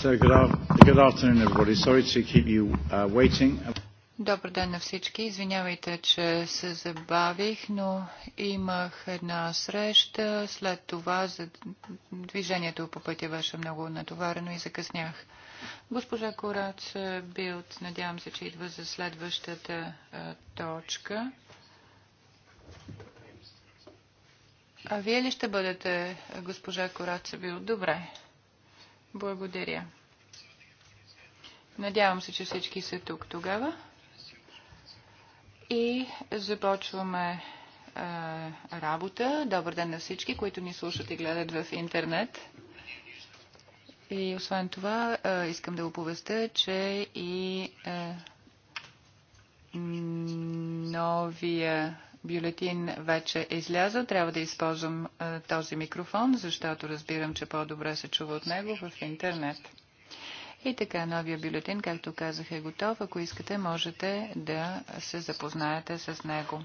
Uh, Добър ден на всички. Извинявайте, че се забавих, но имах една среща. След това за движението по пътя беше много натоварено и закъснях. Госпожа Корац е, Билт, надявам се, че идва за следващата е, точка. А вие ли ще бъдете госпожа Кораца Билт? Добре. Благодаря. Надявам се, че всички са тук тогава. И започваме е, работа. Добър ден на всички, които ни слушат и гледат в интернет. И освен това, е, искам да оповестя, че и е, новия бюлетин вече е излязъл. Трябва да използвам е, този микрофон, защото разбирам, че по-добре се чува от него в интернет. И така, новия бюлетин, както казах, е готов. Ако искате, можете да се запознаете с него.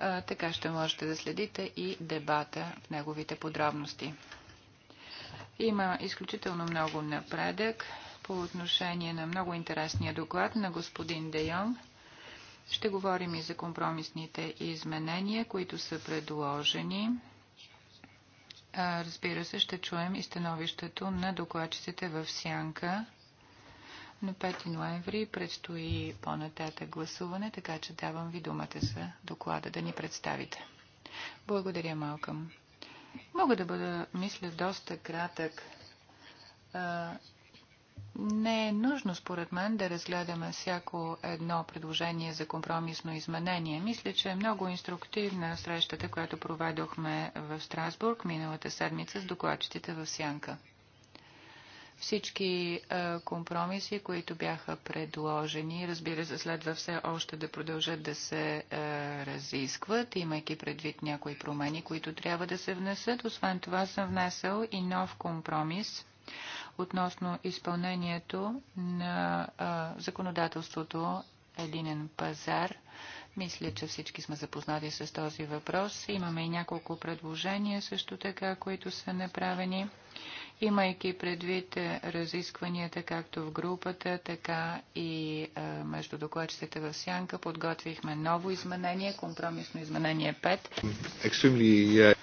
Е, така ще можете да следите и дебата в неговите подробности. Има изключително много напредък по отношение на много интересния доклад на господин Де Йонг ще говорим и за компромисните изменения, които са предложени. Разбира се, ще чуем и становището на докладчиците в Сянка. На 5 ноември предстои по-нататък гласуване, така че давам ви думата за доклада да ни представите. Благодаря, Малкам. Мога да бъда, мисля, доста кратък. Не е нужно, според мен, да разгледаме всяко едно предложение за компромисно изменение. Мисля, че е много инструктивна срещата, която проведохме в Страсбург миналата седмица с докладчетите в Сянка. Всички компромиси, които бяха предложени, разбира се, следва все още да продължат да се разискват, имайки предвид някои промени, които трябва да се внесат. Освен това съм внесъл и нов компромис – относно изпълнението на а, законодателството Единен пазар. Мисля, че всички сме запознати с този въпрос. Имаме и няколко предложения също така, които са направени. Имайки предвид разискванията както в групата, така и между докладчиците в Сянка, подготвихме ново изменение, компромисно изменение 5.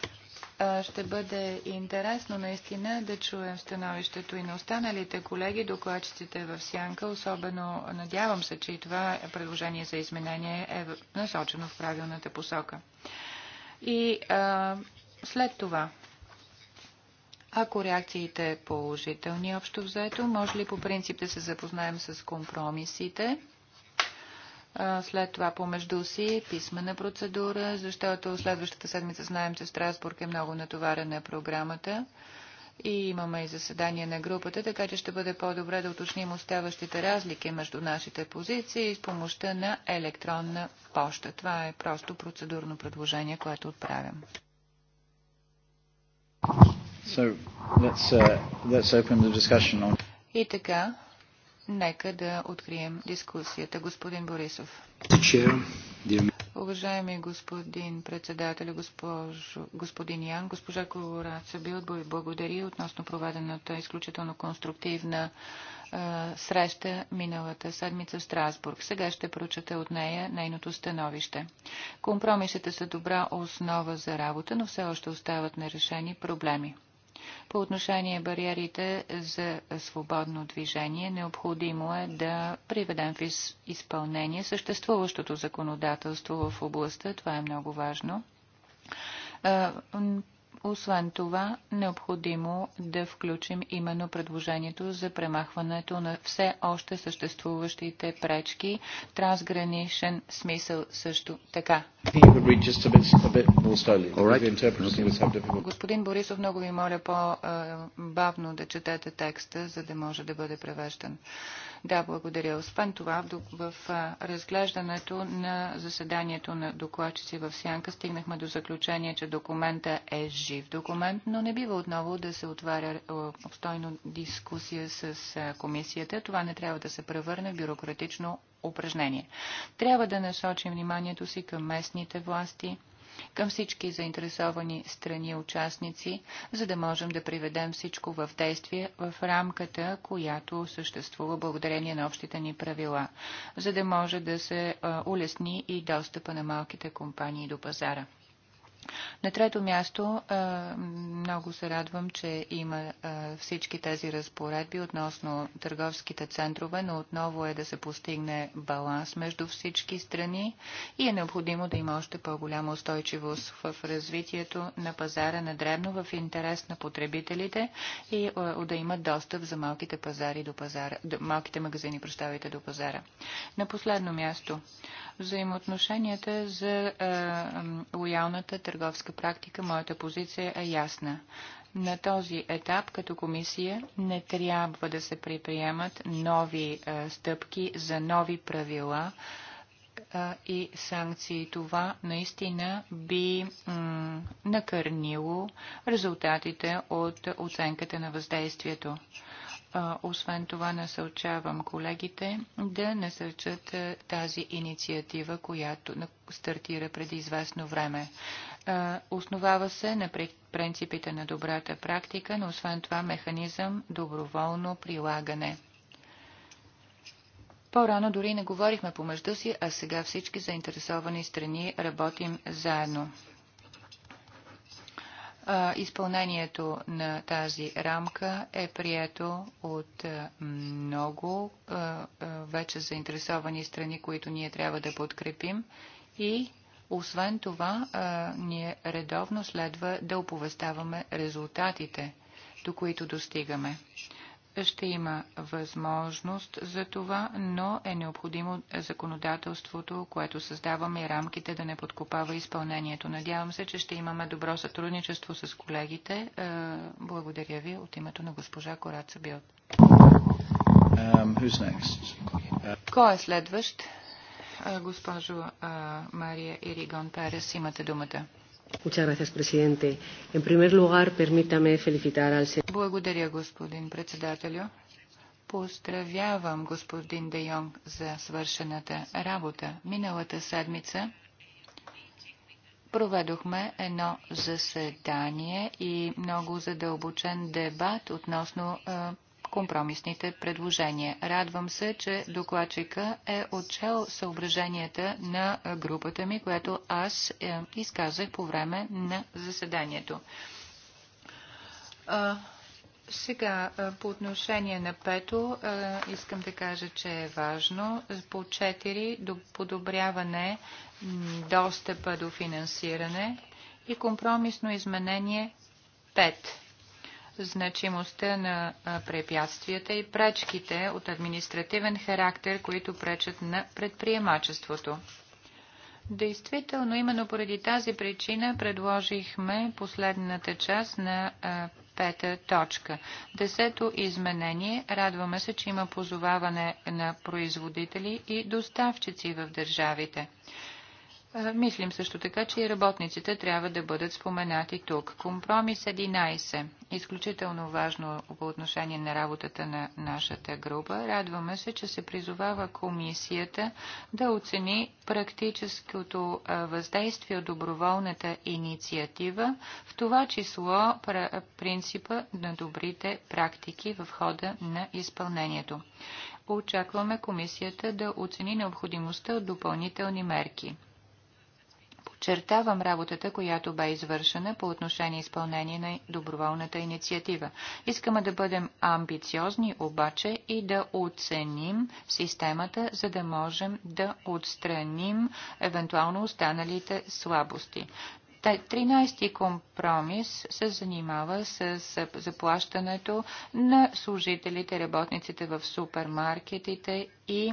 Ще бъде интересно наистина да чуем становището и на останалите колеги, докладчиците в Сянка. Особено надявам се, че и това предложение за изменение е насочено в правилната посока. И а, след това, ако реакциите е положителни общо взето, може ли по принцип да се запознаем с компромисите? след това помежду си писмена процедура, защото следващата седмица знаем, че Страсбург е много натоварена програмата и имаме и заседание на групата, така че ще бъде по-добре да уточним оставащите разлики между нашите позиции с помощта на електронна поща. Това е просто процедурно предложение, което отправям. So, let's, uh, let's open the discussion on... И така, Нека да открием дискусията. Господин Борисов. Уважаеми господин председател, госпожо, господин Ян, госпожа Колораца Билбо ви благодари относно проведената изключително конструктивна е, среща миналата седмица в Страсбург. Сега ще прочета от нея нейното становище. Компромисите са добра основа за работа, но все още остават нерешени проблеми. По отношение бариерите за свободно движение, необходимо е да приведем в изпълнение съществуващото законодателство в областта. Това е много важно освен това, необходимо да включим именно предложението за премахването на все още съществуващите пречки, трансграничен смисъл също така. Господин Борисов, много ви моля по-бавно да четете текста, за да може да бъде превеждан. Да, благодаря. Освен това, в, разглеждането на заседанието на докладчици в Сянка стигнахме до заключение, че документа е жив документ, но не бива отново да се отваря обстойно дискусия с комисията. Това не трябва да се превърне в бюрократично упражнение. Трябва да насочим вниманието си към местните власти, към всички заинтересовани страни участници, за да можем да приведем всичко в действие в рамката, която съществува благодарение на общите ни правила, за да може да се улесни и достъпа на малките компании до пазара. На трето място, е, много се радвам, че има е, всички тези разпоредби относно търговските центрове, но отново е да се постигне баланс между всички страни и е необходимо да има още по-голяма устойчивост в развитието на пазара на дребно в интерес на потребителите и е, да имат достъп за малките, пазари до пазара, малките магазини представите до пазара. На последно място, взаимоотношенията за лоялната търговска практика, моята позиция е ясна. На този етап като комисия не трябва да се приприемат нови а, е, стъпки за нови правила а, е, и санкции. Това наистина би накърнило резултатите от оценката на въздействието. Освен това насълчавам колегите да насърчат тази инициатива, която стартира преди известно време. Основава се на принципите на добрата практика, но освен това механизъм доброволно прилагане. По-рано дори не говорихме помежду си, а сега всички заинтересовани страни работим заедно. Изпълнението на тази рамка е прието от много вече заинтересовани страни, които ние трябва да подкрепим и освен това, ние редовно следва да оповеставаме резултатите, до които достигаме ще има възможност за това, но е необходимо законодателството, което създаваме и рамките да не подкопава изпълнението. Надявам се, че ще имаме добро сътрудничество с колегите. Е, благодаря ви от името на госпожа Кораца Билт. Um, uh, Кой е следващ? Е, госпожо е, Мария Иригон Перес, имате думата. Благодаря, господин председателю. Поздравявам господин Де Йонг за свършената работа. Миналата седмица проведохме едно заседание и много задълбочен дебат относно компромисните предложения. Радвам се, че докладчика е отчел съображенията на групата ми, което аз е, изказах по време на заседанието. Сега, по отношение на пето, искам да кажа, че е важно. По четири, до подобряване достъпа до финансиране и компромисно изменение 5 значимостта на препятствията и пречките от административен характер, които пречат на предприемачеството. Действително, именно поради тази причина предложихме последната част на пета точка. Десето изменение. Радваме се, че има позоваване на производители и доставчици в държавите. Мислим също така, че и работниците трябва да бъдат споменати тук. Компромис 11. Изключително важно по отношение на работата на нашата група. Радваме се, че се призовава комисията да оцени практическото въздействие от доброволната инициатива, в това число принципа на добрите практики в хода на изпълнението. Очакваме комисията да оцени необходимостта от допълнителни мерки подчертавам работата, която бе извършена по отношение изпълнение на доброволната инициатива. Искаме да бъдем амбициозни обаче и да оценим системата, за да можем да отстраним евентуално останалите слабости. 13-ти компромис се занимава с заплащането на служителите, работниците в супермаркетите и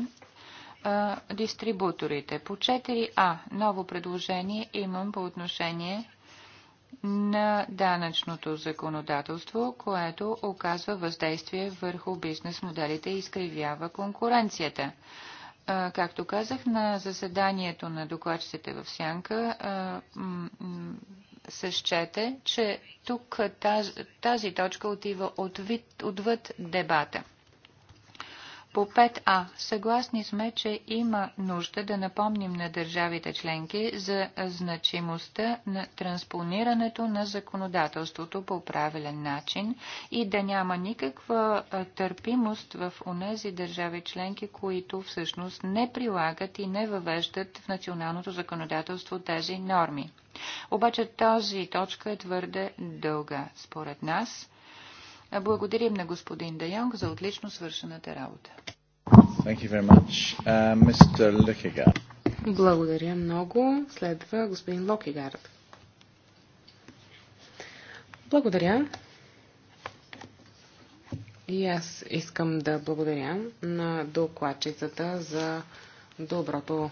дистрибуторите. По 4А ново предложение имам по отношение на данъчното законодателство, което оказва въздействие върху бизнес моделите и изкривява конкуренцията. Както казах, на заседанието на докладчиците в Сянка се счете, че тук тази, тази точка отива отвид, отвъд дебата. По 5А съгласни сме, че има нужда да напомним на държавите членки за значимостта на транспонирането на законодателството по правилен начин и да няма никаква търпимост в онези държави членки, които всъщност не прилагат и не въвеждат в националното законодателство тези норми. Обаче тази точка е твърде дълга, според нас, Благодарим на господин Де Йонг за отлично свършената работа. Uh, Благодаря много. Следва господин Локегард. Благодаря. И аз искам да благодаря на докладчицата за доброто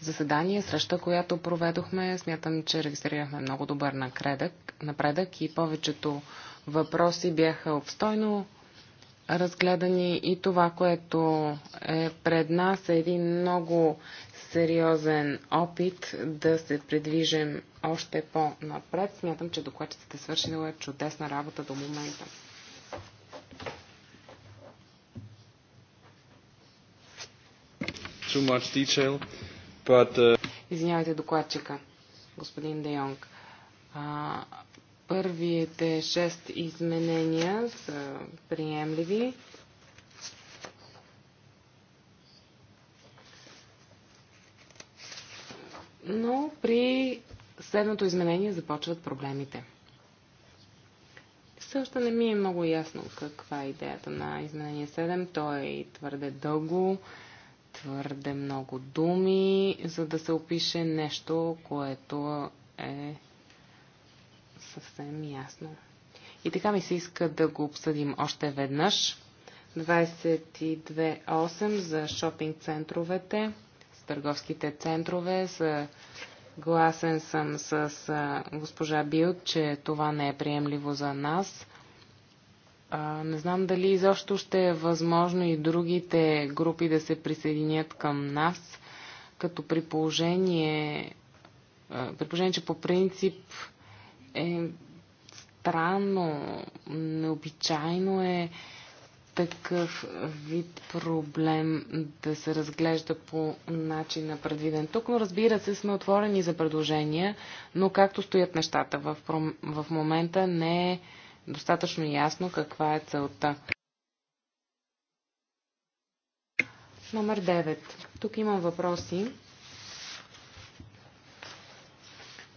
заседание, среща, която проведохме. Смятам, че регистрирахме много добър напредък, напредък и повечето въпроси бяха обстойно разгледани и това, което е пред нас е един много сериозен опит да се предвижим още по-напред. Смятам, че докладчицата е свършила е чудесна работа до момента. Too much detail, but, uh... Извинявайте докладчика, господин Де Йонг. Първите шест изменения са приемливи. Но при следното изменение започват проблемите. Все още не ми е много ясно каква е идеята на изменение 7. То е твърде дълго, твърде много думи, за да се опише нещо, което е съвсем ясно. И така ми се иска да го обсъдим още веднъж. 22.8 за шопинг центровете, с търговските центрове, за Гласен съм с госпожа Билт, че това не е приемливо за нас. не знам дали изобщо ще е възможно и другите групи да се присъединят към нас, като при положение, при положение че по принцип е странно, необичайно е такъв вид проблем да се разглежда по начина предвиден тук, но разбира се, сме отворени за предложения, но както стоят нещата в, в момента не е достатъчно ясно каква е целта. Номер 9. Тук имам въпроси.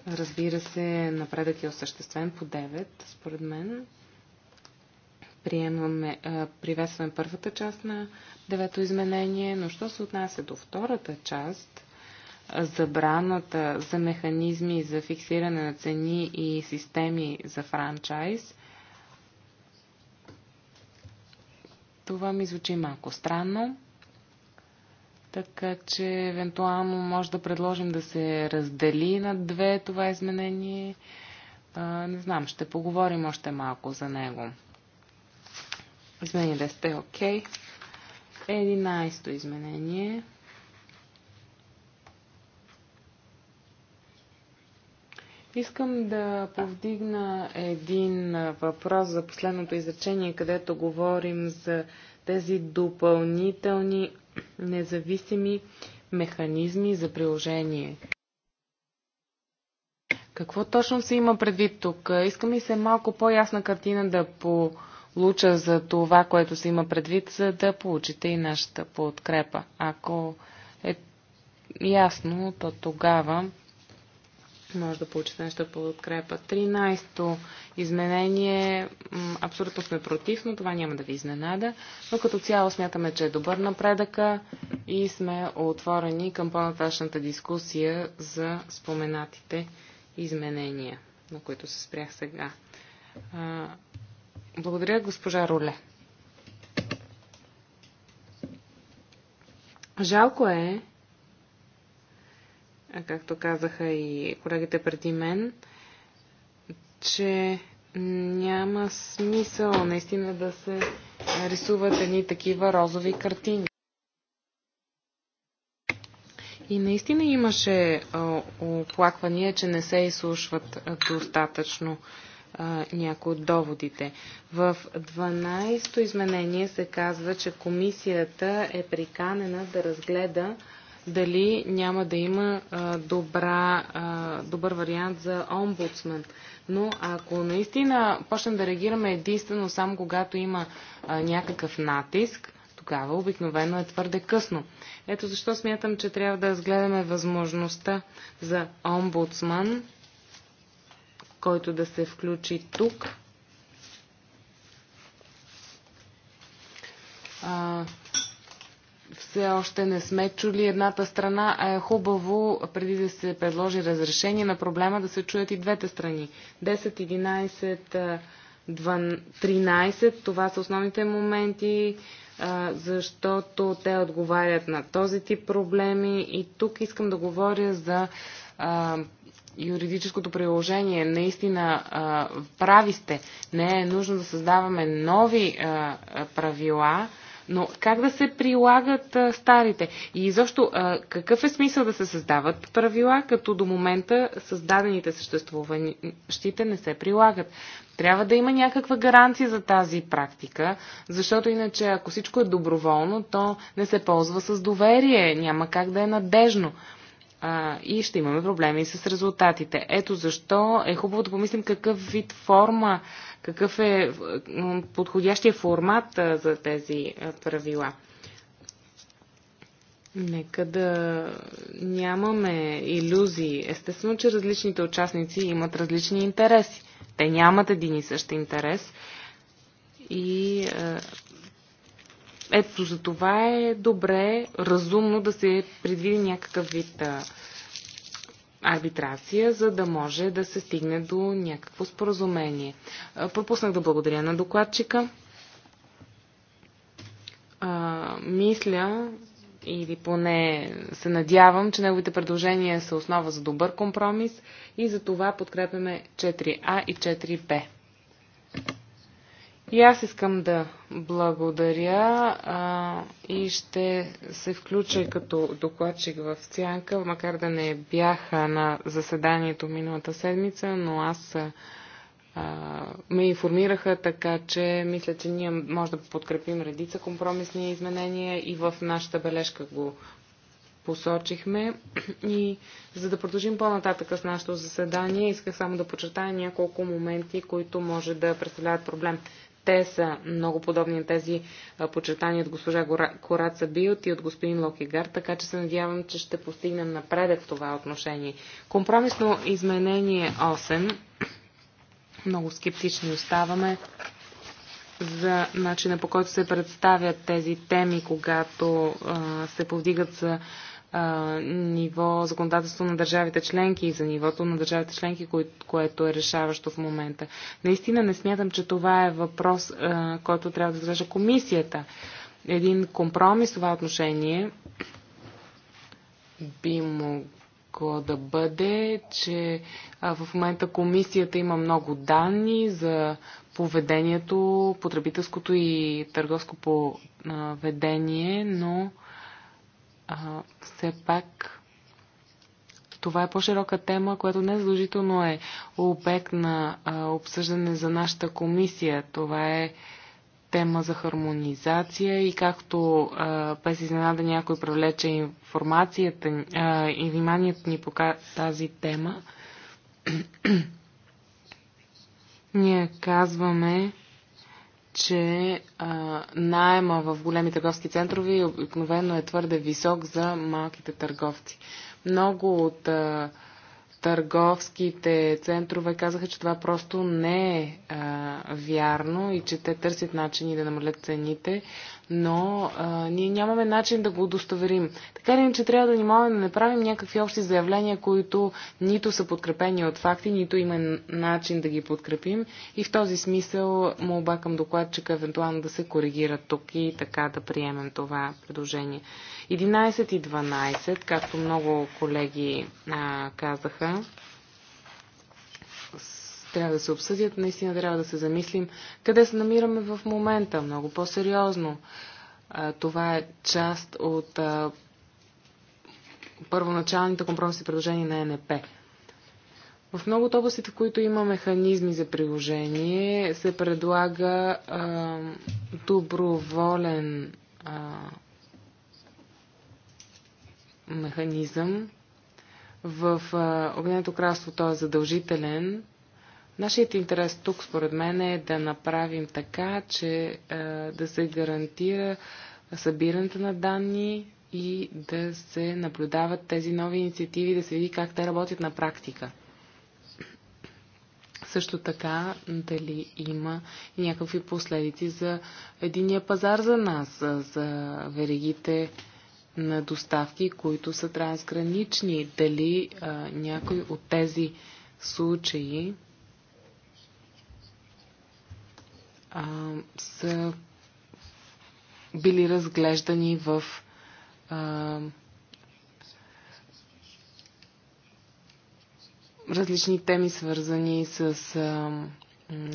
Разбира се, напредък е осъществен по 9, според мен. Приемаме, приветстваме първата част на девето изменение, но що се отнася до втората част, забраната за механизми за фиксиране на цени и системи за франчайз, това ми звучи малко странно. Така че евентуално може да предложим да се раздели на две това изменение. А, не знам, ще поговорим още малко за него. Изменение 10 е окей. 11-то изменение. Искам да повдигна един въпрос за последното изречение, където говорим за тези допълнителни независими механизми за приложение. Какво точно се има предвид тук? Иска ми се малко по-ясна картина да получа за това, което се има предвид, за да получите и нашата подкрепа. Ако е ясно, то тогава може да получите нещо подкрепа. 13-то изменение, абсолютно сме против, но това няма да ви изненада. Но като цяло смятаме, че е добър напредъка и сме отворени към по наташната дискусия за споменатите изменения, на които се спрях сега. Благодаря, госпожа Руле. Жалко е, както казаха и колегите преди мен, че няма смисъл наистина да се рисуват едни такива розови картини. И наистина имаше оплаквания, че не се изслушват достатъчно някои от доводите. В 12-то изменение се казва, че комисията е приканена да разгледа дали няма да има добра, добър вариант за омбудсмен. Но ако наистина почнем да реагираме единствено само когато има някакъв натиск, тогава обикновено е твърде късно. Ето защо смятам, че трябва да разгледаме възможността за омбудсман, който да се включи тук все още не сме чули едната страна, а е хубаво преди да се предложи разрешение на проблема да се чуят и двете страни. 10, 11, 13, това са основните моменти, защото те отговарят на този тип проблеми и тук искам да говоря за юридическото приложение. Наистина прави сте. Не е нужно да създаваме нови правила, но как да се прилагат а, старите? И изобщо, а, какъв е смисъл да се създават правила, като до момента създадените съществуващите не се прилагат? Трябва да има някаква гаранция за тази практика, защото иначе ако всичко е доброволно, то не се ползва с доверие, няма как да е надежно а, и ще имаме проблеми с резултатите. Ето защо е хубаво да помислим какъв вид форма, какъв е подходящия формат а, за тези а, правила. Нека да нямаме иллюзии. Естествено, че различните участници имат различни интереси. Те нямат един и същ интерес. И ето, за това е добре, разумно да се предвиди някакъв вид а, арбитрация, за да може да се стигне до някакво споразумение. А, пропуснах да благодаря на докладчика. А, мисля, или поне се надявам, че неговите предложения са основа за добър компромис и за това подкрепяме 4А и 4Б. И аз искам да благодаря а, и ще се включа като докладчик в Сянка, макар да не бяха на заседанието миналата седмица, но аз а, ме информираха, така че мисля, че ние може да подкрепим редица компромисни изменения и в нашата бележка го посочихме. И за да продължим по-нататък с нашето заседание, исках само да подчертая няколко моменти, които може да представляват проблем. Те са много подобни на тези почетани от госпожа Кораца Биот и от господин Локигар, така че се надявам, че ще постигнем напредък в това отношение. Компромисно изменение 8. Много скептични оставаме за начина по който се представят тези теми, когато а, се повдигат за а, ниво законодателство на държавите членки и за нивото на държавите членки, кое, което е решаващо в момента. Наистина не смятам, че това е въпрос, а, който трябва да изглежда комисията. Един компромис в това отношение би могло да бъде, че а, в момента комисията има много данни за поведението, потребителското и търговско поведение, но а, все пак това е по-широка тема, която не задължително е обект на а, обсъждане за нашата комисия. Това е тема за хармонизация и както а, без изненада някой привлече информацията а, и вниманието ни по тази тема, ние казваме, че а, найема в големи търговски центрови обикновено е твърде висок за малките търговци. Много от а, търговските центрове казаха, че това просто не е а, вярно и че те търсят начини да намалят цените, но а, ние нямаме начин да го удостоверим. Така ли, че трябва да внимаваме да не правим някакви общи заявления, които нито са подкрепени от факти, нито има начин да ги подкрепим. И в този смисъл му обакам докладчика евентуално да се коригира тук и така да приемем това предложение. 11 и 12, както много колеги а, казаха, трябва да се обсъдят, наистина трябва да се замислим къде се намираме в момента, много по-сериозно. Това е част от а, първоначалните компромисни предложения на НП. В много от областите, в които има механизми за приложение, се предлага а, доброволен а, механизъм. В Огненото кралство той е задължителен Нашият интерес тук, според мен, е да направим така, че а, е, да се гарантира събирането на данни и да се наблюдават тези нови инициативи, да се види как те работят на практика. Също така, дали има някакви последици за единия пазар за нас, за веригите на доставки, които са трансгранични. Дали а, някой от тези случаи а, са били разглеждани в а, различни теми, свързани с а,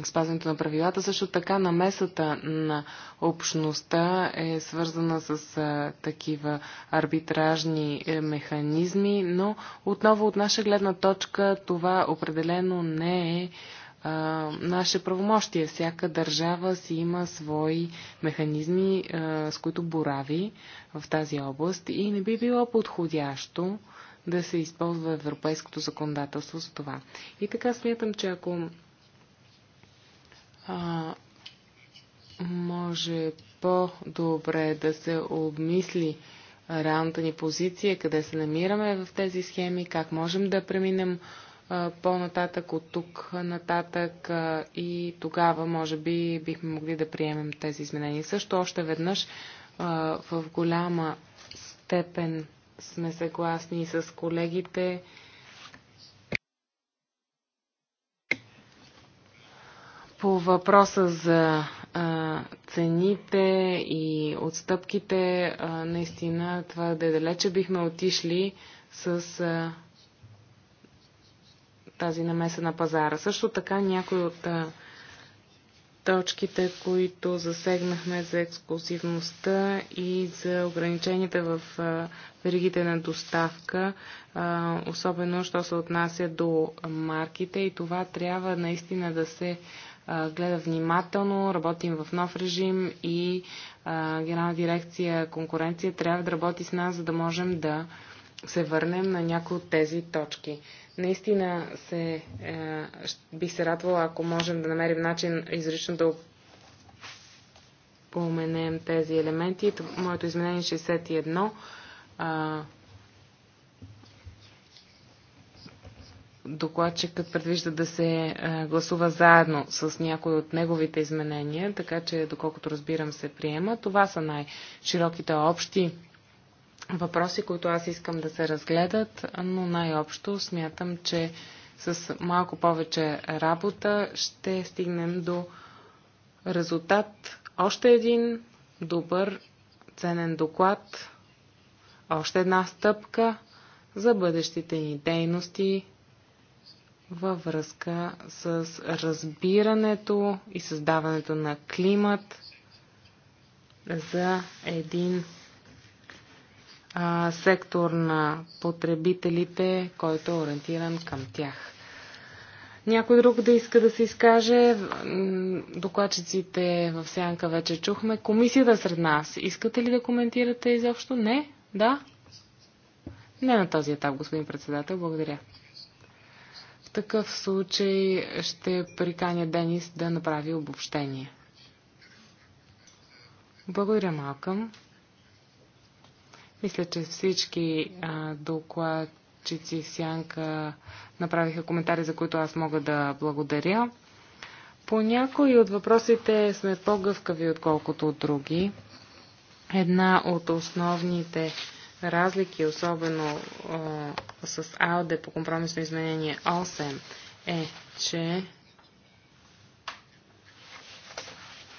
спазването на правилата. Също така намесата на общността е свързана с а, такива арбитражни е, механизми, но отново от наша гледна точка това определено не е а, наше правомощие. Всяка държава си има свои механизми, а, с които борави в тази област и не би било подходящо да се използва европейското законодателство за това. И така смятам, че ако а, може по-добре да се обмисли реалната ни позиция, къде се намираме в тези схеми, как можем да преминем по-нататък, от тук нататък и тогава може би бихме могли да приемем тези изменения. Също още веднъж в голяма степен сме съгласни с колегите. По въпроса за а, цените и отстъпките, а, наистина е далече бихме отишли с а, тази намеса на пазара. Също така някои от а, точките, които засегнахме за ексклюзивността и за ограниченията в веригите на доставка, а, особено що се отнася до марките и това трябва наистина да се гледа внимателно, работим в нов режим и Генерална дирекция конкуренция трябва да работи с нас, за да можем да се върнем на някои от тези точки. Наистина се, е, би се радвала, ако можем да намерим начин изрично да поменем тези елементи. Моето изменение 61 е а, докладчикът предвижда да се е, гласува заедно с някои от неговите изменения, така че доколкото разбирам се приема. Това са най-широките общи въпроси, които аз искам да се разгледат, но най-общо смятам, че с малко повече работа ще стигнем до резултат. Още един добър, ценен доклад, още една стъпка за бъдещите ни дейности във връзка с разбирането и създаването на климат за един сектор на потребителите, който е ориентиран към тях. Някой друг да иска да се изкаже? Докладчиците в сянка вече чухме. Комисията е сред нас. Искате ли да коментирате изобщо? Не? Да? Не на този етап, господин председател. Благодаря. В такъв случай ще приканя Денис да направи обобщение. Благодаря, Малкъм. Мисля, че всички а, докладчици в Сянка направиха коментари, за които аз мога да благодаря. По някои от въпросите сме по-гъвкави, отколкото от други. Една от основните разлики, особено а, с АОДЕ по компромисно изменение 8, е, че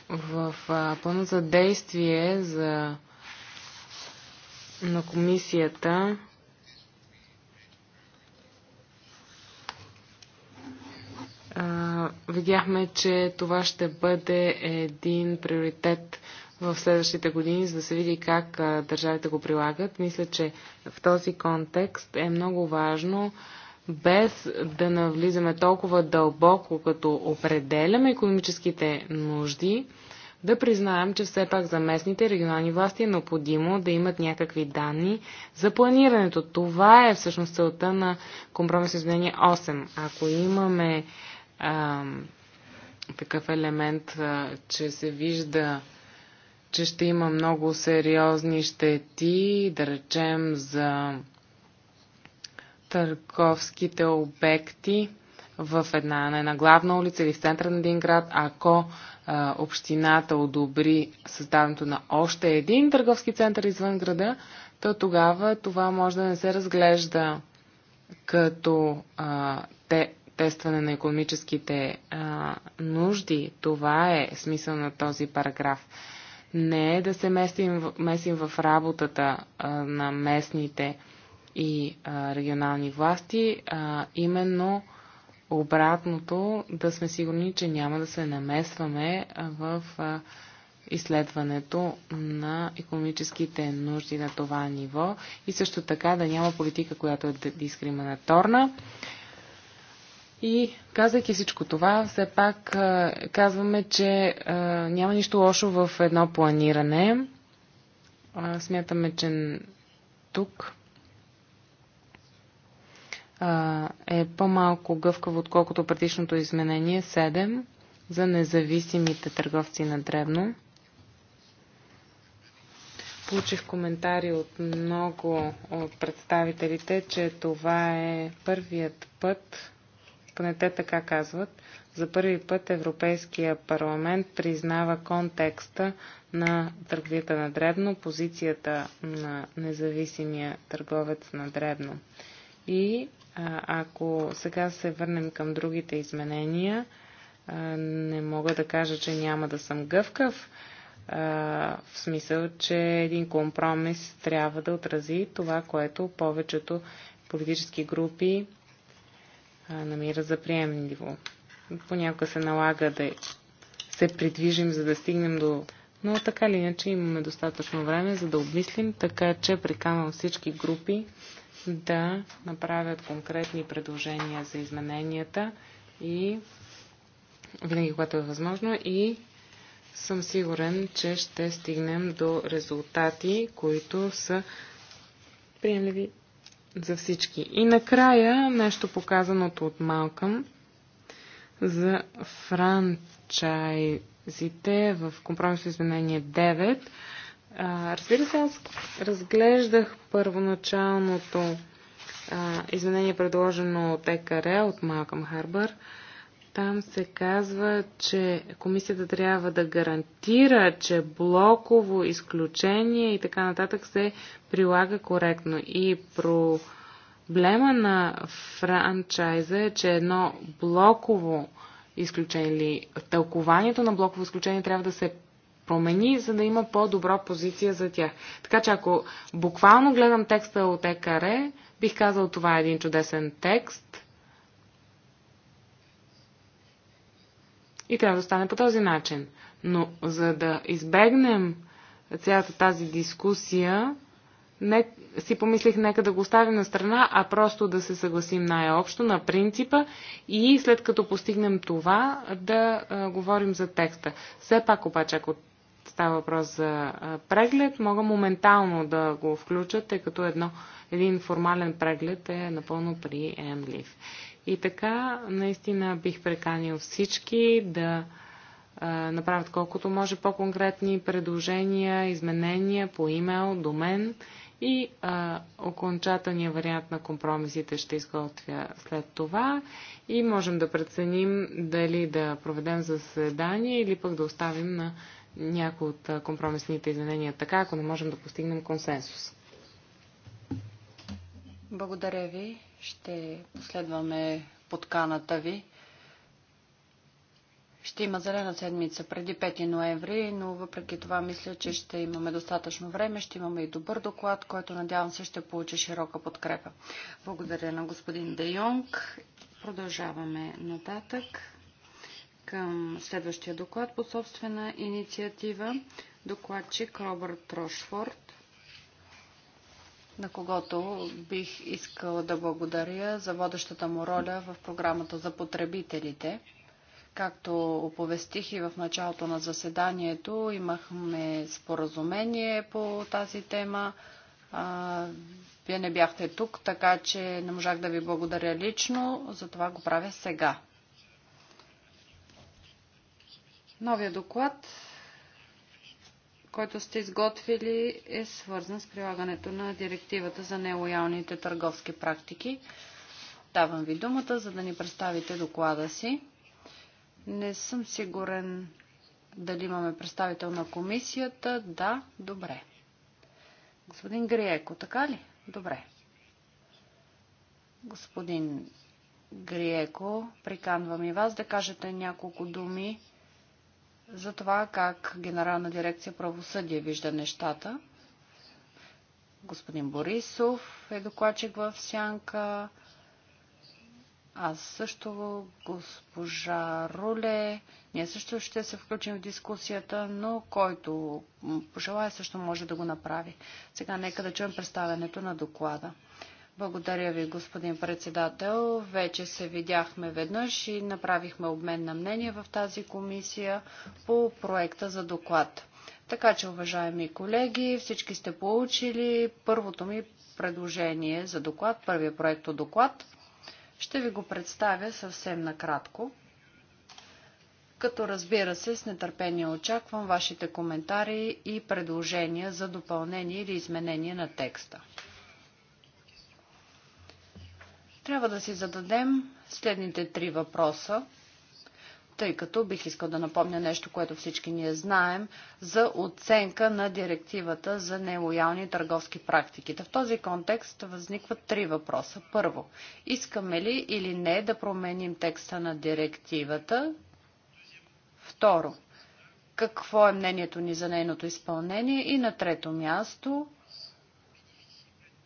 в а, плана за действие за на комисията видяхме, че това ще бъде един приоритет в следващите години, за да се види как държавите го прилагат. Мисля, че в този контекст е много важно без да навлизаме толкова дълбоко, като определяме економическите нужди, да признаем, че все пак за местните регионални власти е необходимо да имат някакви данни за планирането. Това е всъщност целта на компромисно изменение 8. Ако имаме а, такъв елемент, а, че се вижда че ще има много сериозни щети, да речем за търговските обекти, в една, на една главна улица или в центъра на един град, ако а, общината одобри създаването на още един търговски център извън града, то тогава това може да не се разглежда като а, те, тестване на економическите а, нужди. Това е смисъл на този параграф. Не е да се местим, месим в работата а, на местните и а, регионални власти, а именно обратното, да сме сигурни, че няма да се намесваме в изследването на економическите нужди на това ниво и също така да няма политика, която е дискриминаторна. И казвайки всичко това, все пак казваме, че няма нищо лошо в едно планиране. Смятаме, че тук е по-малко гъвкаво, отколкото предишното изменение 7 за независимите търговци на дребно. Получих коментари от много от представителите, че това е първият път, поне те така казват, за първи път Европейския парламент признава контекста на търговията на дребно, позицията на независимия търговец на дребно. И ако сега се върнем към другите изменения, не мога да кажа, че няма да съм гъвкав, в смисъл, че един компромис трябва да отрази това, което повечето политически групи намира за приемливо. Понякога се налага да се придвижим, за да стигнем до... Но така или иначе имаме достатъчно време, за да обмислим, така че приканвам всички групи да направят конкретни предложения за измененията и винаги, когато е възможно и съм сигурен, че ще стигнем до резултати, които са приемливи за всички. И накрая нещо показаното от Малкъм за франчайзите в компромисно изменение 9. А, разбира се, аз разглеждах първоначалното а, изменение, предложено от ЕКР, от Малкам Харбър. Там се казва, че комисията трябва да гарантира, че блоково изключение и така нататък се прилага коректно. И проблема на франчайза е, че едно блоково изключение или тълкованието на блоково изключение трябва да се промени, за да има по-добра позиция за тях. Така че ако буквално гледам текста от ЕКАРЕ, бих казал това е един чудесен текст и трябва да стане по този начин. Но за да избегнем цялата тази дискусия, не, си помислих нека да го оставим на страна, а просто да се съгласим най-общо на принципа и след като постигнем това да а, говорим за текста. Все пак обаче, ако става въпрос за преглед, мога моментално да го включа, тъй като едно, един формален преглед е напълно при приемлив. И така, наистина бих преканил всички да направят колкото може по-конкретни предложения, изменения по имейл до мен и а, окончателния вариант на компромисите ще изготвя след това и можем да преценим дали да проведем заседание или пък да оставим на някои от компромисните изменения така, ако не можем да постигнем консенсус. Благодаря ви. Ще последваме подканата ви. Ще има зелена седмица преди 5 ноември, но въпреки това мисля, че ще имаме достатъчно време, ще имаме и добър доклад, който надявам се ще получи широка подкрепа. Благодаря на господин Де Йонг. Продължаваме нататък към следващия доклад по собствена инициатива. Докладчик Робърт Рошфорд, на когото бих искала да благодаря за водещата му роля в програмата за потребителите. Както оповестих и в началото на заседанието, имахме споразумение по тази тема. А, вие не бяхте тук, така че не можах да ви благодаря лично, затова го правя сега. Новия доклад, който сте изготвили, е свързан с прилагането на директивата за нелоялните търговски практики. Давам ви думата, за да ни представите доклада си. Не съм сигурен дали имаме представител на комисията. Да, добре. Господин Гриеко, така ли? Добре. Господин Гриеко, приканвам и вас да кажете няколко думи за това как Генерална дирекция правосъдие вижда нещата. Господин Борисов е докладчик в Сянка. Аз също, госпожа Руле, ние също ще се включим в дискусията, но който пожелая също може да го направи. Сега нека да чуем представянето на доклада. Благодаря ви, господин председател. Вече се видяхме веднъж и направихме обмен на мнение в тази комисия по проекта за доклад. Така че, уважаеми колеги, всички сте получили първото ми предложение за доклад, първия проект от доклад. Ще ви го представя съвсем накратко. Като разбира се, с нетърпение очаквам вашите коментари и предложения за допълнение или изменение на текста трябва да си зададем следните три въпроса, тъй като бих искал да напомня нещо, което всички ние знаем, за оценка на директивата за нелоялни търговски практики. В този контекст възникват три въпроса. Първо, искаме ли или не да променим текста на директивата? Второ, какво е мнението ни за нейното изпълнение? И на трето място,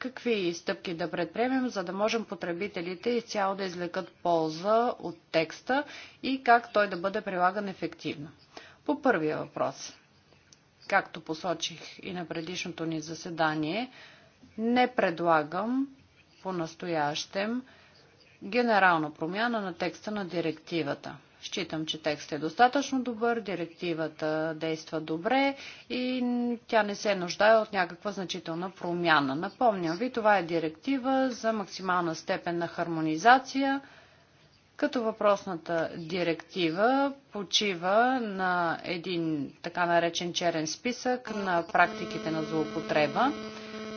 какви стъпки да предприемем, за да можем потребителите изцяло да извлекат полза от текста и как той да бъде прилаган ефективно. По първия въпрос, както посочих и на предишното ни заседание, не предлагам по-настоящем генерална промяна на текста на директивата – Считам, че текстът е достатъчно добър, директивата действа добре и тя не се нуждае от някаква значителна промяна. Напомням ви, това е директива за максимална степен на хармонизация, като въпросната директива почива на един така наречен черен списък на практиките на злоупотреба.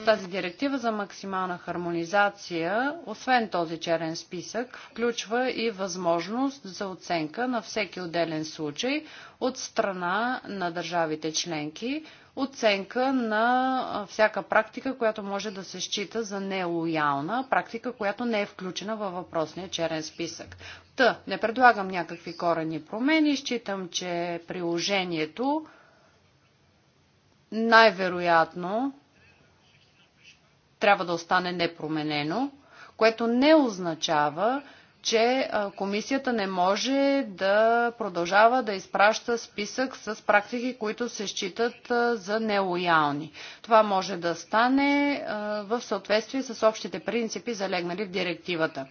Тази директива за максимална хармонизация, освен този черен списък, включва и възможност за оценка на всеки отделен случай от страна на държавите членки, оценка на всяка практика, която може да се счита за нелоялна, практика, която не е включена във въпросния черен списък. Та, не предлагам някакви корени промени, считам, че приложението най-вероятно трябва да остане непроменено, което не означава, че комисията не може да продължава да изпраща списък с практики, които се считат за нелоялни. Това може да стане в съответствие с общите принципи, залегнали в директивата.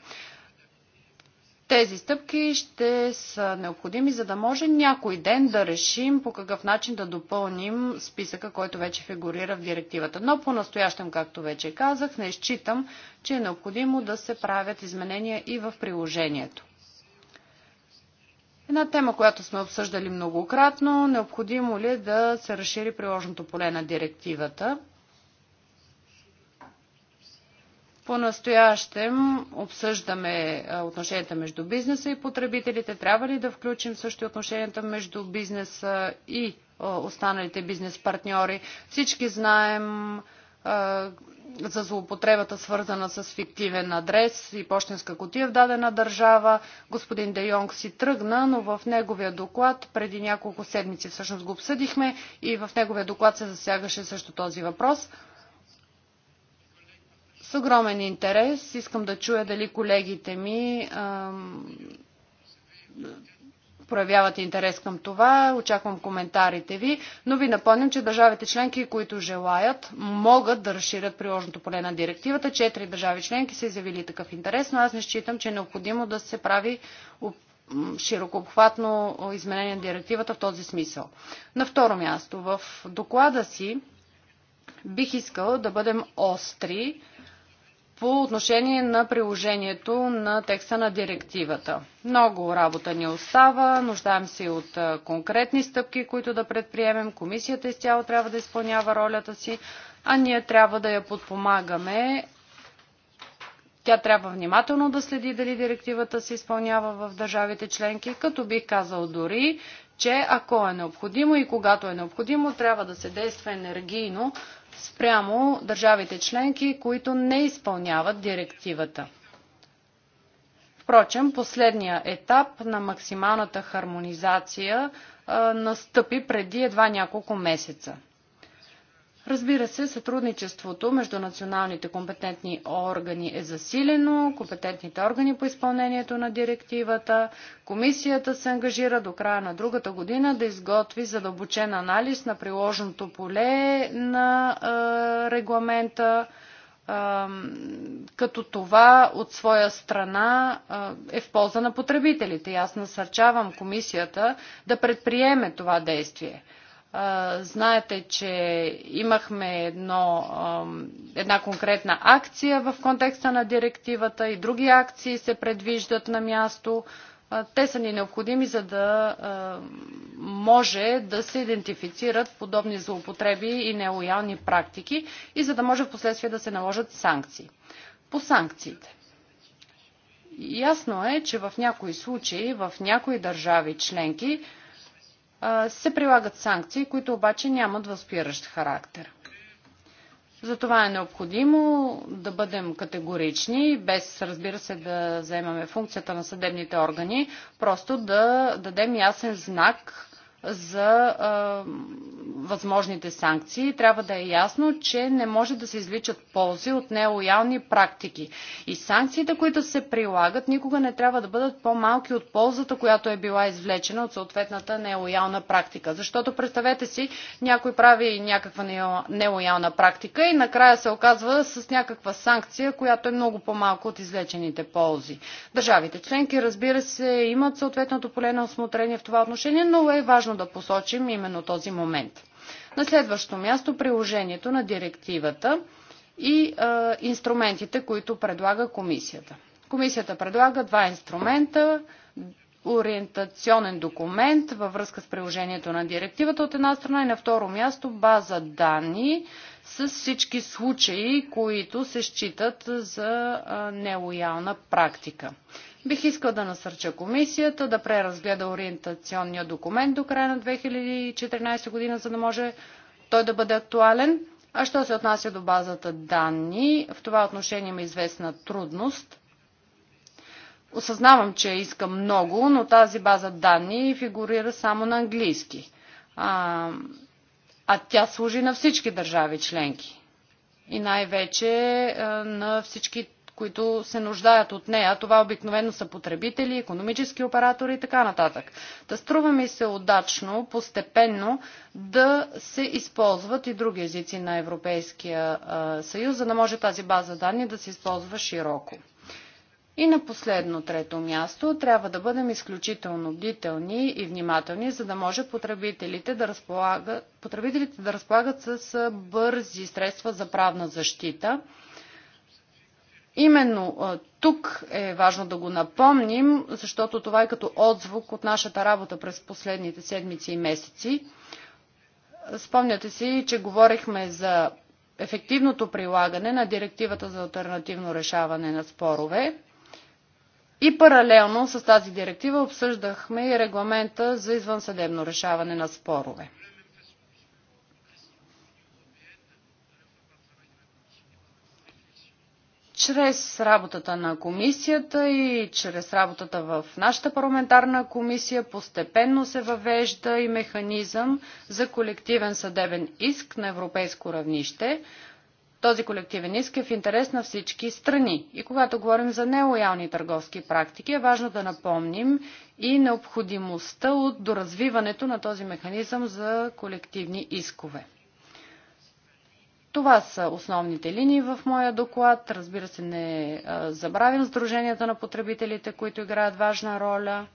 Тези стъпки ще са необходими, за да може някой ден да решим по какъв начин да допълним списъка, който вече фигурира в директивата. Но по-настоящем, както вече казах, не считам, че е необходимо да се правят изменения и в приложението. Една тема, която сме обсъждали многократно, необходимо ли е да се разшири приложното поле на директивата – По-настоящем обсъждаме отношенията между бизнеса и потребителите. Трябва ли да включим също отношенията между бизнеса и останалите бизнес партньори? Всички знаем за злоупотребата, свързана с фиктивен адрес и почтенска котия в дадена държава. Господин Де Йонг си тръгна, но в неговия доклад, преди няколко седмици всъщност го обсъдихме и в неговия доклад се засягаше също този въпрос – с огромен интерес искам да чуя дали колегите ми проявяват интерес към това. Очаквам коментарите ви, но ви напомням, че държавите членки, които желаят, могат да разширят приложното поле на директивата. Четири държави членки са изявили такъв интерес, но аз не считам, че е необходимо да се прави широкообхватно изменение на директивата в този смисъл. На второ място, в доклада си бих искал да бъдем остри по отношение на приложението на текста на директивата. Много работа ни остава, нуждаем се от конкретни стъпки, които да предприемем. Комисията изцяло трябва да изпълнява ролята си, а ние трябва да я подпомагаме. Тя трябва внимателно да следи дали директивата се изпълнява в държавите членки, като бих казал дори, че ако е необходимо и когато е необходимо, трябва да се действа енергийно, спрямо държавите членки, които не изпълняват директивата. Впрочем, последния етап на максималната хармонизация а, настъпи преди едва няколко месеца. Разбира се, сътрудничеството между националните компетентни органи е засилено, компетентните органи по изпълнението на директивата. Комисията се ангажира до края на другата година да изготви задълбочен анализ на приложеното поле на е, регламента, е, като това от своя страна е в полза на потребителите. И аз насърчавам комисията да предприеме това действие. Знаете, че имахме едно, една конкретна акция в контекста на директивата и други акции се предвиждат на място. Те са ни необходими, за да може да се идентифицират подобни злоупотреби и нелоялни практики и за да може в последствие да се наложат санкции. По санкциите. Ясно е, че в някои случаи, в някои държави членки, се прилагат санкции, които обаче нямат възпиращ характер. Затова е необходимо да бъдем категорични, без разбира се да заемаме функцията на съдебните органи, просто да дадем ясен знак за а, възможните санкции, трябва да е ясно, че не може да се изличат ползи от нелоялни практики. И санкциите, които се прилагат, никога не трябва да бъдат по-малки от ползата, която е била извлечена от съответната нелоялна практика. Защото представете си, някой прави някаква нелоялна практика и накрая се оказва с някаква санкция, която е много по-малко от извлечените ползи. Държавите членки, разбира се, имат съответното поле на осмотрение в това отношение, но е важно важно да посочим именно този момент. На следващо място приложението на директивата и а, е, инструментите, които предлага комисията. Комисията предлага два инструмента ориентационен документ във връзка с приложението на директивата от една страна и на второ място база данни с всички случаи, които се считат за е, нелоялна практика. Бих искал да насърча комисията да преразгледа ориентационния документ до края на 2014 година, за да може той да бъде актуален. А що се отнася до базата данни, в това отношение има известна трудност. Осъзнавам, че иска много, но тази база данни фигурира само на английски. А, а тя служи на всички държави членки. И най-вече на всички които се нуждаят от нея. Това обикновено са потребители, економически оператори и така нататък. Та струва ми се удачно постепенно да се използват и други езици на Европейския съюз, за да може тази база данни да се използва широко. И на последно трето място трябва да бъдем изключително бдителни и внимателни, за да може потребителите да разполагат, потребителите да разполагат с бързи средства за правна защита – Именно тук е важно да го напомним, защото това е като отзвук от нашата работа през последните седмици и месеци. Спомняте си, че говорихме за ефективното прилагане на директивата за альтернативно решаване на спорове. И паралелно с тази директива обсъждахме и регламента за извънсъдебно решаване на спорове. чрез работата на комисията и чрез работата в нашата парламентарна комисия постепенно се въвежда и механизъм за колективен съдебен иск на европейско равнище. Този колективен иск е в интерес на всички страни. И когато говорим за нелоялни търговски практики, е важно да напомним и необходимостта от доразвиването на този механизъм за колективни искове. Това са основните линии в моя доклад. Разбира се, не забравям Сдруженията на потребителите, които играят важна роля.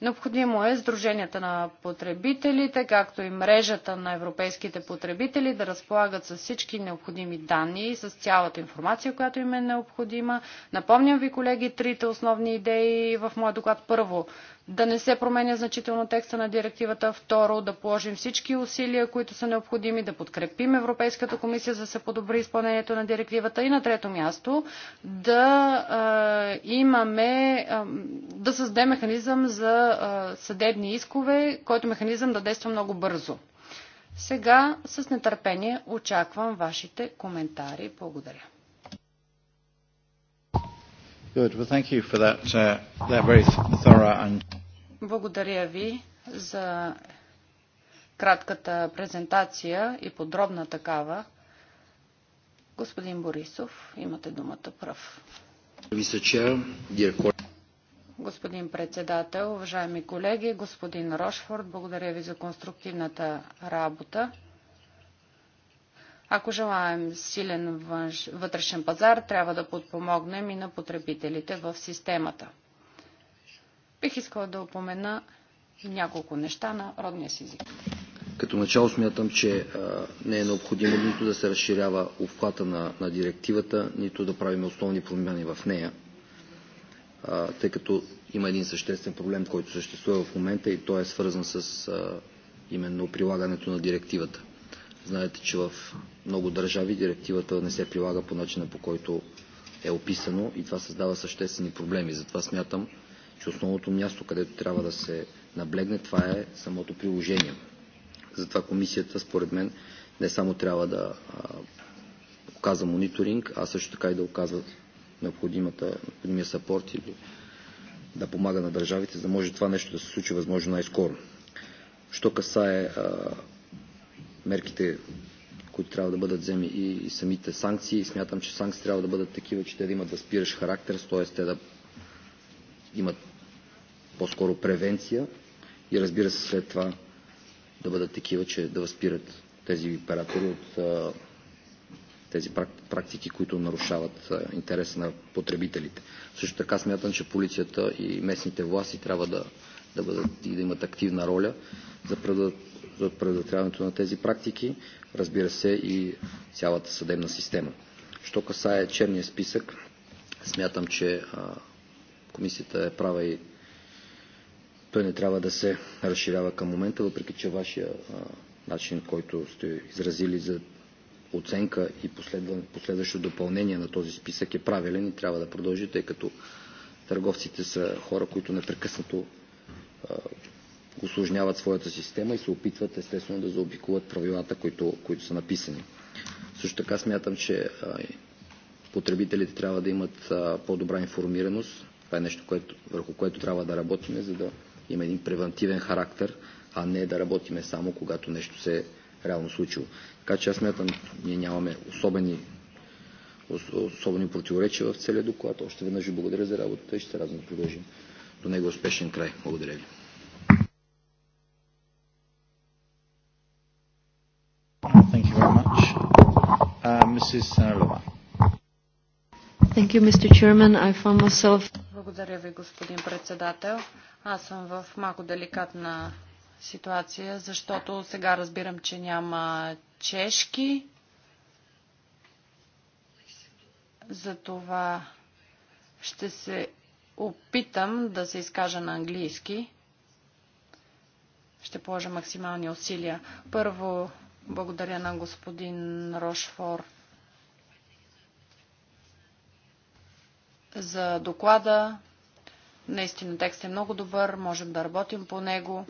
Необходимо е Сдруженията на потребителите, както и мрежата на европейските потребители да разполагат с всички необходими данни и с цялата информация, която им е необходима. Напомням ви, колеги, трите основни идеи в моя доклад. Първо, да не се променя значително текста на директивата. Второ, да положим всички усилия, които са необходими, да подкрепим Европейската комисия за да се подобри изпълнението на директивата. И на трето място, да имаме, да създаде механизъм за съдебни искове, който механизъм да действа много бързо. Сега с нетърпение очаквам вашите коментари. Благодаря. Uh, благодаря ви за кратката презентация и подробна такава. Господин Борисов, имате думата пръв. Господин председател, уважаеми колеги, господин Рошфорд, благодаря ви за конструктивната работа. Ако желаем силен външ... вътрешен пазар, трябва да подпомогнем и на потребителите в системата. Бих искала да упомена няколко неща на родния си език. Като начало смятам, че а, не е необходимо нито да се разширява обхвата на, на директивата, нито да правим основни промени в нея, а, тъй като има един съществен проблем, който съществува в момента и той е свързан с а, именно прилагането на директивата. Знаете, че в много държави директивата не се прилага по начина по който е описано и това създава съществени проблеми. Затова смятам, че основното място, където трябва да се наблегне, това е самото приложение. Затова комисията, според мен, не само трябва да оказва мониторинг, а също така и да оказва необходимия сапорт или да помага на държавите, за да може това нещо да се случи възможно най-скоро. Що касае а, мерките, които трябва да бъдат вземи и, и самите санкции. Смятам, че санкции трябва да бъдат такива, че те да имат възпиращ характер, т.е. те да имат по-скоро превенция и разбира се след това да бъдат такива, че да възпират тези оператори от тези практики, които нарушават интереса на потребителите. Също така смятам, че полицията и местните власти трябва да, да бъдат и да имат активна роля за предотвратяването на тези практики, разбира се и цялата съдебна система. Що касае черния списък, смятам, че комисията е права и той не трябва да се разширява към момента, въпреки че вашия начин, който сте изразили за оценка и последващо допълнение на този списък е правилен и трябва да продължи, тъй като търговците са хора, които непрекъснато осложняват своята система и се опитват естествено да заобикуват правилата, които, които са написани. Също така смятам, че потребителите трябва да имат по-добра информираност. Това е нещо, което, върху което трябва да работиме, за да има един превентивен характер, а не да работиме само когато нещо се е реално случило. Така че аз смятам, ние нямаме особени, особени противоречия в целия доклад. Още веднъж ви благодаря за работата и ще се радвам да продължим до него успешен край. Благодаря ви. Mrs. Thank you, Mr. Chairman. I found myself... Благодаря ви, господин председател. Аз съм в малко деликатна ситуация, защото сега разбирам, че няма чешки. Затова ще се опитам да се изкажа на английски. Ще положа максимални усилия. Първо, благодаря на господин Рошфорд за доклада. Наистина текст е много добър, можем да работим по него.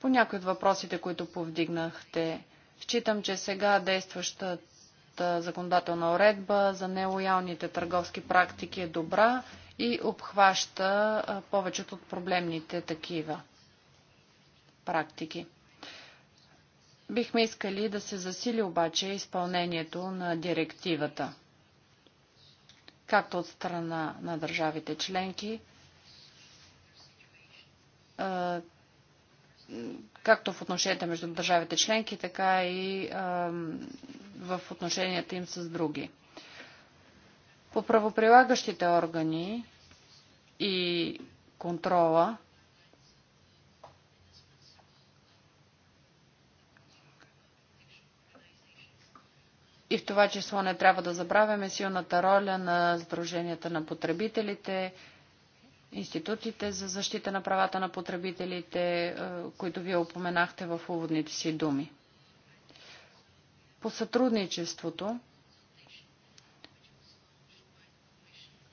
По някои от въпросите, които повдигнахте, считам, че сега действащата законодателна уредба за нелоялните търговски практики е добра и обхваща повечето от проблемните такива практики. Бихме искали да се засили обаче изпълнението на директивата – както от страна на държавите членки, както в отношенията между държавите членки, така и в отношенията им с други. По правоприлагащите органи и контрола И в това число не трябва да забравяме силната роля на Сдруженията на потребителите, институтите за защита на правата на потребителите, е, които вие упоменахте в уводните си думи. По сътрудничеството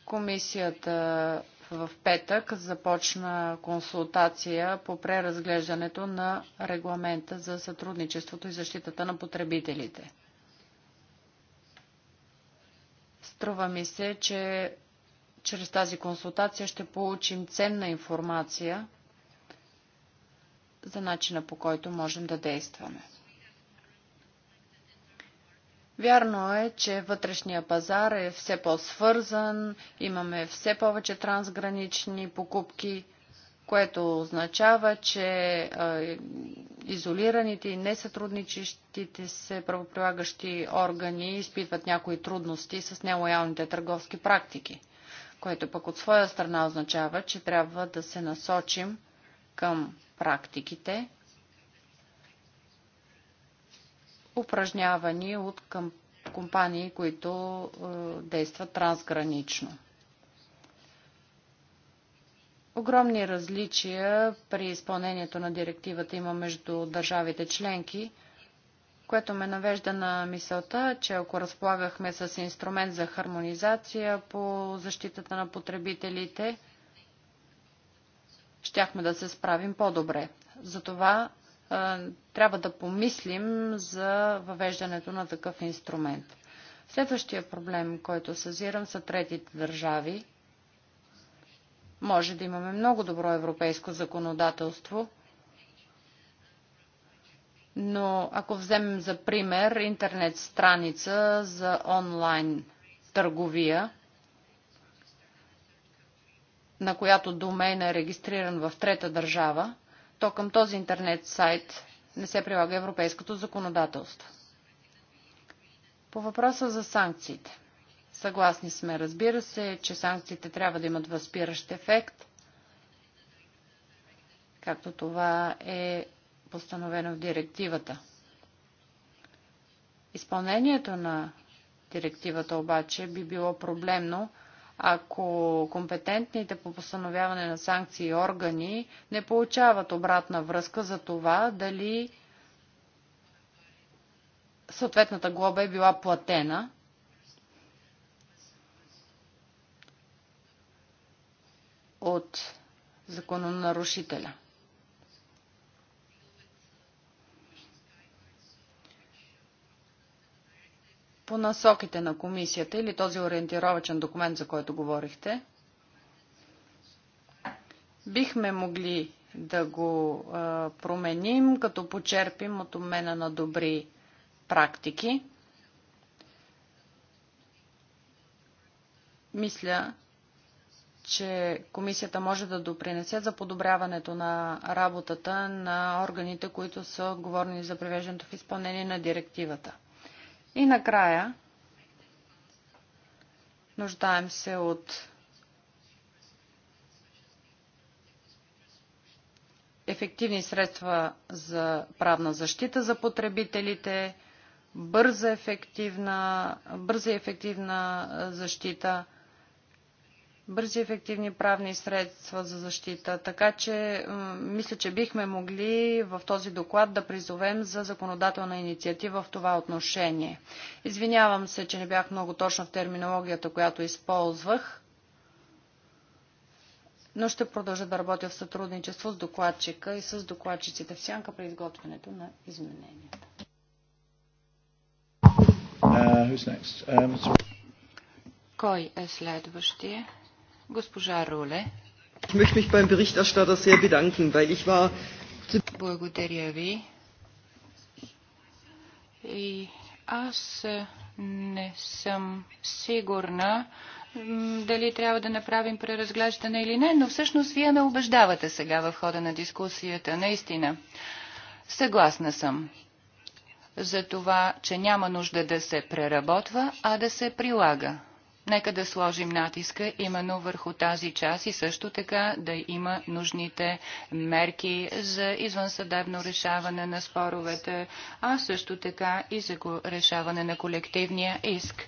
комисията в петък започна консултация по преразглеждането на регламента за сътрудничеството и защитата на потребителите. Струва ми се, че чрез тази консултация ще получим ценна информация за начина по който можем да действаме. Вярно е, че вътрешния пазар е все по-свързан, имаме все повече трансгранични покупки, което означава, че изолираните и несътрудничещите се правоприлагащи органи изпитват някои трудности с нелоялните търговски практики, което пък от своя страна означава, че трябва да се насочим към практиките, упражнявани от компании, които е, действат трансгранично. Огромни различия при изпълнението на директивата има между държавите членки, което ме навежда на мисълта, че ако разполагахме с инструмент за хармонизация по защитата на потребителите, щяхме да се справим по-добре. Затова трябва да помислим за въвеждането на такъв инструмент. Следващия проблем, който съзирам, са третите държави – може да имаме много добро европейско законодателство, но ако вземем за пример интернет страница за онлайн търговия, на която домейна е регистриран в трета държава, то към този интернет сайт не се прилага европейското законодателство. По въпроса за санкциите. Съгласни сме, разбира се, че санкциите трябва да имат възпиращ ефект, както това е постановено в директивата. Изпълнението на директивата обаче би било проблемно, ако компетентните по постановяване на санкции органи не получават обратна връзка за това дали съответната глоба е била платена от закононарушителя. По насоките на комисията или този ориентировачен документ, за който говорихте, бихме могли да го променим, като почерпим от умена на добри практики. Мисля, че комисията може да допринесе за подобряването на работата на органите, които са отговорни за привеждането в изпълнение на директивата. И накрая, нуждаем се от ефективни средства за правна защита за потребителите, бърза, ефективна, бърза и ефективна защита – бързи ефективни правни средства за защита. Така че мисля, че бихме могли в този доклад да призовем за законодателна инициатива в това отношение. Извинявам се, че не бях много точна в терминологията, която използвах, но ще продължа да работя в сътрудничество с докладчика и с докладчиците в сянка при изготвянето на измененията. Uh, um, Кой е следващия? Госпожа Руле. Благодаря ви. И аз е, не съм сигурна дали трябва да направим преразглеждане или не, но всъщност вие ме убеждавате сега в хода на дискусията. Наистина, съгласна съм за това, че няма нужда да се преработва, а да се прилага. Нека да сложим натиска именно върху тази част и също така да има нужните мерки за извънсъдебно решаване на споровете, а също така и за решаване на колективния иск.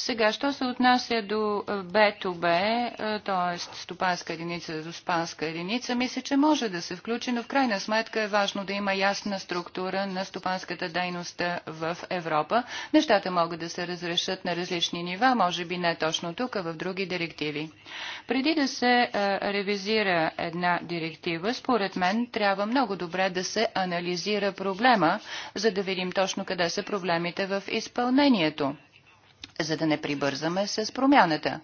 Сега, що се отнася до е, БТБ, т.е. стопанска единица до спанска единица, мисля, че може да се включи, но в крайна сметка е важно да има ясна структура на стопанската дейност е, в Европа. Нещата могат да се разрешат на различни нива, може би не точно тук, а в други директиви. Преди да се е, ревизира една директива, според мен трябва много добре да се анализира проблема, за да видим точно къде са проблемите в изпълнението за да не прибързаме с промяната.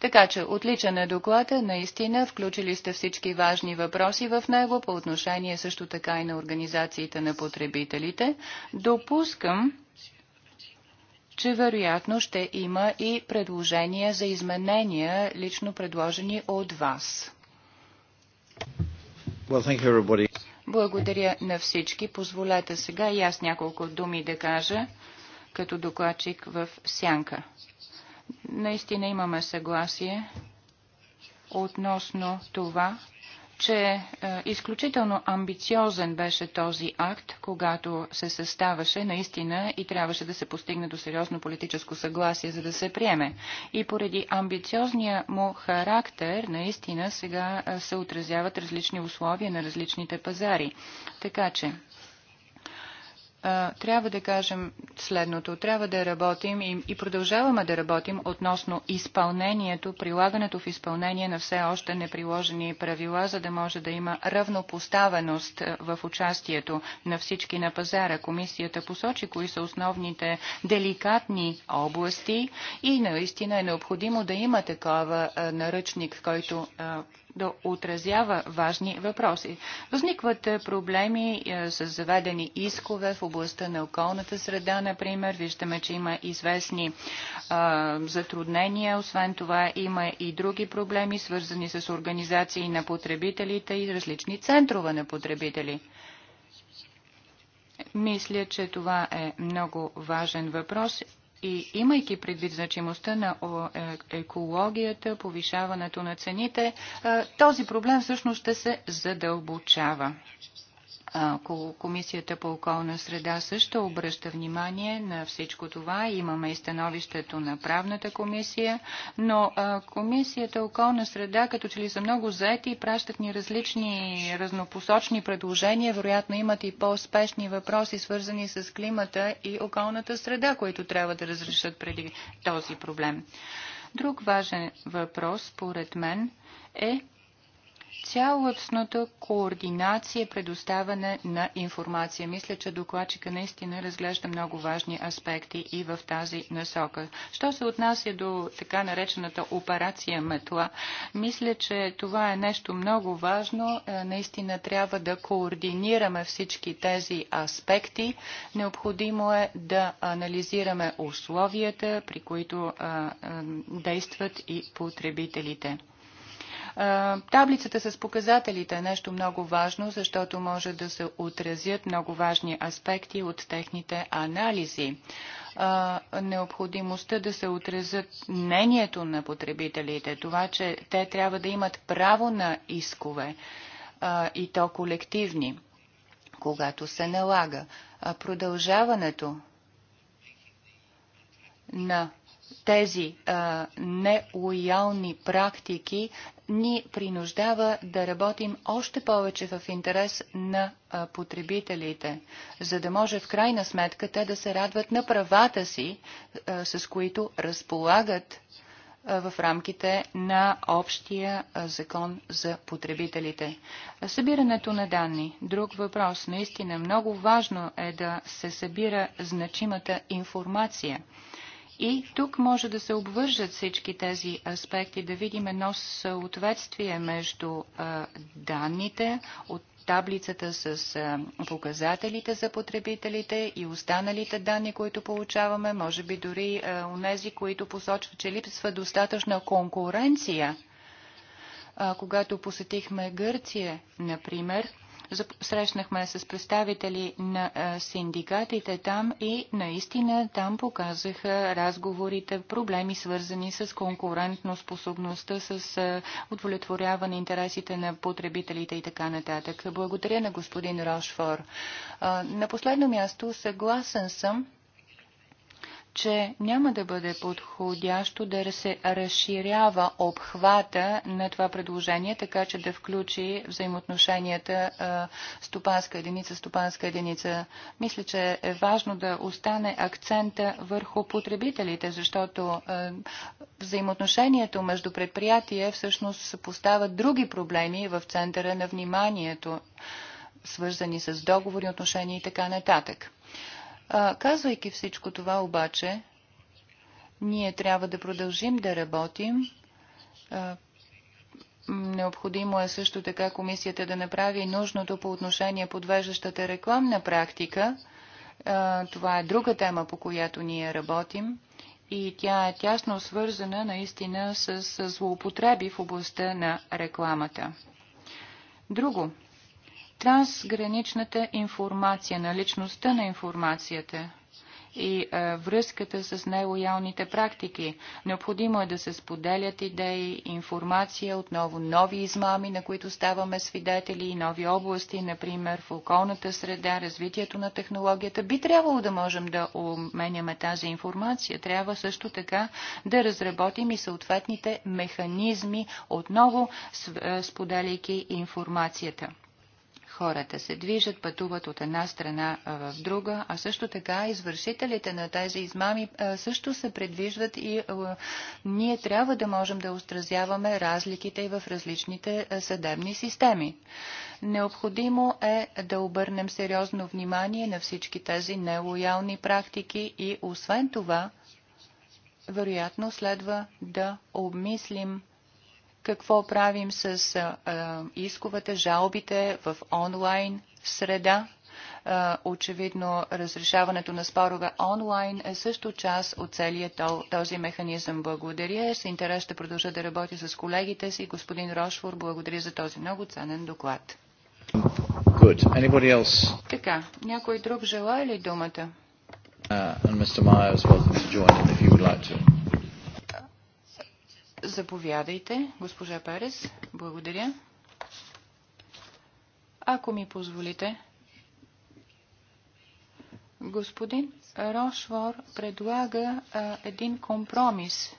Така че отличен е доклада, наистина включили сте всички важни въпроси в него по отношение също така и на организациите на потребителите. Допускам, че вероятно ще има и предложения за изменения, лично предложени от вас. Well, thank you, everybody. Благодаря на всички. Позволете сега и аз няколко думи да кажа като докладчик в Сянка. Наистина имаме съгласие относно това, че е, изключително амбициозен беше този акт, когато се съставаше наистина и трябваше да се постигне до сериозно политическо съгласие, за да се приеме. И поради амбициозния му характер, наистина сега е, се отразяват различни условия на различните пазари. Така че трябва да кажем следното. Трябва да работим и, и продължаваме да работим относно изпълнението, прилагането в изпълнение на все още неприложени правила, за да може да има равнопоставеност в участието на всички на пазара. Комисията посочи кои са основните деликатни области и наистина е необходимо да има такова наръчник, който а, да отразява важни въпроси. Възникват е, проблеми е, с заведени искове в областта на околната среда, например. Виждаме, че има известни а, затруднения. Освен това има и други проблеми, свързани с организации на потребителите и различни центрове на потребители. Мисля, че това е много важен въпрос и имайки предвид значимостта на е, екологията, повишаването на цените, е, този проблем всъщност ще се задълбочава. Комисията по околна среда също обръща внимание на всичко това. Имаме и становището на правната комисия, но комисията околна среда като че ли са много заети и пращат ни различни разнопосочни предложения. Вероятно имат и по-успешни въпроси, свързани с климата и околната среда, които трябва да разрешат преди този проблем. Друг важен въпрос, според мен, е цялостната координация и предоставяне на информация. Мисля, че докладчика наистина разглежда много важни аспекти и в тази насока. Що се отнася до така наречената операция метла, мисля, че това е нещо много важно. Е, наистина трябва да координираме всички тези аспекти. Необходимо е да анализираме условията, при които действат и потребителите. Таблицата с показателите е нещо много важно, защото може да се отразят много важни аспекти от техните анализи необходимостта да се отразят мнението на потребителите, това, че те трябва да имат право на искове и то колективни, когато се налага. Продължаването на тези а, нелоялни практики ни принуждава да работим още повече в интерес на потребителите, за да може в крайна сметка те да се радват на правата си, с които разполагат в рамките на общия закон за потребителите. Събирането на данни. Друг въпрос. Наистина много важно е да се събира значимата информация и тук може да се обвържат всички тези аспекти, да видим едно съответствие между данните от таблицата с показателите за потребителите и останалите данни, които получаваме, може би дори у нези, които посочват, че липсва достатъчна конкуренция. Когато посетихме Гърция, например, Срещнахме с представители на е, синдикатите там и наистина там показаха разговорите, проблеми свързани с конкурентно способността, с е, удовлетворяване интересите на потребителите и така нататък. Благодаря на господин Рошфор. Е, на последно място съгласен съм, че няма да бъде подходящо да се разширява обхвата на това предложение, така че да включи взаимоотношенията стопанска единица, стопанска единица. Мисля, че е важно да остане акцента върху потребителите, защото взаимоотношението между предприятия всъщност поставят други проблеми в центъра на вниманието, свързани с договори отношения и така нататък. А, казвайки всичко това обаче, ние трябва да продължим да работим. А, необходимо е също така комисията да направи нужното по отношение подвеждащата рекламна практика. А, това е друга тема, по която ние работим и тя е тясно свързана наистина с, с злоупотреби в областта на рекламата. Друго, трансграничната информация, наличността на информацията и е, връзката с нелоялните практики. Необходимо е да се споделят идеи, информация, отново нови измами, на които ставаме свидетели и нови области, например в околната среда, развитието на технологията. Би трябвало да можем да уменяме тази информация. Трябва също така да разработим и съответните механизми, отново е, споделяйки информацията. Хората се движат, пътуват от една страна в друга, а също така извършителите на тези измами също се предвиждат и ние трябва да можем да устразяваме разликите и в различните съдебни системи. Необходимо е да обърнем сериозно внимание на всички тези нелоялни практики и освен това, вероятно следва да обмислим какво правим с исковете, жалбите в онлайн среда. Очевидно, разрешаването на спорове онлайн е също част от целият този механизъм. Благодаря. С интерес ще продължа да работя с колегите си. Господин Рошфор, благодаря за този много ценен доклад. Така, някой друг желая ли думата? Uh, and Mr. Myers welcome to join him if you would like to. Заповядайте, госпожа Перес. Благодаря. Ако ми позволите, господин Рошвор предлага а, един компромис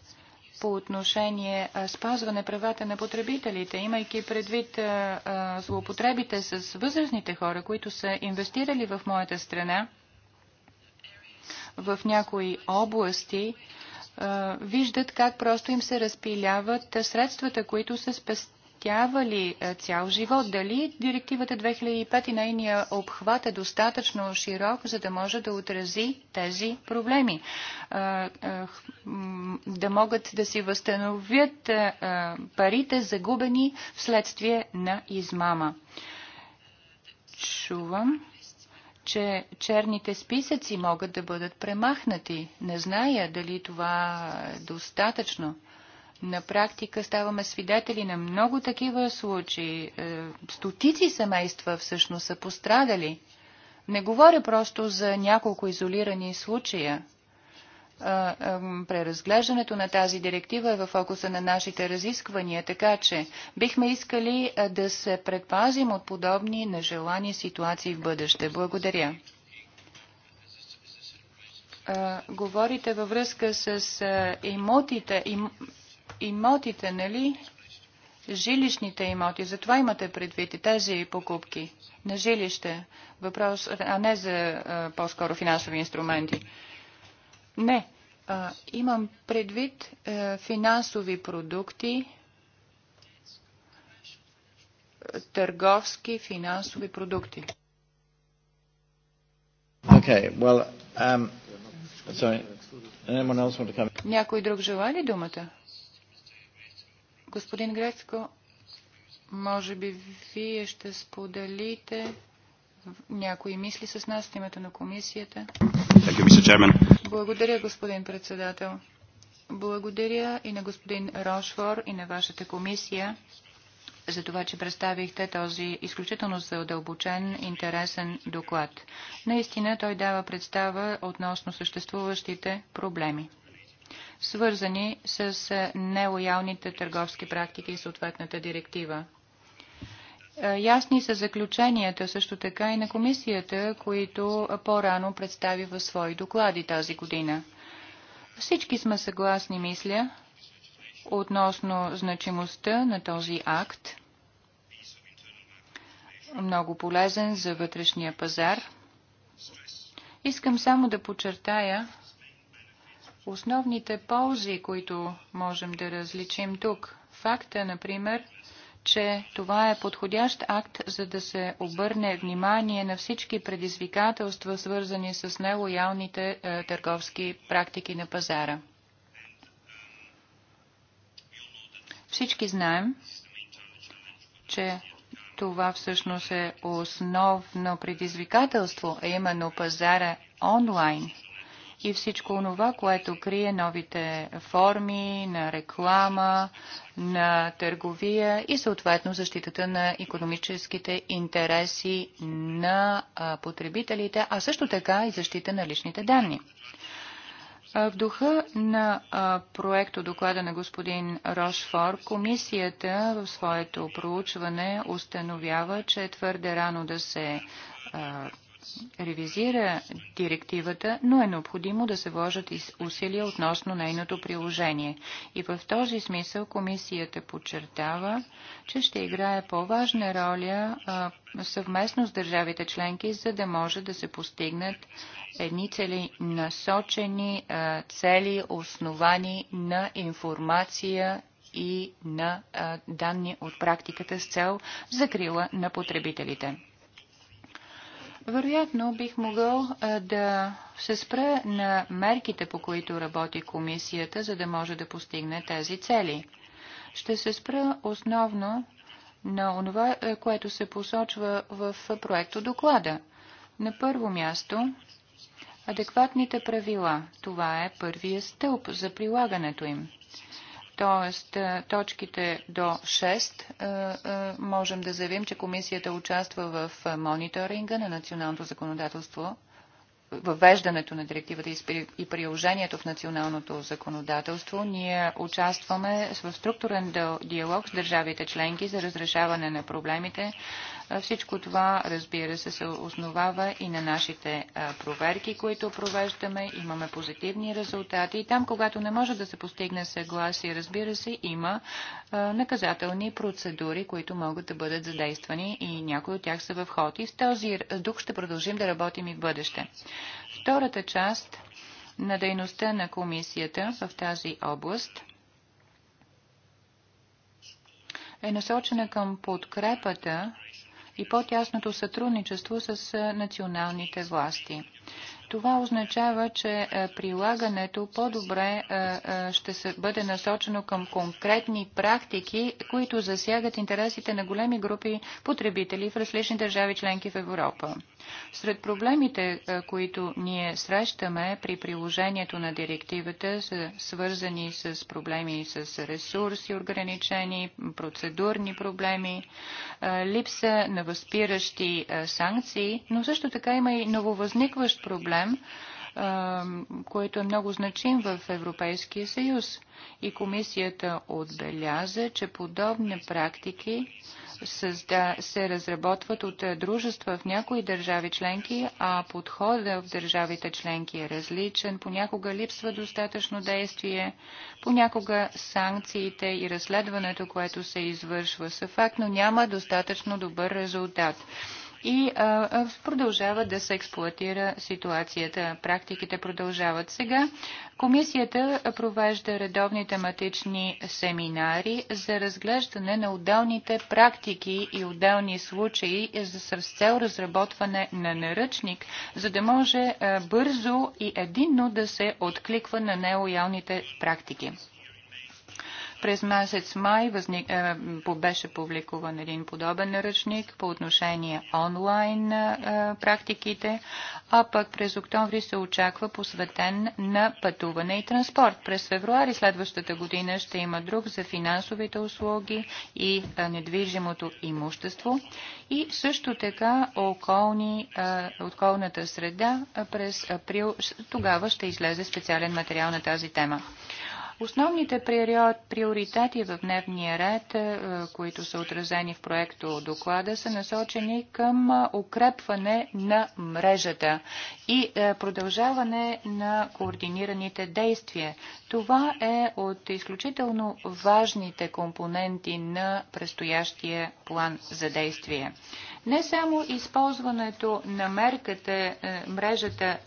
по отношение а, спазване правата на потребителите, имайки предвид а, а, злоупотребите с възрастните хора, които са инвестирали в моята страна в някои области, виждат как просто им се разпиляват средствата, които са спестявали цял живот. Дали директивата 2005 и нейния обхват е достатъчно широк, за да може да отрази тези проблеми? Да могат да си възстановят парите загубени вследствие на измама. Чувам че черните списъци могат да бъдат премахнати. Не зная дали това е достатъчно. На практика ставаме свидетели на много такива случаи. Е, стотици семейства всъщност са пострадали. Не говоря просто за няколко изолирани случая – преразглеждането на тази директива е в фокуса на нашите разисквания, така че бихме искали да се предпазим от подобни нежелани ситуации в бъдеще. Благодаря. Говорите във връзка с имотите, им, имотите, нали? Жилищните имоти. Затова имате предвид и тези покупки на жилище, въпрос, а не за по-скоро финансови инструменти. Не, а, имам предвид а, е, финансови продукти, търговски финансови продукти. Okay, well, um, sorry. Anyone else want to come? Някой друг желая ли думата? Господин Грецко, може би вие ще споделите някои мисли с нас в името на комисията. Благодаря, господин председател. Благодаря и на господин Рошфор и на вашата комисия за това, че представихте този изключително задълбочен, интересен доклад. Наистина той дава представа относно съществуващите проблеми, свързани с нелоялните търговски практики и съответната директива. Е, ясни са заключенията също така и на комисията, които по-рано представи в свои доклади тази година. Всички сме съгласни, мисля, относно значимостта на този акт. Много полезен за вътрешния пазар. Искам само да подчертая основните ползи, които можем да различим тук. Факта, например, че това е подходящ акт, за да се обърне внимание на всички предизвикателства, свързани с нелоялните е, търговски практики на пазара. Всички знаем, че това всъщност е основно предизвикателство, а именно пазара онлайн и всичко това, което крие новите форми на реклама, на търговия и съответно защитата на економическите интереси на потребителите, а също така и защита на личните данни. В духа на проекто доклада на господин Рошфор, комисията в своето проучване установява, че е твърде рано да се ревизира директивата, но е необходимо да се вложат и усилия относно нейното приложение. И в този смисъл комисията подчертава, че ще играе по-важна роля а, съвместно с държавите членки, за да може да се постигнат едни цели насочени а, цели, основани на информация и на а, данни от практиката с цел закрила на потребителите. Вероятно бих могъл да се спра на мерките, по които работи комисията, за да може да постигне тези цели. Ще се спра основно на онова, което се посочва в проекто доклада. На първо място адекватните правила. Това е първия стълб за прилагането им. Тоест, е, точките до 6 е, е, можем да заявим, че комисията участва в мониторинга на националното законодателство въвеждането на директивата и приложението в националното законодателство, ние участваме в структурен диалог с държавите членки за разрешаване на проблемите. Всичко това, разбира се, се основава и на нашите проверки, които провеждаме. Имаме позитивни резултати и там, когато не може да се постигне съгласие, разбира се, има наказателни процедури, които могат да бъдат задействани и някои от тях са в ход. И в този дух ще продължим да работим и в бъдеще. Втората част на дейността на комисията в тази област е насочена към подкрепата и по-тясното сътрудничество с националните власти. Това означава, че прилагането по-добре ще се бъде насочено към конкретни практики, които засягат интересите на големи групи потребители в различни държави членки в Европа. Сред проблемите, е, които ние срещаме при приложението на директивата, са свързани с проблеми с ресурси ограничени, процедурни проблеми, е, липса на възпиращи е, санкции, но също така има и нововъзникващ проблем, който е много значим в Европейския съюз. И комисията отбеляза, че подобни практики създа, се разработват от е, дружества в някои държави членки, а подхода в държавите членки е различен. Понякога липсва достатъчно действие, понякога санкциите и разследването, което се извършва, са факт, но няма достатъчно добър резултат и а, продължава да се експлуатира ситуацията. Практиките продължават сега. Комисията провежда редовни тематични семинари за разглеждане на отделните практики и отделни случаи за с цел разработване на наръчник, за да може бързо и единно да се откликва на нелоялните практики. През месец май възник, е, беше публикуван един подобен наръчник по отношение онлайн е, практиките, а пък през октомври се очаква посветен на пътуване и транспорт. През февруари следващата година ще има друг за финансовите услуги и е, недвижимото имущество и също така околни, е, околната среда е, през април. Тогава ще излезе специален материал на тази тема. Основните приоритети в дневния ред, е, които са отразени в проекто доклада, са насочени към е, укрепване на мрежата и е, продължаване на координираните действия. Това е от изключително важните компоненти на предстоящия план за действие. Не само използването на мерката, е, мрежата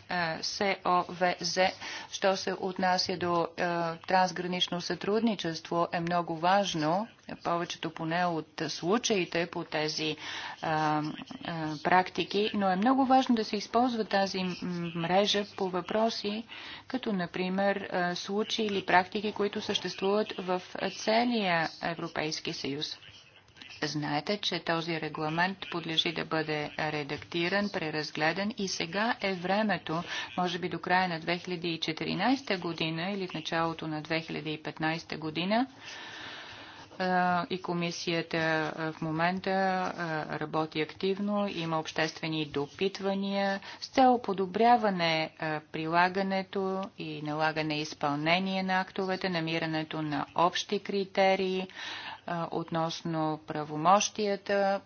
СОВЗ, е, що се отнася до е, трансгранично сътрудничество, е много важно. Повечето поне от случаите по тези а, а, практики, но е много важно да се използва тази мрежа по въпроси, като например случаи или практики, които съществуват в целия Европейски съюз. Знаете, че този регламент подлежи да бъде редактиран, преразгледан и сега е времето, може би до края на 2014 година или в началото на 2015 година, и комисията в момента работи активно, има обществени допитвания с цел подобряване прилагането и налагане изпълнение на актовете, намирането на общи критерии, относно правомощията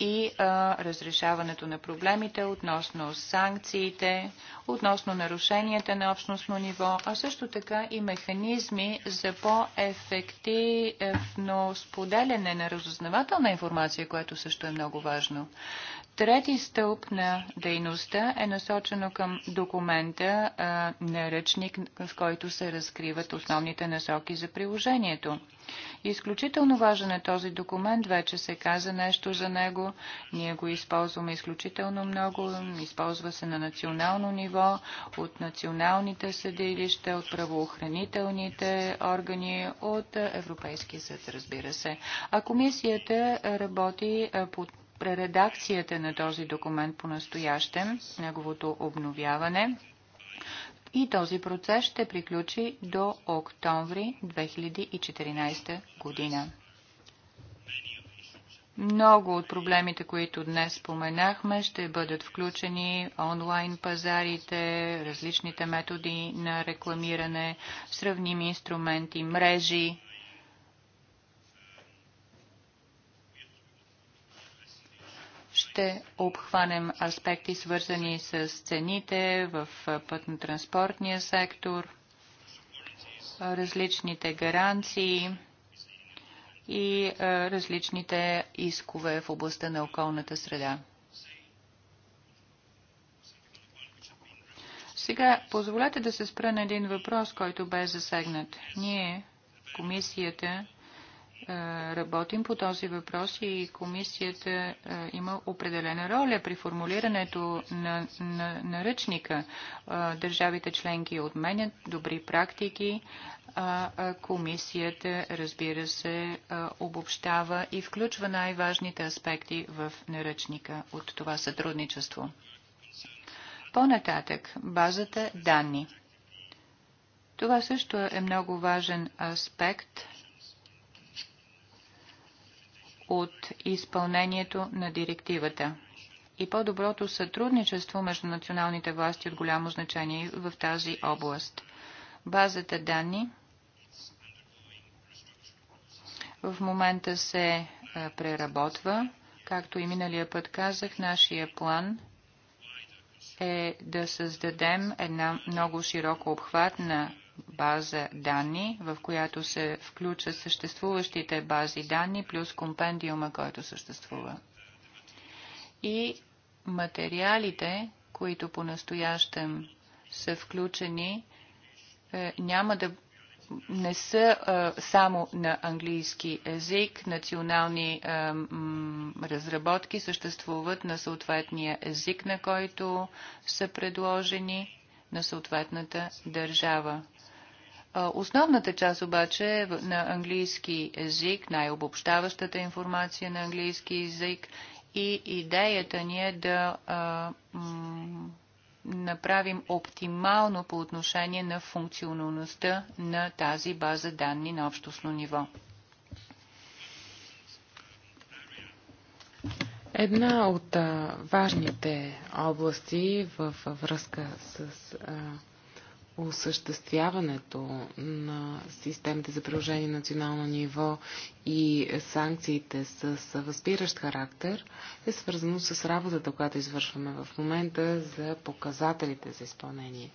и а, разрешаването на проблемите, относно санкциите, относно нарушенията на общностно ниво, а също така и механизми за по-ефективно споделяне на разузнавателна информация, което също е много важно трети стълб на дейността е насочено към документа на наръчник, в който се разкриват основните насоки за приложението. Изключително важен е този документ, вече се каза нещо за него, ние го използваме изключително много, използва се на национално ниво, от националните съдилища, от правоохранителните органи, от Европейския съд, разбира се. А комисията работи по прередакцията на този документ по настоящем, неговото обновяване. И този процес ще приключи до октомври 2014 година. Много от проблемите, които днес споменахме, ще бъдат включени онлайн пазарите, различните методи на рекламиране, сравними инструменти, мрежи, ще обхванем аспекти свързани с цените в пътно-транспортния сектор, различните гаранции и различните искове в областта на околната среда. Сега позволете да се спра на един въпрос, който бе засегнат. Ние, комисията, работим по този въпрос и комисията има определена роля при формулирането на наръчника. На Държавите членки отменят добри практики, а комисията, разбира се, обобщава и включва най-важните аспекти в наръчника от това сътрудничество. По-нататък, базата данни. Това също е много важен аспект – от изпълнението на директивата и по-доброто сътрудничество между националните власти от голямо значение в тази област. Базата данни в момента се е, преработва. Както и миналия път казах, нашия план е да създадем една много широко обхватна база данни, в която се включа съществуващите бази данни плюс компендиума, който съществува. И материалите, които по-настоящем са включени, е, няма да не са а, е, само на английски език. Национални а, е, м, разработки съществуват на съответния език, на който са предложени на съответната държава. Основната част обаче е на английски език, най-обобщаващата информация на английски език и идеята ни е да а, направим оптимално по отношение на функционалността на тази база данни на общостно ниво. Една от а, важните области в връзка с а, осъществяването на системите за приложение на национално ниво и санкциите с възпиращ характер е свързано с работата, която извършваме в момента за показателите за изпълнение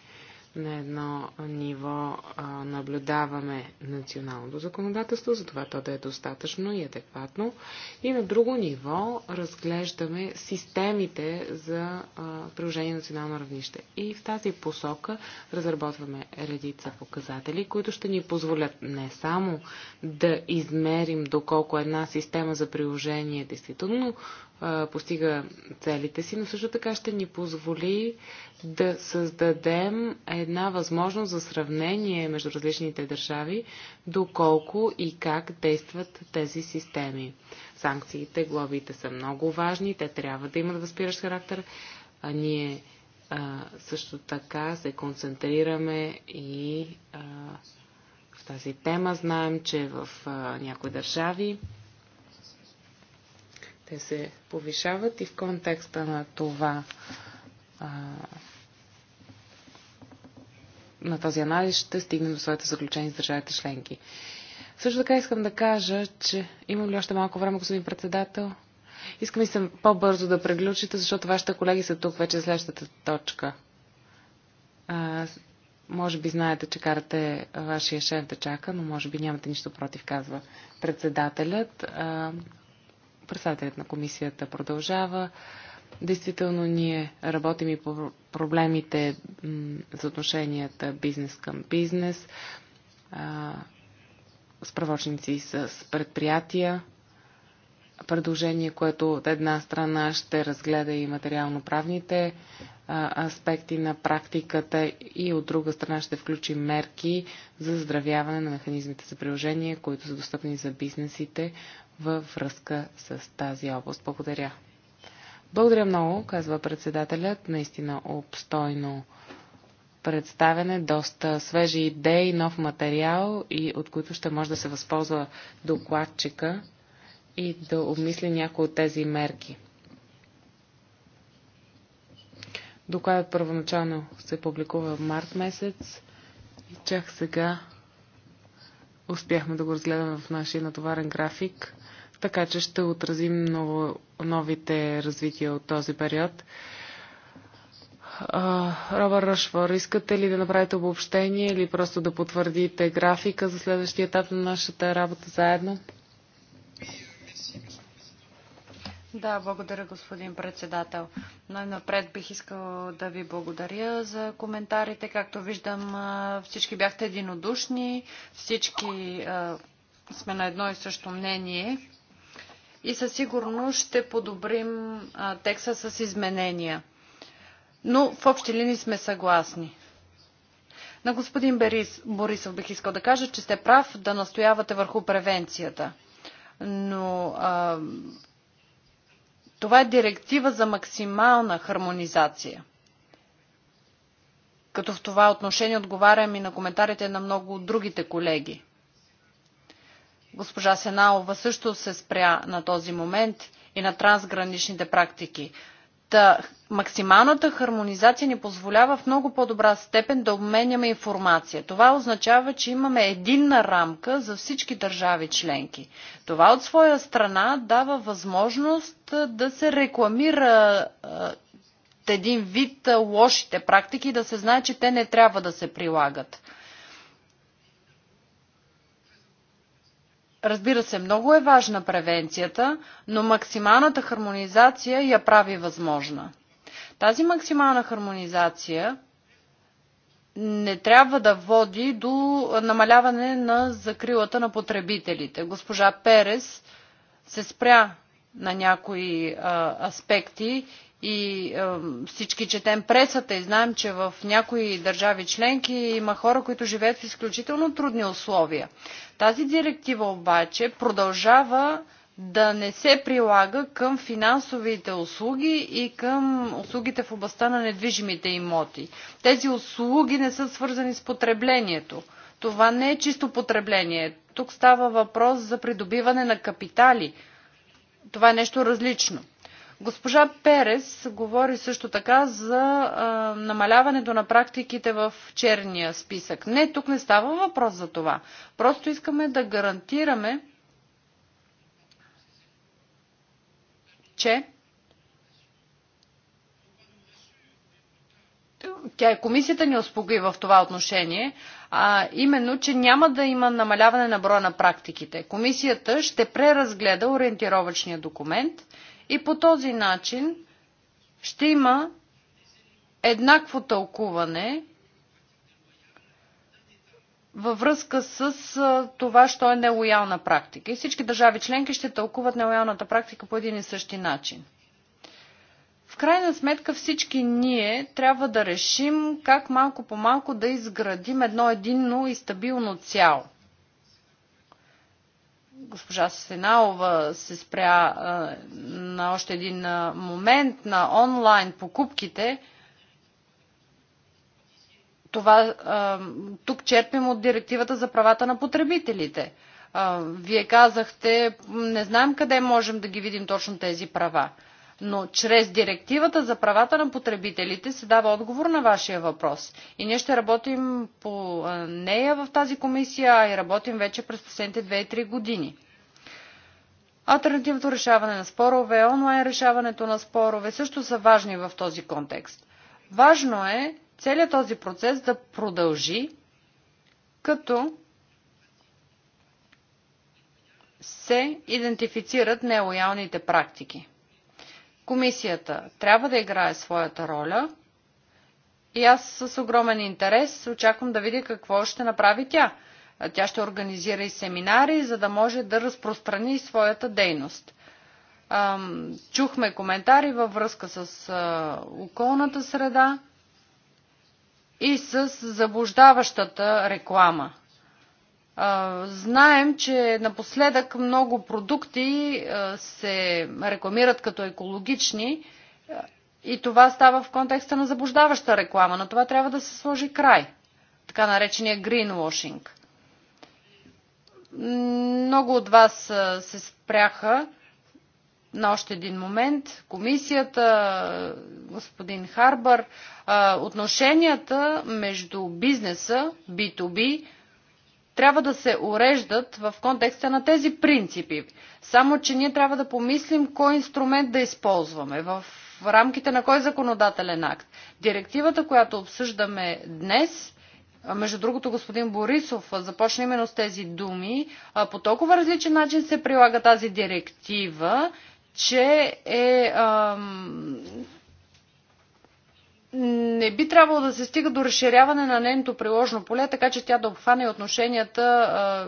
на едно ниво а, наблюдаваме националното законодателство, за това то да е достатъчно и адекватно. И на друго ниво разглеждаме системите за а, приложение на национално равнище. И в тази посока разработваме редица показатели, които ще ни позволят не само да измерим доколко една система за приложение е действително постига целите си, но също така ще ни позволи да създадем една възможност за сравнение между различните държави, доколко и как действат тези системи. Санкциите, глобите са много важни, те трябва да имат възпиращ характер, а ние а, също така се концентрираме и а, в тази тема знаем, че в а, някои държави те се повишават и в контекста на това а, на този анализ ще стигнем до своите заключения с държавите членки. Също така искам да кажа, че имам ли още малко време, господин председател? Искам и съм по-бързо да преключите, защото вашите колеги са тук вече следващата точка. А, може би знаете, че карате вашия шеф да чака, но може би нямате нищо против, казва председателят. А, Председателят на комисията продължава. Действително ние работим и по проблемите за отношенията бизнес към бизнес, справочници с предприятия, предложение, което от една страна ще разгледа и материално-правните аспекти на практиката и от друга страна ще включи мерки за здравяване на механизмите за приложение, които са достъпни за бизнесите във връзка с тази област. Благодаря. Благодаря много, казва председателят. Наистина обстойно представяне, доста свежи идеи, нов материал и от които ще може да се възползва докладчика и да обмисли някои от тези мерки. Докладът първоначално се публикува в март месец и чак сега успяхме да го разгледаме в нашия натоварен график така че ще отразим ново, новите развития от този период. Робър Рашвор, искате ли да направите обобщение или просто да потвърдите графика за следващия етап на нашата работа заедно? Да, благодаря, господин председател. Най-напред бих искал да ви благодаря за коментарите. Както виждам, всички бяхте единодушни, всички сме на едно и също мнение и със сигурност ще подобрим а, текста с изменения. Но в общи линии сме съгласни. На господин Берис, Борисов бих искал да кажа, че сте прав да настоявате върху превенцията. Но а, това е директива за максимална хармонизация. Като в това отношение отговарям и на коментарите на много другите колеги. Госпожа Сеналова също се спря на този момент и на трансграничните практики. Та, максималната хармонизация ни позволява в много по-добра степен да обменяме информация. Това означава, че имаме единна рамка за всички държави членки. Това от своя страна дава възможност да се рекламира един вид лошите практики да се знае, че те не трябва да се прилагат. Разбира се, много е важна превенцията, но максималната хармонизация я прави възможна. Тази максимална хармонизация не трябва да води до намаляване на закрилата на потребителите. Госпожа Перес се спря на някои а, аспекти и е, всички четем пресата и знаем, че в някои държави членки има хора, които живеят в изключително трудни условия. Тази директива обаче продължава да не се прилага към финансовите услуги и към услугите в областта на недвижимите имоти. Тези услуги не са свързани с потреблението. Това не е чисто потребление. Тук става въпрос за придобиване на капитали. Това е нещо различно. Госпожа Перес говори също така за а, намаляването на практиките в черния списък. Не, тук не става въпрос за това. Просто искаме да гарантираме, че тя и комисията ни успокои в това отношение, а именно, че няма да има намаляване на броя на практиките. Комисията ще преразгледа ориентировачния документ – и по този начин ще има еднакво тълкуване във връзка с това, що е нелоялна практика. И всички държави членки ще тълкуват нелоялната практика по един и същи начин. В крайна сметка всички ние трябва да решим как малко по малко да изградим едно единно и стабилно цяло госпожа Сенаова се спря а, на още един а, момент на онлайн покупките. Това, а, тук черпим от директивата за правата на потребителите. А, вие казахте, не знаем къде можем да ги видим точно тези права. Но чрез директивата за правата на потребителите се дава отговор на вашия въпрос. И ние ще работим по нея в тази комисия, а и работим вече през последните 2-3 години. Альтернативното решаване на спорове, онлайн решаването на спорове също са важни в този контекст. Важно е целият този процес да продължи, като се идентифицират нелоялните практики. Комисията трябва да играе своята роля и аз с огромен интерес очаквам да видя какво ще направи тя. Тя ще организира и семинари, за да може да разпространи своята дейност. Чухме коментари във връзка с околната среда и с заблуждаващата реклама. Знаем, че напоследък много продукти се рекламират като екологични и това става в контекста на заблуждаваща реклама. На това трябва да се сложи край. Така наречения greenwashing. Много от вас се спряха на още един момент. Комисията, господин Харбър, отношенията между бизнеса, B2B, трябва да се уреждат в контекста на тези принципи. Само, че ние трябва да помислим кой инструмент да използваме, в рамките на кой законодателен акт. Директивата, която обсъждаме днес, между другото, господин Борисов започна именно с тези думи. По толкова различен начин се прилага тази директива, че е ам, не би трябвало да се стига до разширяване на нейното приложно поле, така че тя да обхване отношенията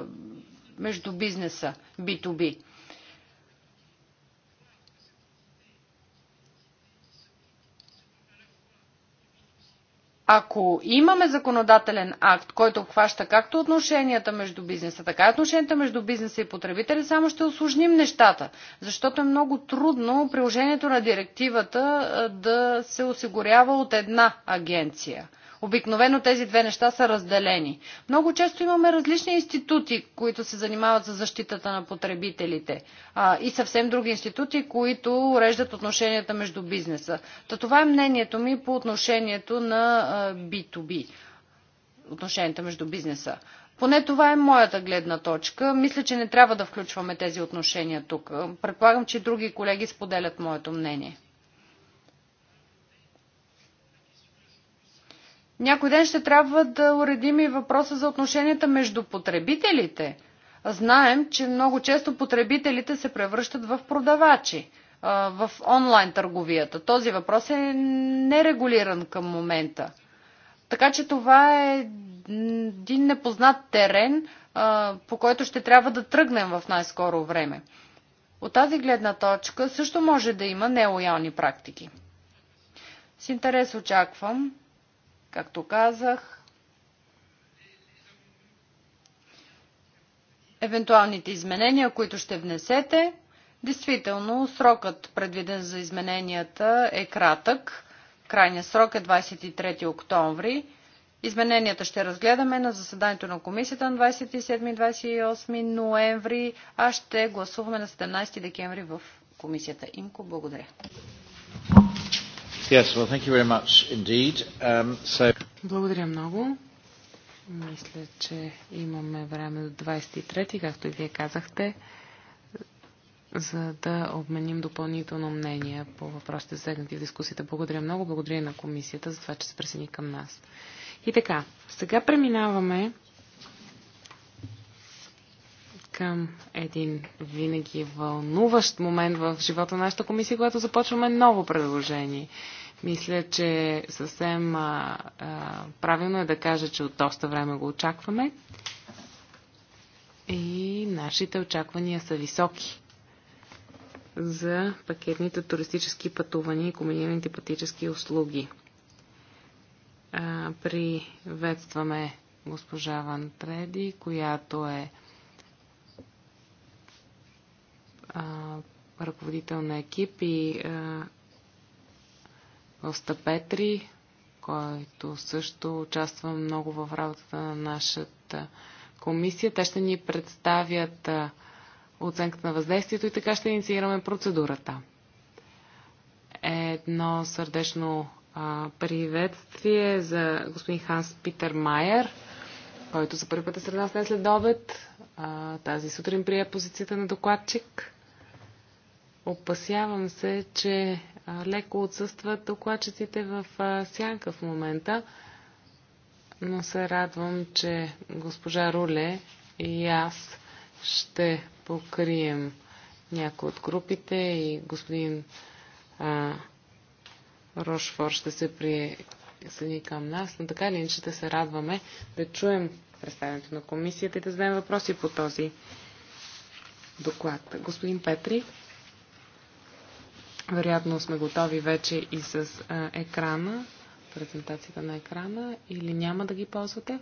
между бизнеса B2B. Ако имаме законодателен акт, който обхваща както отношенията между бизнеса, така и отношенията между бизнеса и потребителя, само ще осложним нещата, защото е много трудно приложението на директивата да се осигурява от една агенция – Обикновено тези две неща са разделени. Много често имаме различни институти, които се занимават за защитата на потребителите а, и съвсем други институти, които уреждат отношенията между бизнеса. Та това е мнението ми по отношението на а, B2B, отношенията между бизнеса. Поне това е моята гледна точка. Мисля, че не трябва да включваме тези отношения тук. Предполагам, че други колеги споделят моето мнение. Някой ден ще трябва да уредим и въпроса за отношенията между потребителите. Знаем, че много често потребителите се превръщат в продавачи в онлайн търговията. Този въпрос е нерегулиран към момента. Така че това е един непознат терен, по който ще трябва да тръгнем в най-скоро време. От тази гледна точка също може да има нелоялни практики. С интерес очаквам Както казах, евентуалните изменения, които ще внесете, действително срокът предвиден за измененията е кратък. Крайният срок е 23 октомври. Измененията ще разгледаме на заседанието на комисията на 27-28 ноември, а ще гласуваме на 17 декември в комисията ИМКО. Благодаря. Yes, well, thank you very much indeed. Um, so... Благодаря много. Мисля, че имаме време до 23, както и вие казахте, за да обменим допълнително мнение по въпросите засегнати в дискусията. Благодаря много. Благодаря на комисията за това, че се присъедини към нас. И така, сега преминаваме към един винаги вълнуващ момент в живота на нашата комисия, когато започваме ново предложение. Мисля, че съвсем а, а, правилно е да кажа, че от доста време го очакваме и нашите очаквания са високи за пакетните туристически пътувания и комбинираните пътически услуги. А, приветстваме госпожа Ван Треди, която е а, ръководител на екип и а, Оста който също участва много в работата на нашата комисия. Те ще ни представят а, оценката на въздействието и така ще инициираме процедурата. Едно сърдечно а, приветствие за господин Ханс Питер Майер, който за първи път е сред нас днес след обед. тази сутрин прие позицията на докладчик. Опасявам се, че леко отсъстват докладчиците в сянка в момента, но се радвам, че госпожа Руле и аз ще покрием някои от групите и господин а, Рошфор ще се присъедини към нас, но така или иначе ще се радваме да чуем представянето на комисията и да зададем въпроси по този доклад. Господин Петри. Вероятно сме готови вече и с екрана, презентацията на екрана, или няма да ги ползвате.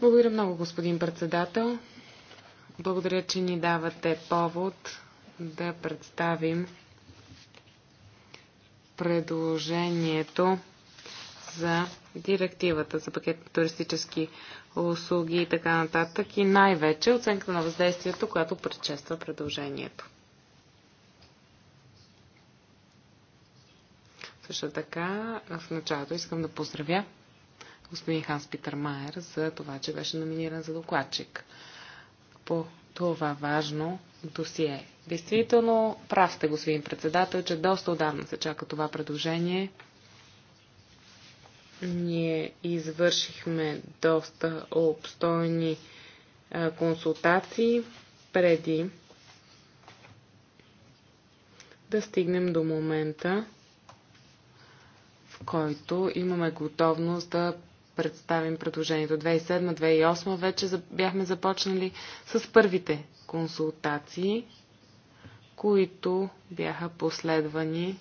Благодаря много, господин председател. Благодаря, че ни давате повод да представим предложението за директивата за пакет на туристически услуги и така нататък и най-вече оценка на въздействието, която предшества предложението. Също така, в началото искам да поздравя господин Ханс Питър Майер за това, че беше номиниран за докладчик по това важно досие. Действително, прав сте, господин председател, че доста отдавна се чака това предложение. Ние извършихме доста обстойни консултации преди да стигнем до момента, който имаме готовност да представим предложението. 2007-2008 вече бяхме започнали с първите консултации, които бяха последвани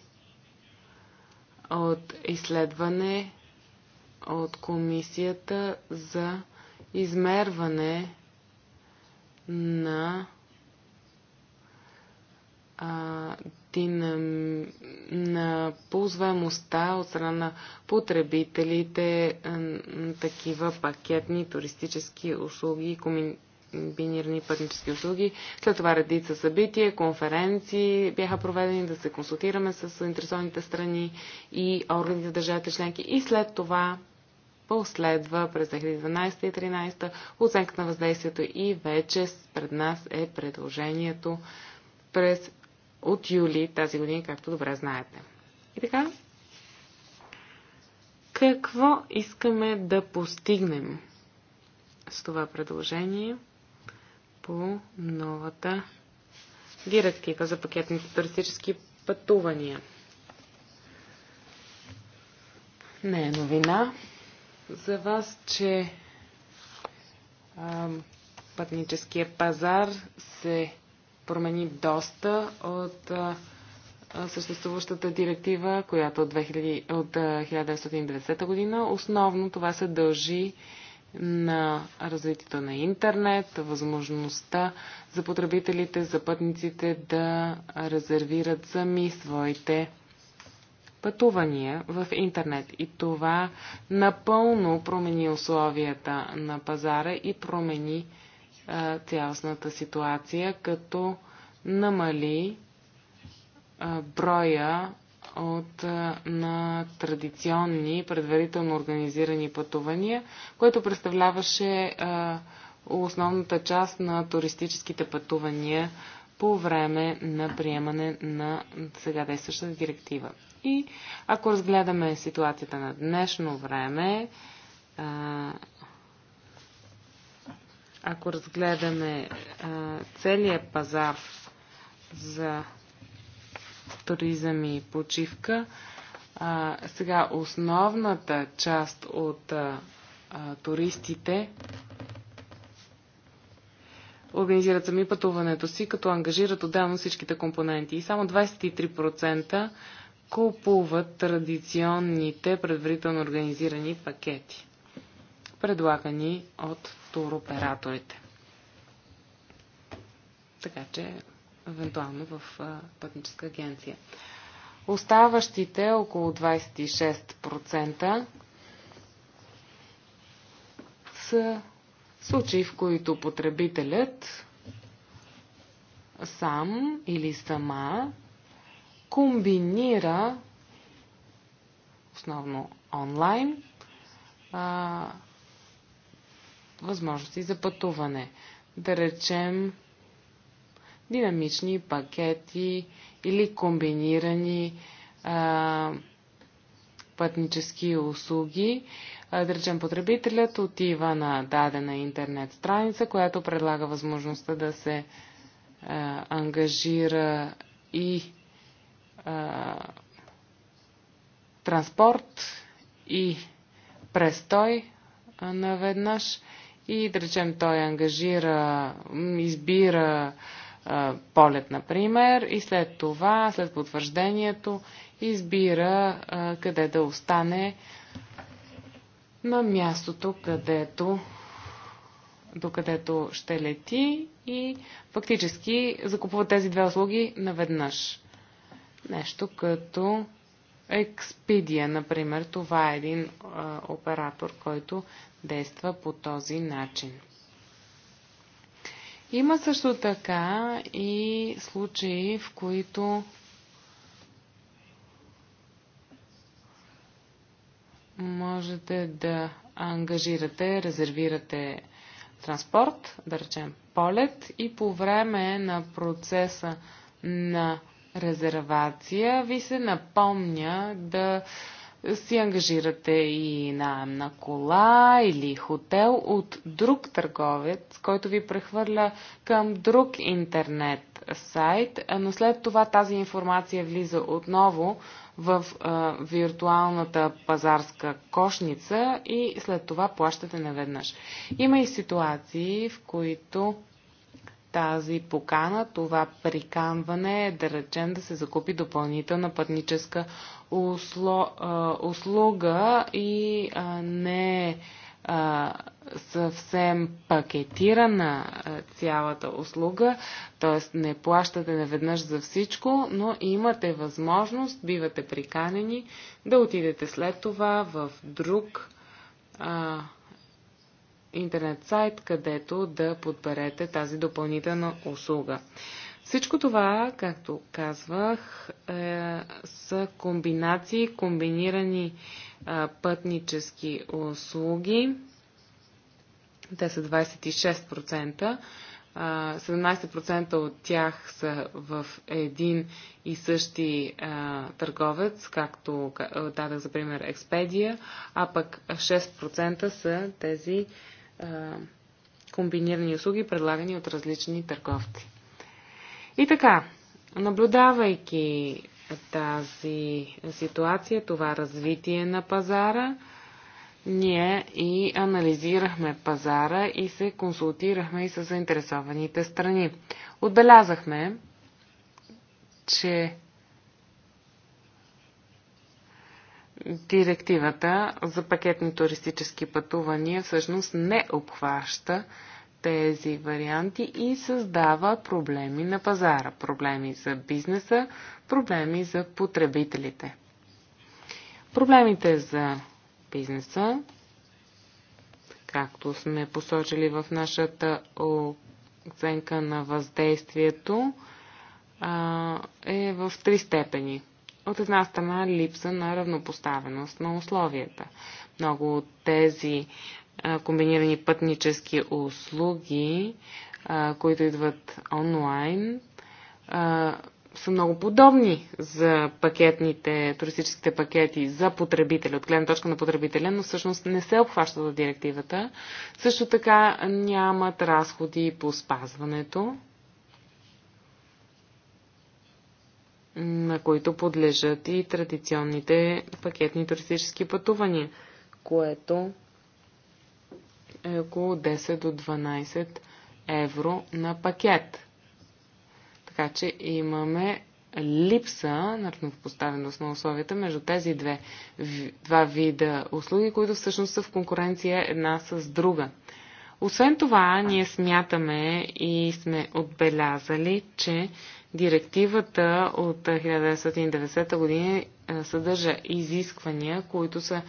от изследване от комисията за измерване на динам... на ползваемостта от страна на потребителите на е, такива пакетни туристически услуги, комбинирани пътнически услуги. След това редица събития, конференции бяха проведени да се консултираме с заинтересованите страни и органите държавите членки. И след това последва през 2012 и 2013 оценка на въздействието и вече пред нас е предложението през от юли тази година, както добре знаете. И така, какво искаме да постигнем с това предложение по новата директива за пакетните туристически пътувания? Не е новина за вас, че а, пътническия пазар се промени доста от съществуващата директива, която от, 2000, от 1990 година. Основно това се дължи на развитието на интернет, възможността за потребителите, за пътниците да резервират сами своите пътувания в интернет. И това напълно промени условията на пазара и промени цялостната ситуация, като намали броя от, на традиционни, предварително организирани пътувания, което представляваше основната част на туристическите пътувания по време на приемане на сега действащата директива. И ако разгледаме ситуацията на днешно време, ако разгледаме а, целият пазар за туризъм и почивка, а, сега основната част от а, а, туристите организират сами пътуването си, като ангажират отделно всичките компоненти. И само 23% купуват традиционните предварително организирани пакети предлагани от туроператорите. Така че, евентуално в пътническа агенция. Оставащите около 26% са случаи, в които потребителят сам или сама комбинира основно онлайн възможности за пътуване. Да речем, динамични пакети или комбинирани а, пътнически услуги. А, да речем, потребителят отива на дадена интернет страница, която предлага възможността да се а, ангажира и а, транспорт и престой наведнъж. веднъж и да речем той ангажира, избира а, полет, например, и след това, след потвърждението, избира а, къде да остане на мястото, където докъдето ще лети и фактически закупува тези две услуги наведнъж. Нещо като Expedia, например, това е един а, оператор, който действа по този начин. Има също така и случаи, в които можете да ангажирате, резервирате транспорт, да речем полет и по време на процеса на резервация, ви се напомня да си ангажирате и наем на кола или хотел от друг търговец, който ви прехвърля към друг интернет сайт, но след това тази информация влиза отново в а, виртуалната пазарска кошница и след това плащате наведнъж. Има и ситуации, в които тази покана, това приканване е да речем да се закупи допълнителна пътническа усло, а, услуга и а, не а, съвсем пакетирана а, цялата услуга, т.е. не плащате наведнъж за всичко, но имате възможност, бивате приканени да отидете след това в друг а, интернет сайт, където да подберете тази допълнителна услуга. Всичко това, както казвах, е, са комбинации, комбинирани е, пътнически услуги. Те са 26%. 17% от тях са в един и същи а, търговец, както дадах за пример Експедия, а пък 6% са тези комбинирани услуги, предлагани от различни търговци. И така, наблюдавайки тази ситуация, това развитие на пазара, ние и анализирахме пазара и се консултирахме и с заинтересованите страни. Отбелязахме, че Директивата за пакетни туристически пътувания всъщност не обхваща тези варианти и създава проблеми на пазара, проблеми за бизнеса, проблеми за потребителите. Проблемите за бизнеса, както сме посочили в нашата оценка на въздействието, е в три степени – от една страна липса на равнопоставеност на условията. Много от тези а, комбинирани пътнически услуги, а, които идват онлайн, а, са много подобни за пакетните, туристическите пакети за потребителя, от гледна точка на потребителя, но всъщност не се обхващат от директивата. Също така нямат разходи по спазването на които подлежат и традиционните пакетни туристически пътувания, което е около 10 до 12 евро на пакет. Така че имаме липса на равнопоставеност на условията между тези две, два вида услуги, които всъщност са в конкуренция една с друга. Освен това, ние смятаме и сме отбелязали, че Директивата от 1990 година съдържа изисквания, които са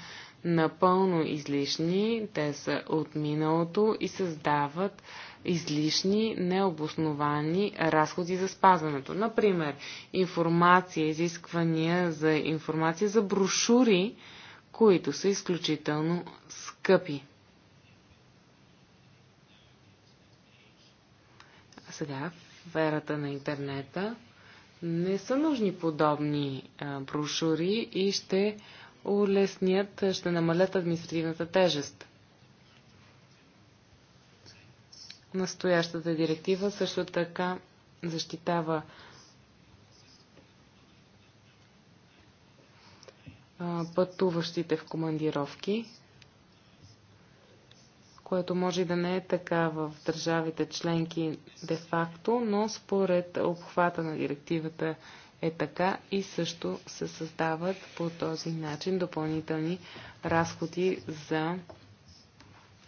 напълно излишни, те са от миналото и създават излишни, необосновани разходи за спазването. Например, информация, изисквания за информация за брошури, които са изключително скъпи. сега ерата на интернета, не са нужни подобни брошури и ще улеснят, ще намалят административната тежест. Настоящата директива също така защитава пътуващите в командировки което може да не е така в държавите членки де-факто, но според обхвата на директивата е така и също се създават по този начин допълнителни разходи за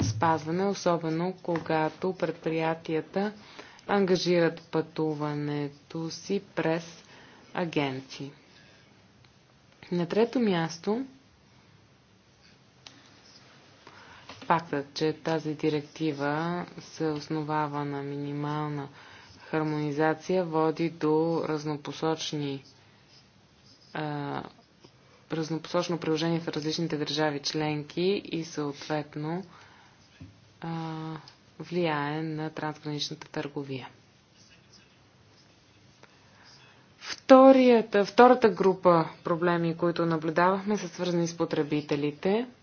спазване, особено когато предприятията ангажират пътуването си през агенции. На трето място фактът, че тази директива се основава на минимална хармонизация, води до разнопосочни а, разнопосочно приложение в различните държави членки и съответно а, влияе на трансграничната търговия. втората група проблеми, които наблюдавахме, са свързани с потребителите –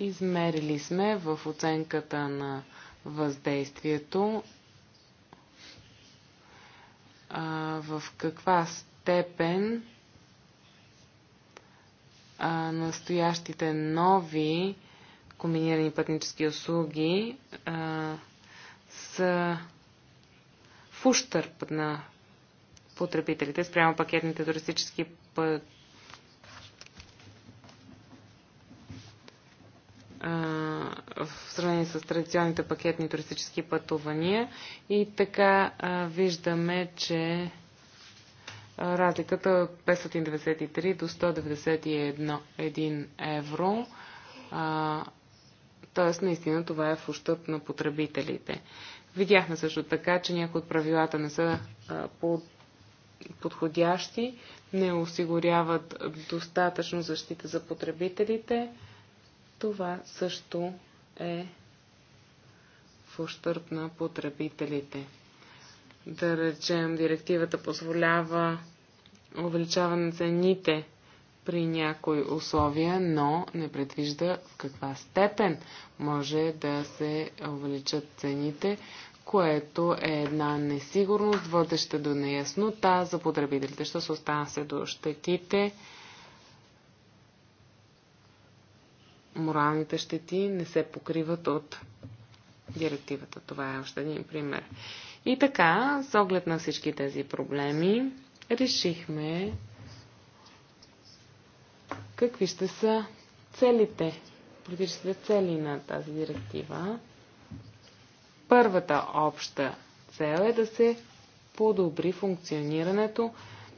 Измерили сме в оценката на въздействието а, в каква степен а, настоящите нови комбинирани пътнически услуги а, са в ущърп на потребителите спрямо пакетните туристически пътувания в сравнение с традиционните пакетни туристически пътувания. И така виждаме, че разликата от 593 до 191 евро. Тоест, наистина това е в ущъп на потребителите. Видяхме също така, че някои от правилата не са подходящи, не осигуряват достатъчно защита за потребителите това също е в ущърп на потребителите. Да речем, директивата позволява увеличаване на цените при някои условия, но не предвижда в каква степен може да се увеличат цените, което е една несигурност, водеща до неяснота за потребителите. Що се остана се до щетите, моралните щети не се покриват от директивата. Това е още един пример. И така, с оглед на всички тези проблеми, решихме какви ще са целите, политическите цели на тази директива. Първата обща цел е да се подобри функционирането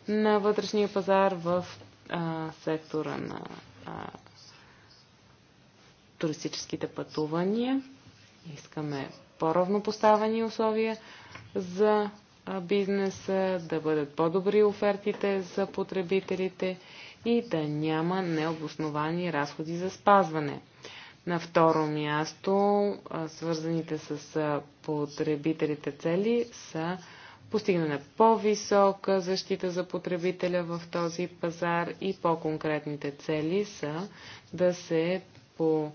на вътрешния пазар в а, сектора на а, туристическите пътувания. Искаме по-равнопоставени условия за бизнеса, да бъдат по-добри офертите за потребителите и да няма необосновани разходи за спазване. На второ място, свързаните с потребителите цели са постигнане по-висока защита за потребителя в този пазар и по-конкретните цели са да се по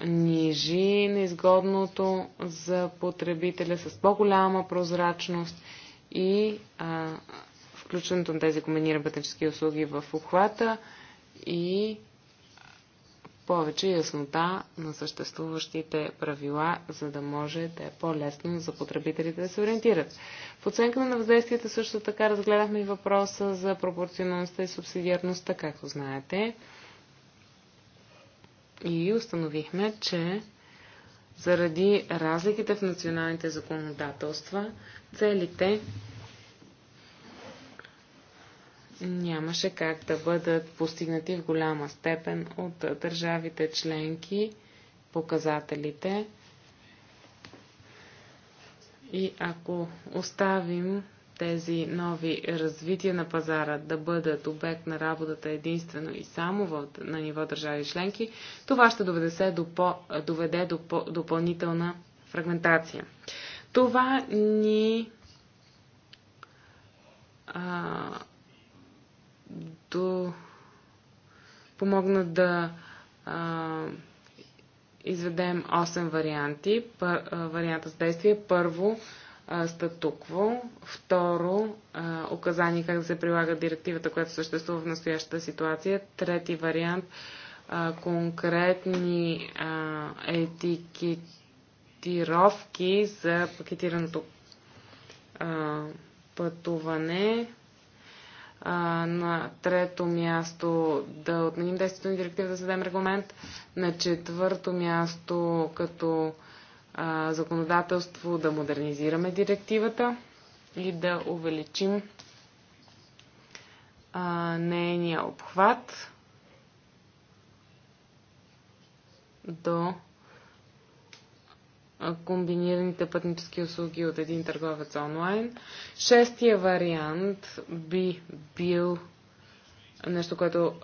нижи неизгодното за потребителя с по-голяма прозрачност и а, включването на тези комбинирани пътнически услуги в обхвата и повече яснота на съществуващите правила, за да може да е по-лесно за потребителите да се ориентират. В оценка на въздействията също така разгледахме и въпроса за пропорционалността и субсидиарността, както знаете. И установихме, че заради разликите в националните законодателства, целите нямаше как да бъдат постигнати в голяма степен от държавите членки, показателите. И ако оставим тези нови развития на пазара да бъдат обект на работата единствено и само в, на ниво държави членки, това ще доведе, до, по, доведе до по, допълнителна фрагментация. Това ни а, до, помогна да а, изведем 8 варианти. Пър, а, варианта с действие. Първо, статукво. Второ, указание как да се прилага директивата, която съществува в настоящата ситуация. Трети вариант конкретни етикетировки за пакетираното пътуване. На трето място да отменим действието на да за съдем регламент. На четвърто място като а, законодателство, да модернизираме директивата и да увеличим а, нейния обхват до комбинираните пътнически услуги от един търговец онлайн. Шестия вариант би бил нещо, което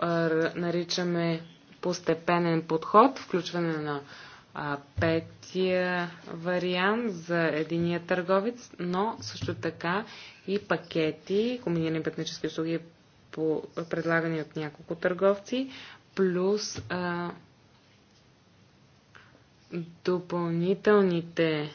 наричаме постепенен подход, включване на а, петия вариант за единия търговец, но също така и пакети, комбинирани пътнически услуги, по, предлагани от няколко търговци, плюс а, допълнителните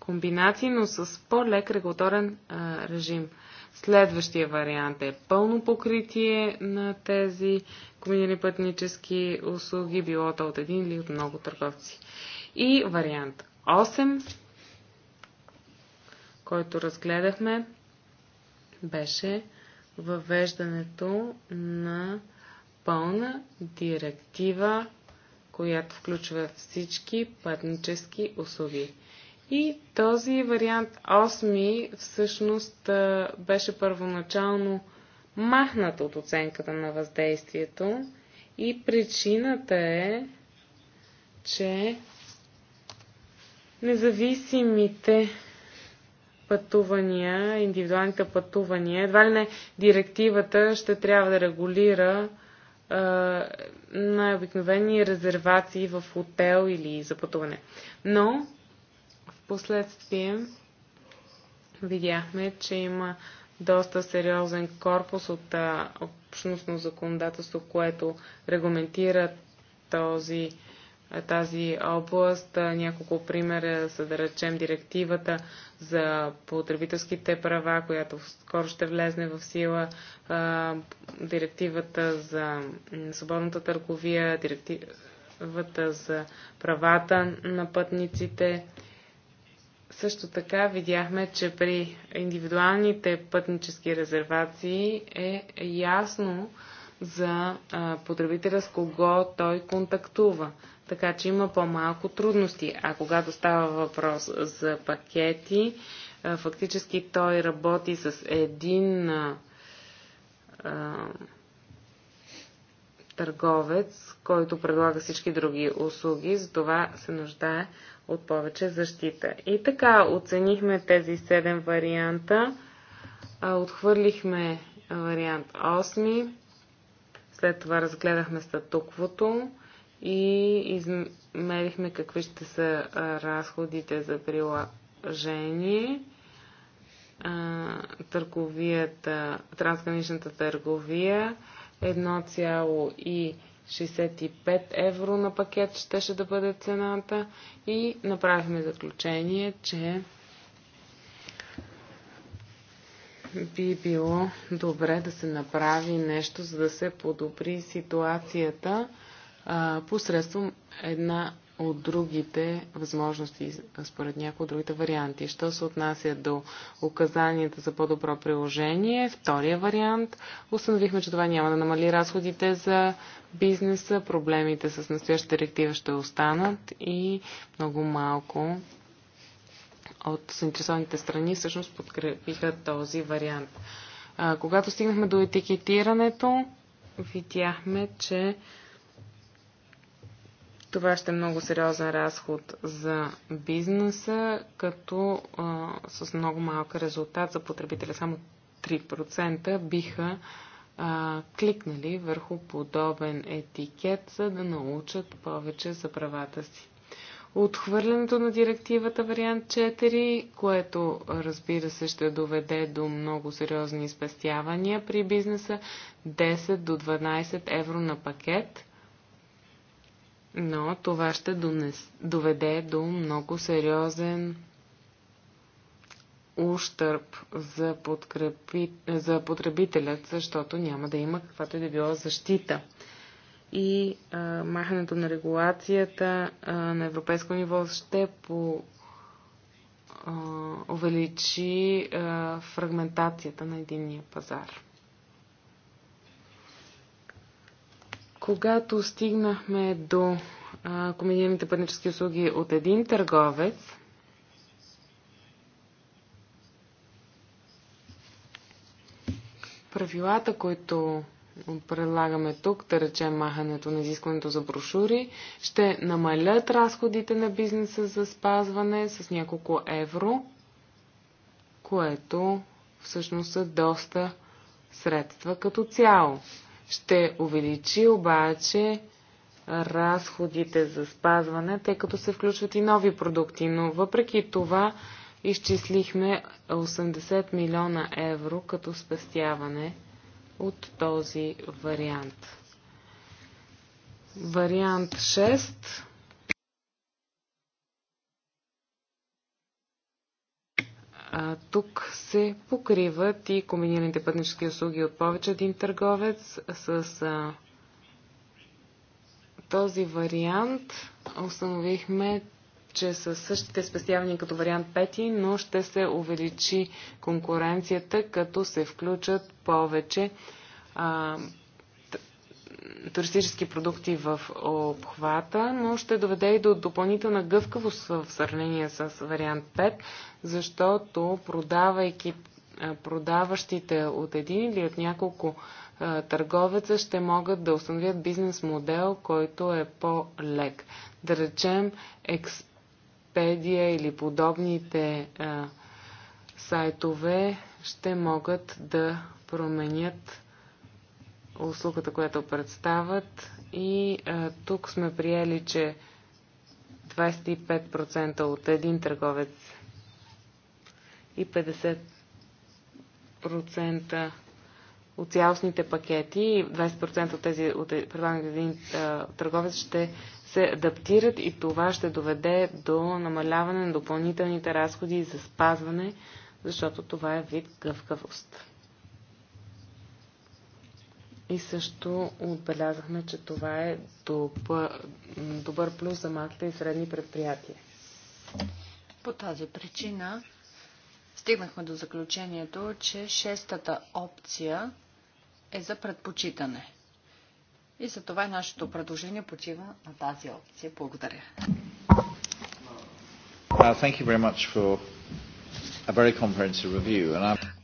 комбинации, но с по-лек регулаторен а, режим. Следващия вариант е пълно покритие на тези комбинирани пътнически услуги, било то от един или от много търговци. И вариант 8, който разгледахме, беше въвеждането на пълна директива, която включва всички пътнически услуги. И този вариант 8 всъщност беше първоначално махната от оценката на въздействието и причината е, че независимите пътувания, индивидуалните пътувания, едва ли не директивата ще трябва да регулира е, най-обикновени резервации в хотел или за пътуване. Но последствие видяхме, че има доста сериозен корпус от общностно законодателство, което регламентира този, тази област. Няколко примера са да речем директивата за потребителските права, която скоро ще влезне в сила, директивата за свободната търговия, директивата за правата на пътниците също така видяхме, че при индивидуалните пътнически резервации е ясно за потребителя с кого той контактува. Така че има по-малко трудности. А когато става въпрос за пакети, фактически той работи с един а, търговец, който предлага всички други услуги, затова се нуждае от повече защита. И така, оценихме тези 7 варианта. Отхвърлихме вариант 8. След това разгледахме статуквото и измерихме какви ще са разходите за приложение. Търговията, трансграничната търговия 1,5 65 евро на пакет щеше да бъде цената и направихме заключение, че би било добре да се направи нещо, за да се подобри ситуацията а, посредством една от другите възможности, според някои от другите варианти. Що се отнася до указанията за по-добро приложение, втория вариант, установихме, че това няма да намали разходите за бизнеса, проблемите с настоящата директива ще останат и много малко от заинтересованите страни всъщност подкрепиха този вариант. А, когато стигнахме до етикетирането, видяхме, че това ще е много сериозен разход за бизнеса, като а, с много малък резултат за потребителя. Само 3% биха а, кликнали върху подобен етикет, за да научат повече за правата си. Отхвърлянето на директивата вариант 4, което разбира се ще доведе до много сериозни спестявания при бизнеса, 10 до 12 евро на пакет – но това ще донес, доведе до много сериозен ущърп за, подкрепи, за потребителят, защото няма да има каквато и да било защита. И а, махането на регулацията а, на европейско ниво ще по, а, увеличи а, фрагментацията на единния пазар. Когато стигнахме до комбинираните пътнически услуги от един търговец, правилата, които предлагаме тук, да речем махането на изискването за брошури, ще намалят разходите на бизнеса за спазване с няколко евро, което всъщност са доста средства като цяло ще увеличи обаче разходите за спазване, тъй като се включват и нови продукти. Но въпреки това изчислихме 80 милиона евро като спестяване от този вариант. Вариант 6 А, тук се покриват и комбинираните пътнически услуги от повече един търговец с а, този вариант. Установихме, че са същите спестявания като вариант 5, но ще се увеличи конкуренцията, като се включат повече а, туристически продукти в обхвата, но ще доведе и до допълнителна гъвкавост в сравнение с вариант 5, защото продавайки продаващите от един или от няколко търговеца ще могат да установят бизнес модел, който е по-лек. Да речем, експедия или подобните сайтове ще могат да променят услугата, която представят. И а, тук сме приели, че 25% от един търговец и 50% от цялостните пакети, 20% от тези от, предлагани от един а, търговец ще се адаптират и това ще доведе до намаляване на допълнителните разходи за спазване, защото това е вид гъвкавост. И също отбелязахме, че това е добър, добър плюс за малките и средни предприятия. По тази причина стигнахме до заключението, че шестата опция е за предпочитане. И за това и нашето предложение почива на тази опция. Благодаря.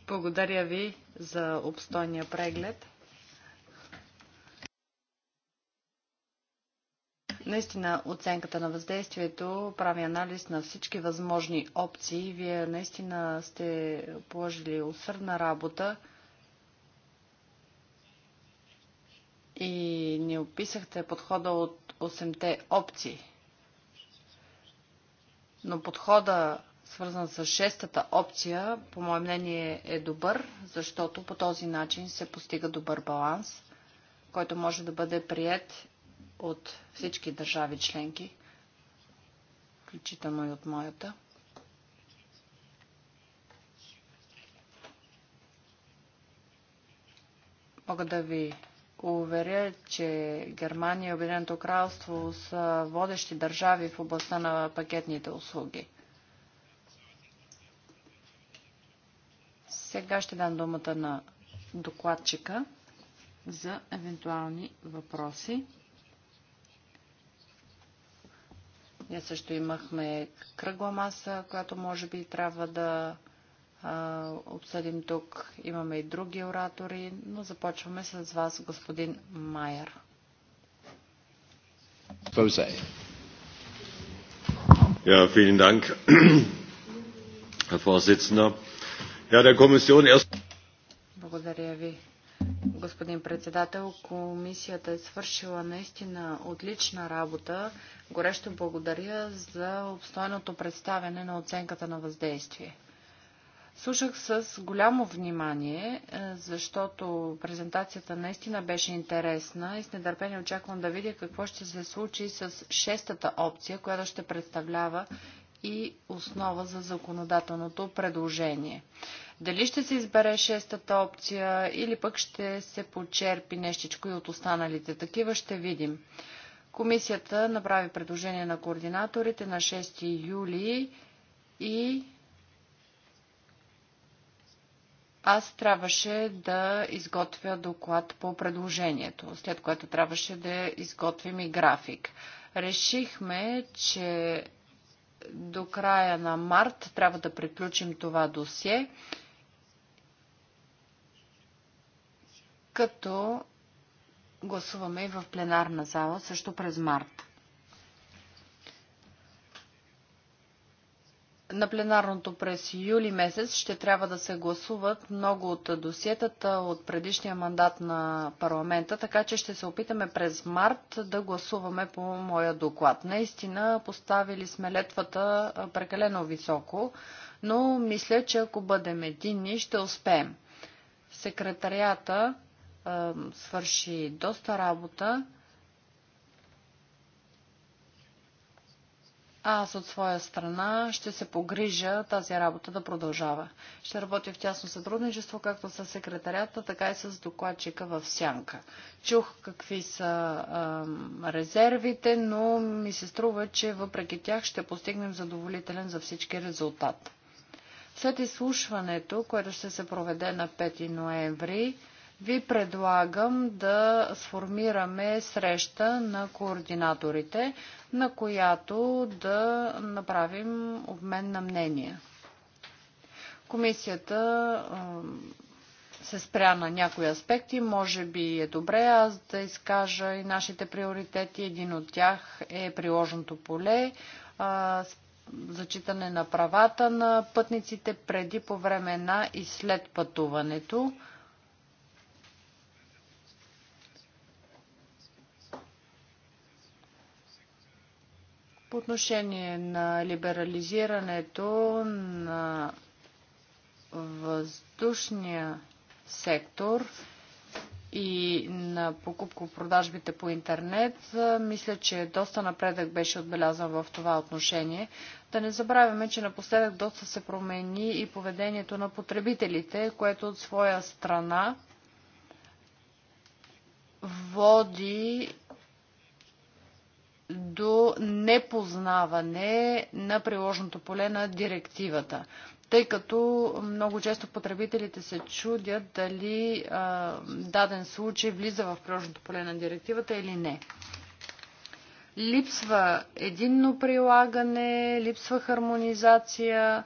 Благодаря ви за обстойния преглед. Наистина оценката на въздействието прави анализ на всички възможни опции. Вие наистина сте положили усърдна работа и ни описахте подхода от 8-те опции. Но подхода свързан с шестата опция, по мое мнение е добър, защото по този начин се постига добър баланс, който може да бъде прият от всички държави членки, включително и от моята. Мога да ви уверя, че Германия и Обединеното кралство са водещи държави в областта на пакетните услуги. Сега ще дам думата на докладчика за евентуални въпроси. Ние също имахме кръгла маса, която може би трябва да а, обсъдим тук. Имаме и други оратори, но започваме с вас, господин Майер. Бозе. Ja, vielen Dank, Herr Vorsitzender. Ja, der Kommission erst. Благодаря ви, господин председател. Комисията е свършила наистина отлична работа. Горещо благодаря за обстойното представяне на оценката на въздействие. Слушах с голямо внимание, е, защото презентацията наистина беше интересна и с недърпение очаквам да видя какво ще се случи с шестата опция, която ще представлява и основа за законодателното предложение. Дали ще се избере шестата опция или пък ще се почерпи нещичко и от останалите. Такива ще видим. Комисията направи предложение на координаторите на 6 юли и аз трябваше да изготвя доклад по предложението, след което трябваше да изготвим и график. Решихме, че до края на март трябва да приключим това досие. като гласуваме и в пленарна зала също през март. на пленарното през юли месец ще трябва да се гласуват много от досиетата от предишния мандат на парламента, така че ще се опитаме през март да гласуваме по моя доклад. Наистина поставили сме летвата прекалено високо, но мисля, че ако бъдем единни, ще успеем. Секретарията свърши доста работа. Аз от своя страна ще се погрижа тази работа да продължава. Ще работя в тясно сътрудничество както с секретарята, така и с докладчика в Сянка. Чух какви са резервите, но ми се струва, че въпреки тях ще постигнем задоволителен за всички резултат. След изслушването, което ще се проведе на 5 ноември, ви предлагам да сформираме среща на координаторите, на която да направим обмен на мнения. Комисията се спря на някои аспекти, може би е добре аз да изкажа и нашите приоритети. Един от тях е приложното поле, зачитане на правата на пътниците преди, по време на и след пътуването. По отношение на либерализирането на въздушния сектор и на покупко-продажбите по интернет, мисля, че доста напредък беше отбелязан в това отношение. Да не забравяме, че напоследък доста се промени и поведението на потребителите, което от своя страна води до непознаване на приложното поле на директивата. Тъй като много често потребителите се чудят дали а, даден случай влиза в приложното поле на директивата или не. Липсва единно прилагане, липсва хармонизация,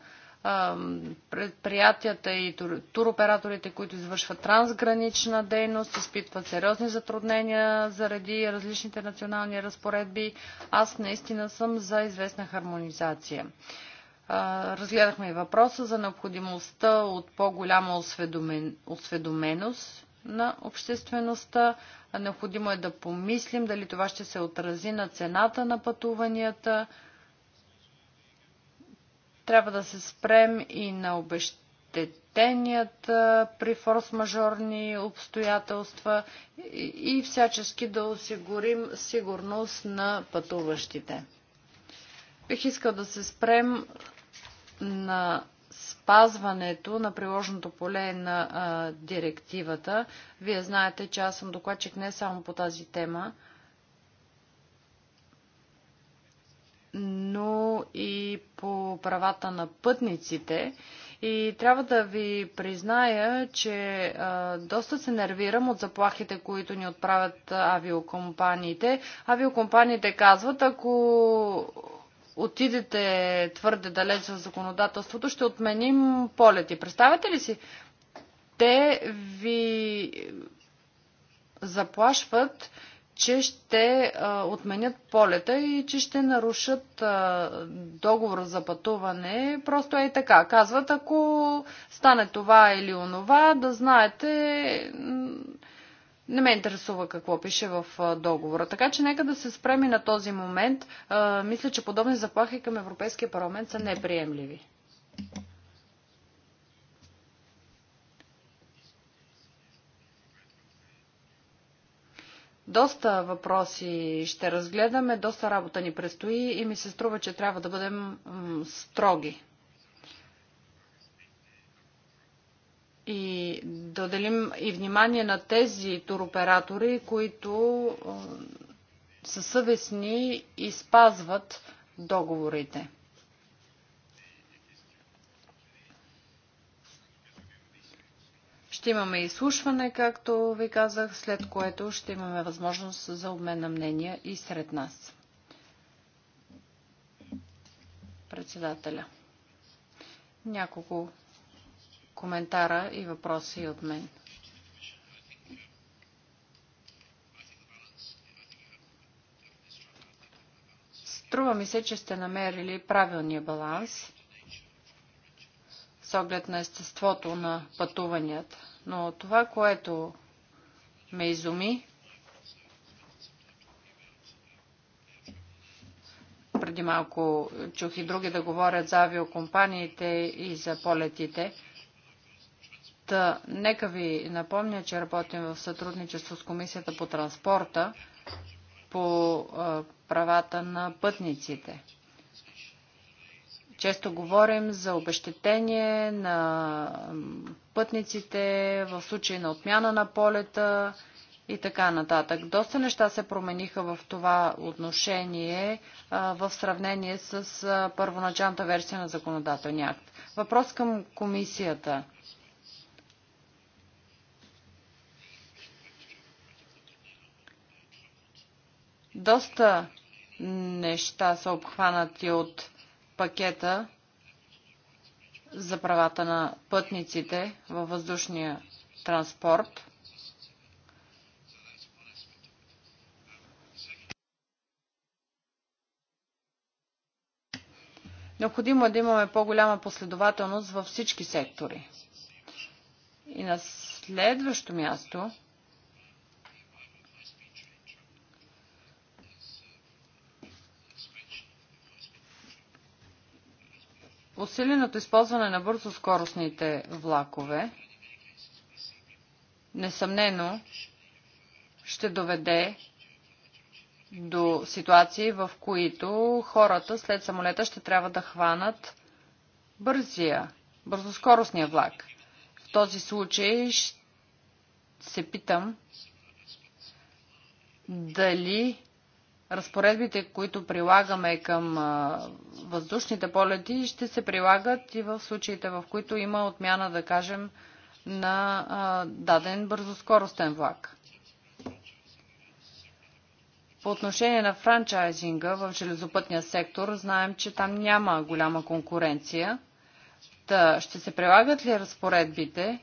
предприятията и туроператорите, които извършват трансгранична дейност, изпитват сериозни затруднения заради различните национални разпоредби. Аз наистина съм за известна хармонизация. Разгледахме и въпроса за необходимостта от по-голяма осведоменост на обществеността. Необходимо е да помислим дали това ще се отрази на цената на пътуванията, трябва да се спрем и на обещетенията при форс-мажорни обстоятелства и всячески да осигурим сигурност на пътуващите. Бих искал да се спрем на спазването на приложното поле на а, директивата. Вие знаете, че аз съм докладчик не само по тази тема, но и по правата на пътниците. И трябва да ви призная, че а, доста се нервирам от заплахите, които ни отправят авиокомпаниите. Авиокомпаниите казват, ако отидете твърде далеч за законодателството, ще отменим полети. Представете ли си? Те ви заплашват, че ще а, отменят полета и че ще нарушат а, договор за пътуване. Просто е така. Казват, ако стане това или онова, да знаете, не ме интересува какво пише в договора. Така че нека да се спреми на този момент. А, мисля, че подобни заплахи към Европейския парламент са неприемливи. Доста въпроси ще разгледаме, доста работа ни предстои и ми се струва, че трябва да бъдем строги. И да отделим и внимание на тези туроператори, които са съвестни и спазват договорите. Ще имаме изслушване, както ви казах, след което ще имаме възможност за обмен на мнения и сред нас. Председателя. Няколко коментара и въпроси от мен. Струва ми се, че сте намерили правилния баланс с оглед на естеството на пътуванията. Но това, което ме изуми, преди малко чух и други да говорят за авиокомпаниите и за полетите. Та, нека ви напомня, че работим в сътрудничество с Комисията по транспорта по правата на пътниците. Често говорим за обещетение на пътниците в случай на отмяна на полета и така нататък. Доста неща се промениха в това отношение в сравнение с първоначалната версия на законодателния акт. Въпрос към комисията. Доста неща са обхванати от пакета за правата на пътниците във въздушния транспорт. Необходимо е да имаме по-голяма последователност във всички сектори. И на следващо място усиленото използване на бързоскоростните влакове несъмнено ще доведе до ситуации, в които хората след самолета ще трябва да хванат бързия, бързоскоростния влак. В този случай се питам дали разпоредбите, които прилагаме към въздушните полети, ще се прилагат и в случаите, в които има отмяна, да кажем, на даден бързоскоростен влак. По отношение на франчайзинга в железопътния сектор, знаем, че там няма голяма конкуренция. Та ще се прилагат ли разпоредбите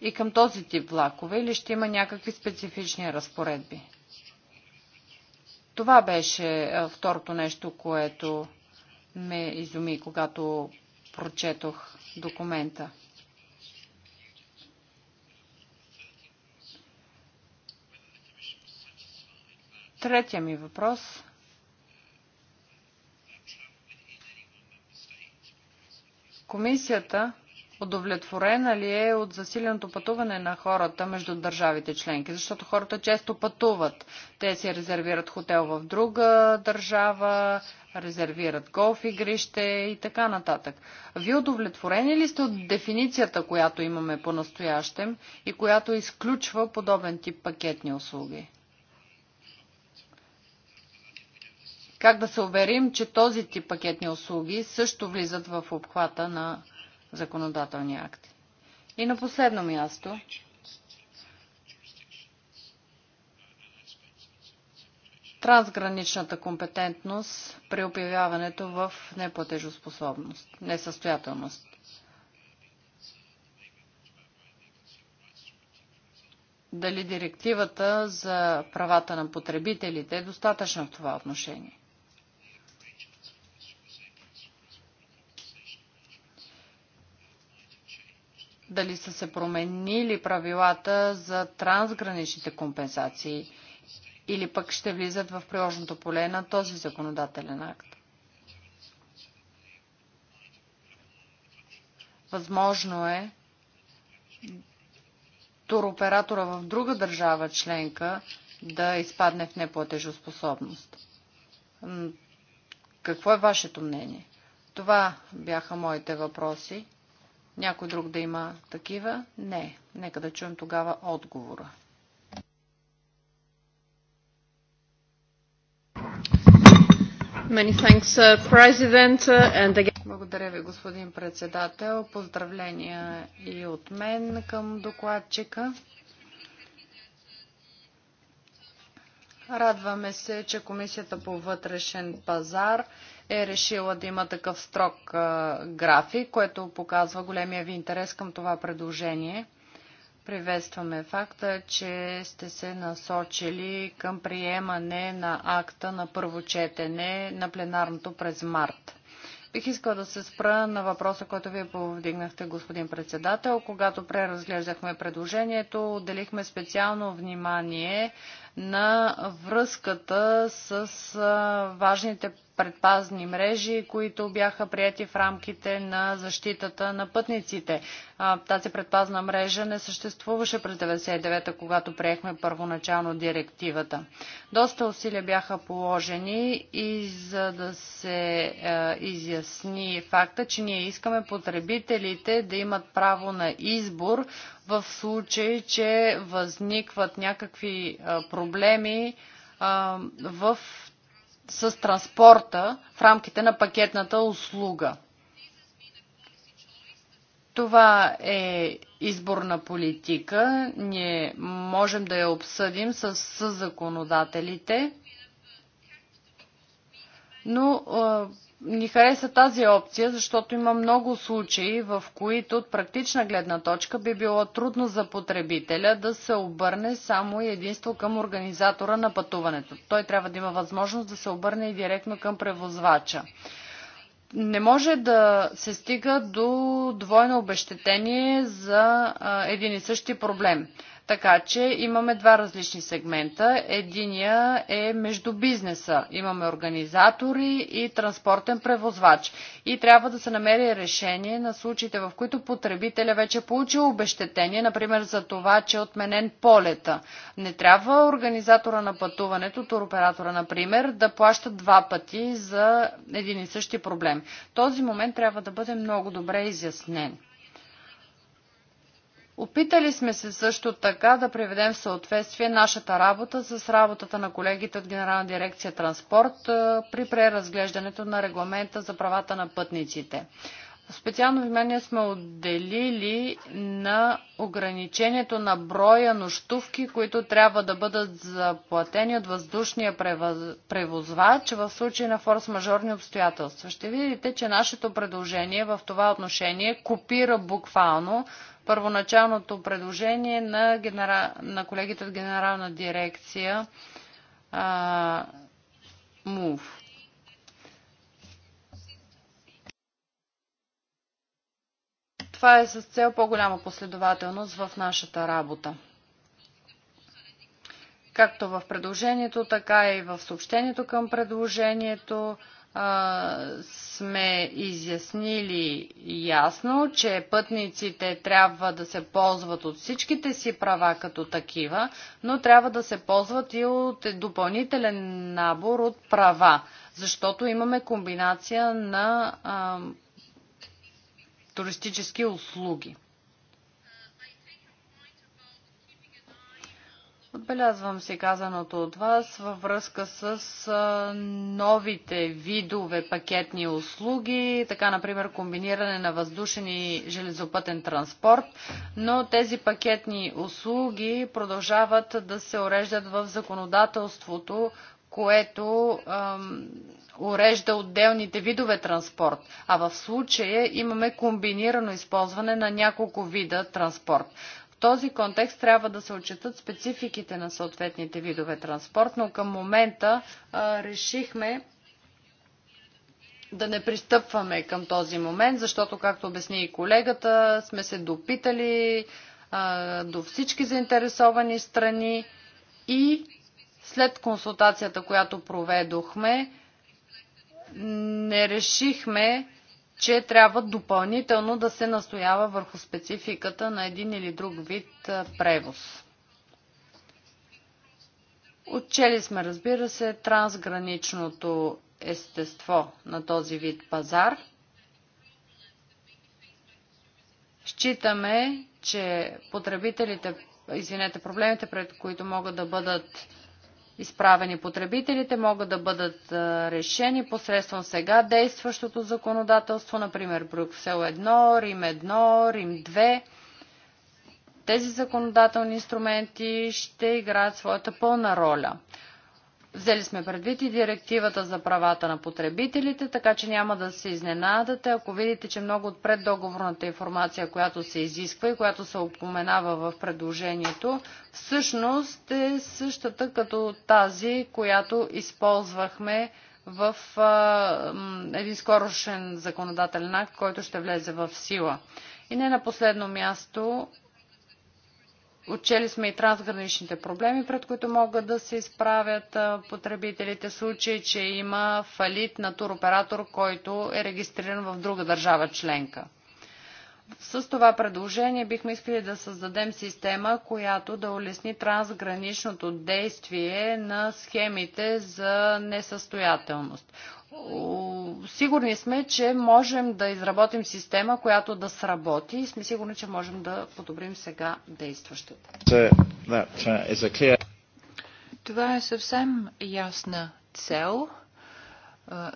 и към този тип влакове или ще има някакви специфични разпоредби? Това беше второто нещо, което ме изуми, когато прочетох документа. Третия ми въпрос Комисията Удовлетворена ли е от засиленото пътуване на хората между държавите членки? Защото хората често пътуват. Те си резервират хотел в друга държава, резервират голф игрище и така нататък. Вие удовлетворени ли сте от дефиницията, която имаме по-настоящем и която изключва подобен тип пакетни услуги? Как да се уверим, че този тип пакетни услуги също влизат в обхвата на законодателни акти. И на последно място, трансграничната компетентност при обявяването в неплатежоспособност, несъстоятелност. Дали директивата за правата на потребителите е достатъчна в това отношение? дали са се променили правилата за трансграничните компенсации или пък ще влизат в приложното поле на този законодателен акт. Възможно е туроператора в друга държава членка да изпадне в неплатежоспособност. Какво е вашето мнение? Това бяха моите въпроси. Някой друг да има такива? Не. Нека да чуем тогава отговора. Uh, uh, Благодаря ви, господин председател. Поздравления и от мен към докладчика. Радваме се, че Комисията по вътрешен пазар е решила да има такъв строг график, което показва големия ви интерес към това предложение. Приветстваме факта, че сте се насочили към приемане на акта на първо четене на пленарното през март. Бих искала да се спра на въпроса, който вие повдигнахте, господин председател. Когато преразглеждахме предложението, отделихме специално внимание на връзката с важните предпазни мрежи, които бяха прияти в рамките на защитата на пътниците. Тази предпазна мрежа не съществуваше през 1999 когато приехме първоначално директивата. Доста усилия бяха положени и за да се изясни факта, че ние искаме потребителите да имат право на избор в случай, че възникват някакви проблеми в, с транспорта в рамките на пакетната услуга. Това е изборна политика. Ние можем да я обсъдим с, с законодателите, но ни хареса тази опция, защото има много случаи, в които от практична гледна точка би било трудно за потребителя да се обърне само и единство към организатора на пътуването. Той трябва да има възможност да се обърне и директно към превозвача. Не може да се стига до двойно обещетение за един и същи проблем. Така че имаме два различни сегмента. Единия е между бизнеса. Имаме организатори и транспортен превозвач. И трябва да се намери решение на случаите, в които потребителя вече е получил обещетение, например за това, че е отменен полета. Не трябва организатора на пътуването, туроператора, например, да плаща два пъти за един и същи проблем. Този момент трябва да бъде много добре изяснен. Опитали сме се също така да приведем в съответствие нашата работа с работата на колегите от Генерална дирекция транспорт при преразглеждането на регламента за правата на пътниците. Специално внимание сме отделили на ограничението на броя нощувки, които трябва да бъдат заплатени от въздушния превозвач в случай на форс-мажорни обстоятелства. Ще видите, че нашето предложение в това отношение копира буквално първоначалното предложение на, генера... на колегите от генерална дирекция а, МУВ. Това е с цел по-голяма последователност в нашата работа. Както в предложението, така и в съобщението към предложението сме изяснили ясно, че пътниците трябва да се ползват от всичките си права като такива, но трябва да се ползват и от допълнителен набор от права, защото имаме комбинация на туристически услуги. Отбелязвам си казаното от вас във връзка с новите видове пакетни услуги, така например комбиниране на въздушен и железопътен транспорт, но тези пакетни услуги продължават да се уреждат в законодателството, което ам, урежда отделните видове транспорт, а в случая имаме комбинирано използване на няколко вида транспорт този контекст трябва да се отчитат спецификите на съответните видове транспорт, но към момента а, решихме да не пристъпваме към този момент, защото, както обясни и колегата, сме се допитали а, до всички заинтересовани страни и след консултацията, която проведохме, не решихме че трябва допълнително да се настоява върху спецификата на един или друг вид превоз. Отчели сме, разбира се, трансграничното естество на този вид пазар. Считаме, че потребителите, извинете, проблемите, пред които могат да бъдат изправени потребителите могат да бъдат решени посредством сега действащото законодателство, например Брюксел 1, Рим 1, Рим 2. Тези законодателни инструменти ще играят своята пълна роля. Взели сме предвид и директивата за правата на потребителите, така че няма да се изненадате, ако видите, че много от преддоговорната информация, която се изисква и която се упоменава в предложението, всъщност е същата като тази, която използвахме в а, един скорошен законодателен акт, който ще влезе в сила. И не на последно място Отчели сме и трансграничните проблеми, пред които могат да се изправят потребителите в случай, че има фалит на туроператор, който е регистриран в друга държава членка. С това предложение бихме искали да създадем система, която да улесни трансграничното действие на схемите за несъстоятелност. Сигурни сме, че можем да изработим система, която да сработи и сме сигурни, че можем да подобрим сега действащата. Uh, това е съвсем ясна цел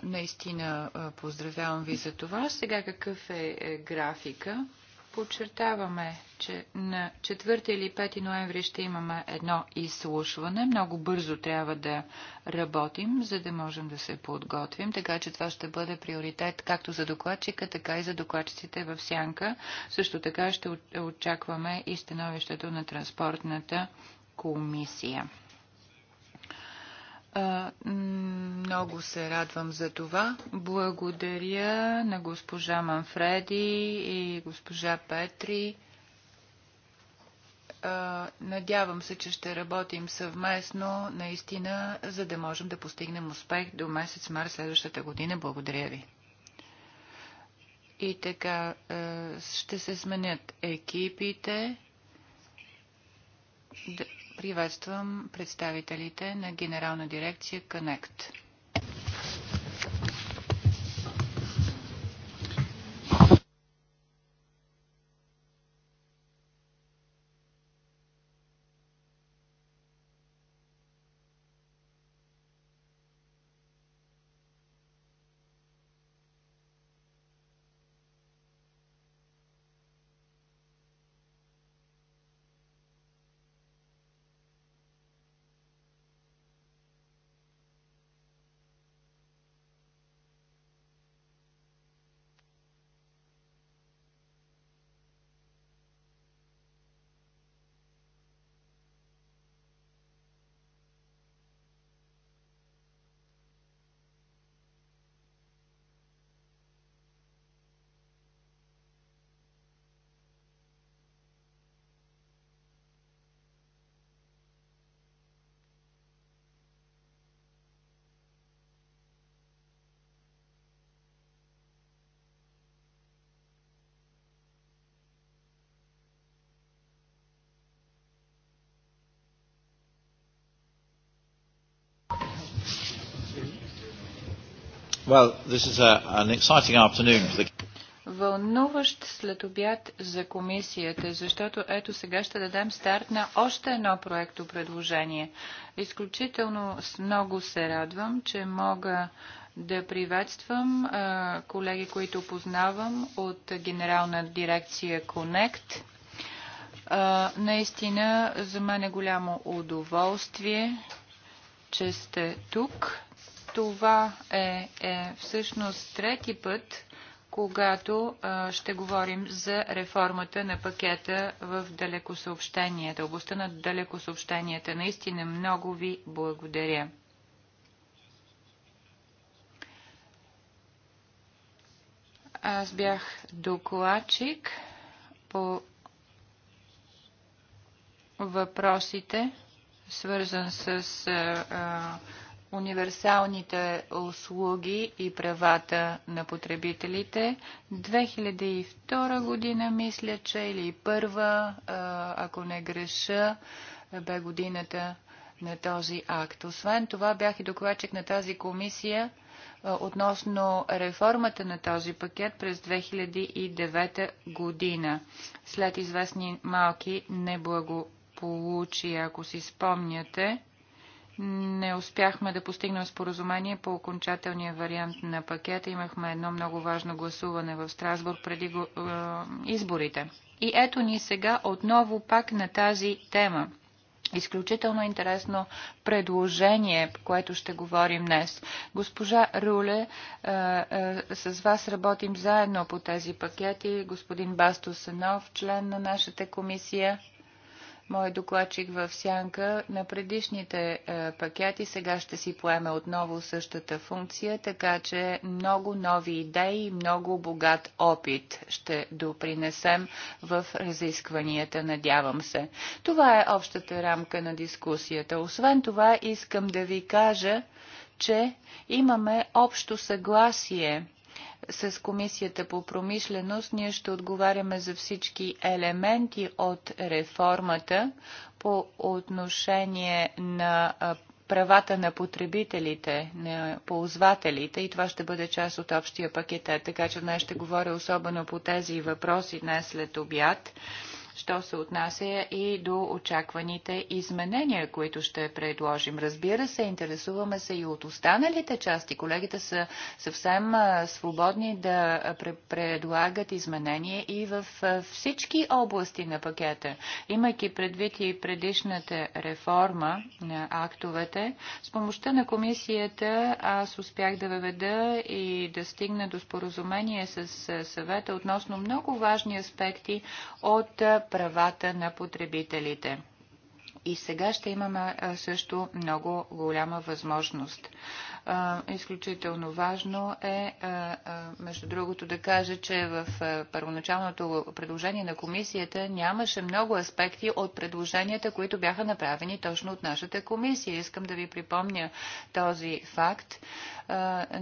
Наистина поздравявам ви за това. Сега какъв е, е графика? Подчертаваме, че на 4 или 5 ноември ще имаме едно изслушване. Много бързо трябва да работим, за да можем да се подготвим. Така че това ще бъде приоритет както за докладчика, така и за докладчиците в Сянка. Също така ще очакваме и становището на транспортната комисия. А Много се радвам за това. Благодаря на госпожа Манфреди и госпожа Петри. Надявам се, че ще работим съвместно, наистина, за да можем да постигнем успех до месец март следващата година. Благодаря ви. И така, ще се сменят екипите. Приветствам представителите на Генерална дирекция Connect. Well, this is a, an exciting afternoon for the вълнуващ след обяд за комисията, защото ето сега ще дадем старт на още едно проекто предложение. Изключително много се радвам, че мога да приветствам а, колеги, които познавам от Генерална дирекция Connect. А, наистина за мен е голямо удоволствие, че сте тук това е, е всъщност трети път, когато а, ще говорим за реформата на пакета в далекосъобщенията, областта на далекосъобщенията. Наистина много ви благодаря. Аз бях докладчик по въпросите, свързан с а, а, универсалните услуги и правата на потребителите. 2002 година, мисля, че или първа, ако не греша, бе годината на този акт. Освен това бях и докладчик на тази комисия относно реформата на този пакет през 2009 година, след известни малки неблагополучия, ако си спомняте не успяхме да постигнем споразумение по окончателния вариант на пакета. Имахме едно много важно гласуване в Страсбург преди го, е, изборите. И ето ни сега отново пак на тази тема. Изключително интересно предложение, по което ще говорим днес. Госпожа Руле, е, е, с вас работим заедно по тези пакети. Господин Басто Сенов, член на нашата комисия. Мой докладчик в сянка на предишните е, пакети сега ще си поеме отново същата функция, така че много нови идеи и много богат опит ще допринесем в разискванията, надявам се. Това е общата рамка на дискусията. Освен това, искам да ви кажа, че имаме общо съгласие – с Комисията по промишленост ние ще отговаряме за всички елементи от реформата по отношение на правата на потребителите, на ползвателите и това ще бъде част от общия пакет. Така че днес ще говоря особено по тези въпроси днес след обяд що се отнася и до очакваните изменения, които ще предложим. Разбира се, интересуваме се и от останалите части. Колегите са съвсем свободни да предлагат изменения и в всички области на пакета. Имайки предвид и предишната реформа на актовете, с помощта на комисията аз успях да въведа и да стигна до споразумение с съвета относно много важни аспекти от правата на потребителите. И сега ще имаме също много голяма възможност изключително важно е, между другото, да кажа, че в първоначалното предложение на комисията нямаше много аспекти от предложенията, които бяха направени точно от нашата комисия. Искам да ви припомня този факт,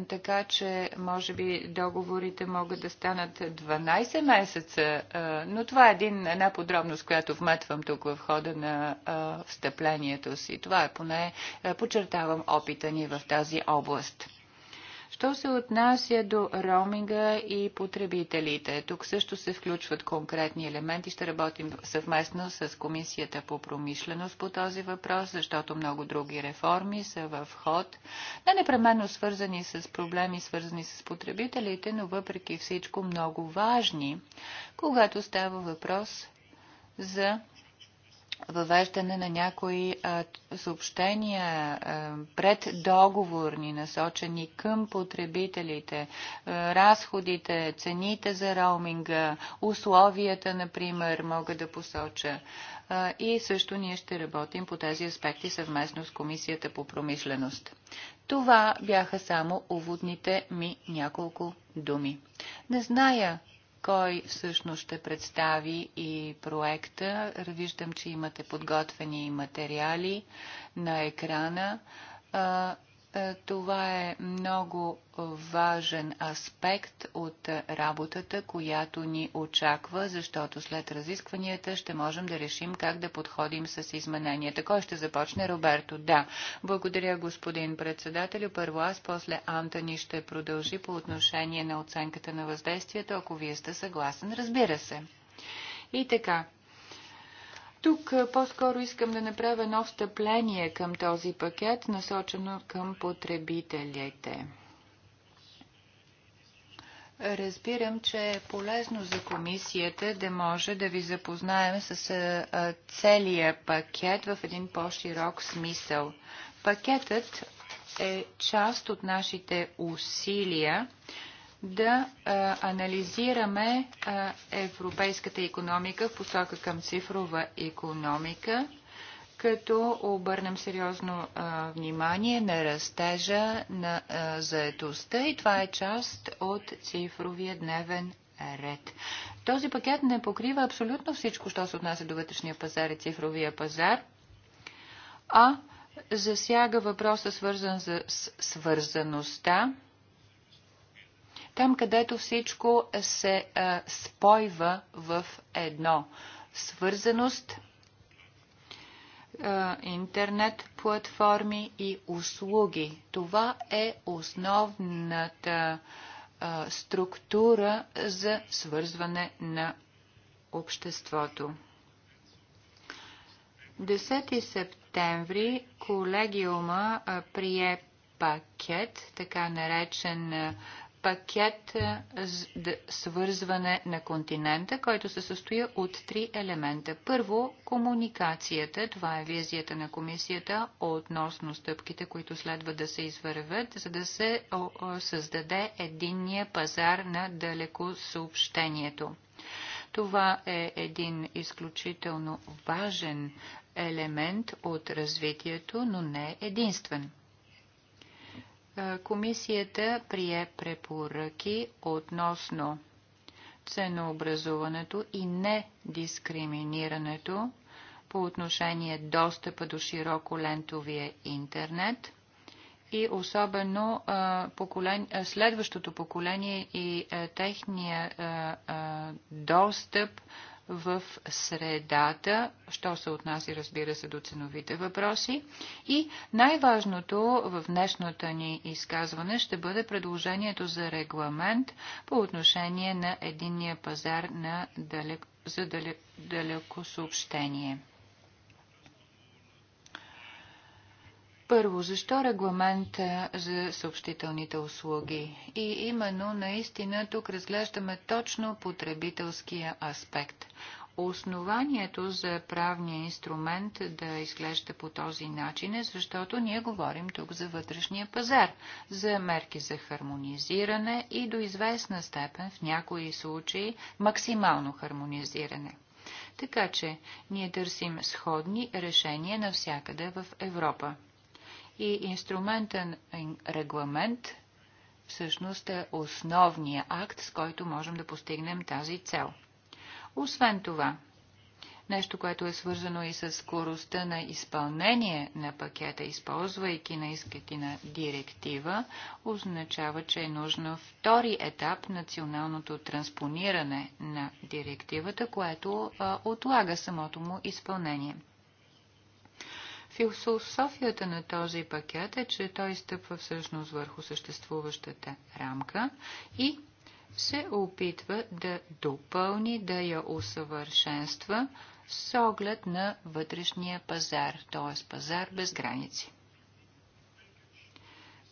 така че може би договорите могат да станат 12 месеца, но това е един, една подробност, която вметвам тук в хода на встъплението си. Това е поне, подчертавам, опита ни в тази област област. Що се отнася до роуминга и потребителите? Тук също се включват конкретни елементи. Ще работим съвместно с Комисията по промишленост по този въпрос, защото много други реформи са в ход. Не непременно свързани с проблеми, свързани с потребителите, но въпреки всичко много важни, когато става въпрос за въвеждане на някои а, съобщения а, преддоговорни, насочени към потребителите, а, разходите, цените за роуминга, условията, например, мога да посоча. А, и също ние ще работим по тези аспекти съвместно с Комисията по промишленост. Това бяха само уводните ми няколко думи. Не зная кой всъщност ще представи и проекта. Виждам, че имате подготвени материали на екрана е, това е много важен аспект от работата, която ни очаква, защото след разискванията ще можем да решим как да подходим с измененията. Кой ще започне? Роберто. Да. Благодаря, господин председател. Първо аз, после Антони ще продължи по отношение на оценката на въздействието, ако вие сте съгласен. Разбира се. И така, тук по-скоро искам да направя едно встъпление към този пакет, насочено към потребителите. Разбирам, че е полезно за комисията да може да ви запознаем с целия пакет в един по-широк смисъл. Пакетът е част от нашите усилия да а, анализираме а, европейската економика в посока към цифрова економика, като обърнем сериозно а, внимание на растежа на а, заетостта и това е част от цифровия дневен ред. Този пакет не покрива абсолютно всичко, що се отнася до вътрешния пазар и цифровия пазар, а засяга въпроса свързан за свързаността там, където всичко се а, спойва в едно. Свързаност, а, интернет, платформи и услуги. Това е основната а, структура за свързване на обществото. 10 септември колегиума прие пакет, така наречен пакет е, за свързване на континента, който се състои от три елемента. Първо, комуникацията. Това е визията на комисията относно стъпките, които следва да се извървят, за да се създаде единния пазар на далеко съобщението. Това е един изключително важен елемент от развитието, но не единствен. Е, комисията прие препоръки относно ценообразуването и недискриминирането по отношение достъпа до широко лентовия интернет и особено е, е, следващото поколение и техния достъп в средата, що се отнася, разбира се, до ценовите въпроси. И най-важното в днешното ни изказване ще бъде предложението за регламент по отношение на единния пазар на далек, за далек, далекосъобщение. съобщение. Първо, защо регламент за съобщителните услуги? И именно наистина тук разглеждаме точно потребителския аспект. Основанието за правния инструмент да изглежда по този начин е, защото ние говорим тук за вътрешния пазар, за мерки за хармонизиране и до известна степен в някои случаи максимално хармонизиране. Така че ние търсим сходни решения навсякъде в Европа и инструментен регламент всъщност е основния акт, с който можем да постигнем тази цел. Освен това, нещо, което е свързано и с скоростта на изпълнение на пакета, използвайки на на директива, означава, че е нужно втори етап националното транспониране на директивата, което а, отлага самото му изпълнение. Философията на този пакет е, че той стъпва всъщност върху съществуващата рамка и се опитва да допълни, да я усъвършенства с оглед на вътрешния пазар, т.е. пазар без граници.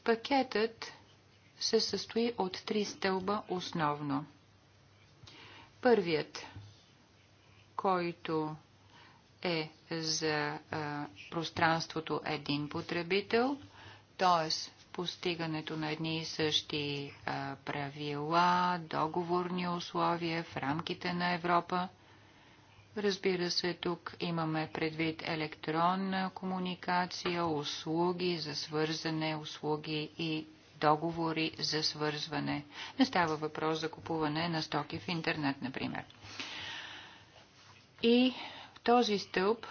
Пакетът се състои от три стълба основно. Първият, който е за а, пространството един потребител, т.е. постигането на едни и същи а, правила, договорни условия в рамките на Европа. Разбира се, тук имаме предвид електронна комуникация, услуги за свързане, услуги и договори за свързване. Не става въпрос за купуване на стоки в интернет, например. И този стълб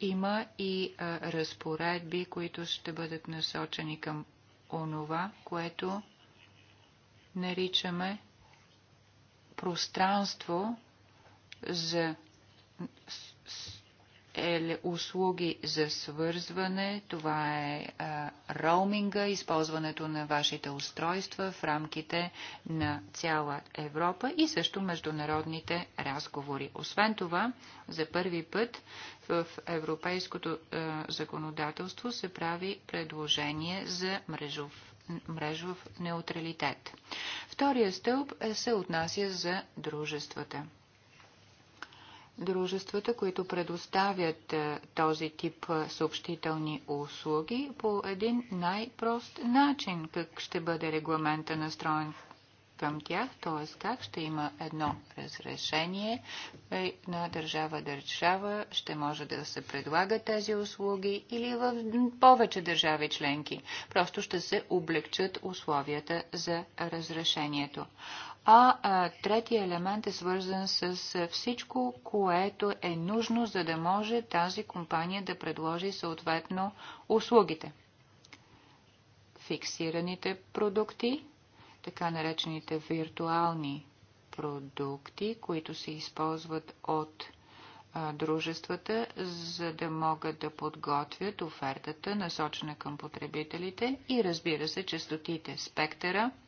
има и а, разпоредби, които ще бъдат насочени към онова, което наричаме пространство за е услуги за свързване, това е роуминга, използването на вашите устройства в рамките на цяла Европа и също международните разговори. Освен това, за първи път в европейското законодателство се прави предложение за мрежов, мрежов неутралитет. Втория стълб е, се отнася за дружествата дружествата, които предоставят е, този тип е, съобщителни услуги по един най-прост начин, как ще бъде регламента настроен към тях, т.е. как ще има едно разрешение е, на държава-държава, ще може да се предлага тези услуги или в повече държави членки. Просто ще се облегчат условията за разрешението. А, а третия елемент е свързан с всичко, което е нужно, за да може тази компания да предложи съответно услугите. Фиксираните продукти, така наречените виртуални продукти, които се използват от а, дружествата, за да могат да подготвят офертата, насочена към потребителите и разбира се, частотите спектъра –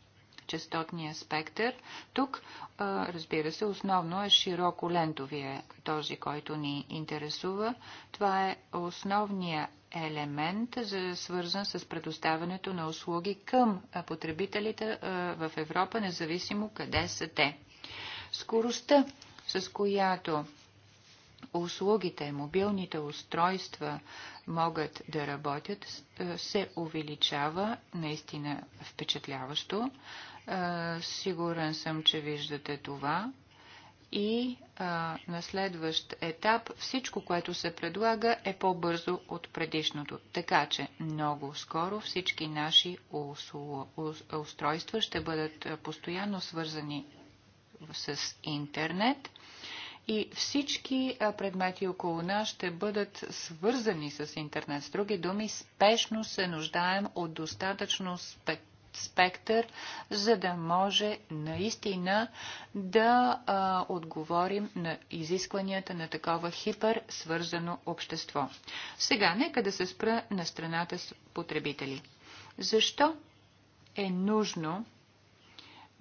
частотния спектър. Тук, разбира се, основно е широко лентовия този, който ни интересува. Това е основния елемент, свързан с предоставянето на услуги към потребителите в Европа, независимо къде са те. Скоростта, с която услугите, мобилните устройства могат да работят, е, се увеличава наистина впечатляващо. Е, сигурен съм, че виждате това. И а, е, на следващ етап всичко, което се предлага, е по-бързо от предишното. Така че много скоро всички наши устройства ще бъдат постоянно свързани с интернет и всички предмети около нас ще бъдат свързани с интернет. С други думи, спешно се нуждаем от достатъчно спектър за да може наистина да а, отговорим на изискванията на такова хиперсвързано общество. Сега нека да се спра на страната с потребители. Защо е нужно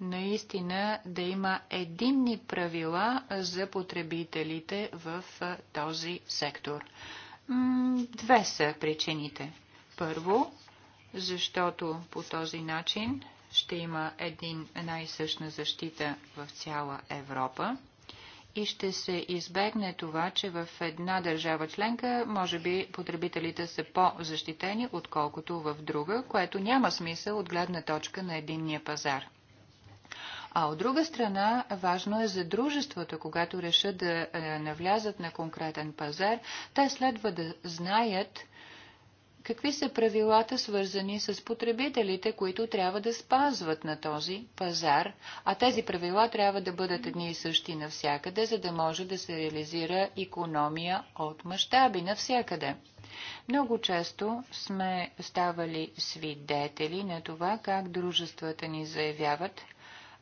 наистина да има единни правила за потребителите в този сектор. Две са причините. Първо, защото по този начин ще има един, най същна защита в цяла Европа и ще се избегне това, че в една държава членка може би потребителите са по-защитени, отколкото в друга, което няма смисъл от гледна точка на единния пазар. А от друга страна, важно е за дружеството. когато решат да е, навлязат на конкретен пазар, те следва да знаят какви са правилата свързани с потребителите, които трябва да спазват на този пазар, а тези правила трябва да бъдат едни и същи навсякъде, за да може да се реализира економия от мащаби навсякъде. Много често сме ставали свидетели на това, как дружествата ни заявяват –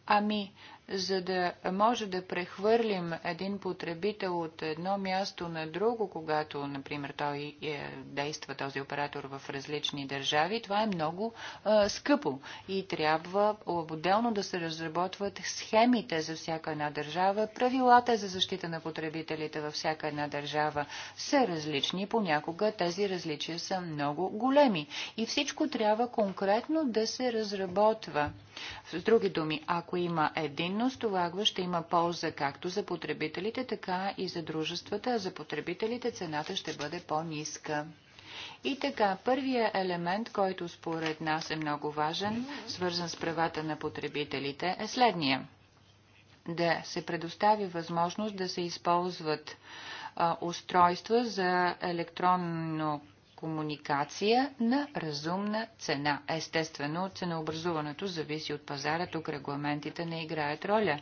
Ами, за да може да прехвърлим един потребител от едно място на друго, когато, например, той е, действа този оператор в различни държави, това е много е, скъпо и трябва отделно да се разработват схемите за всяка една държава, правилата за защита на потребителите във всяка една държава са различни, понякога тези различия са много големи и всичко трябва конкретно да се разработва. С други думи, ако има един дейност, това ще има полза както за потребителите, така и за дружествата, а за потребителите цената ще бъде по-ниска. И така, първият елемент, който според нас е много важен, свързан с правата на потребителите, е следния. Да се предостави възможност да се използват устройства за електронно комуникация на разумна цена. Естествено, ценообразуването зависи от пазара, тук регламентите не играят роля.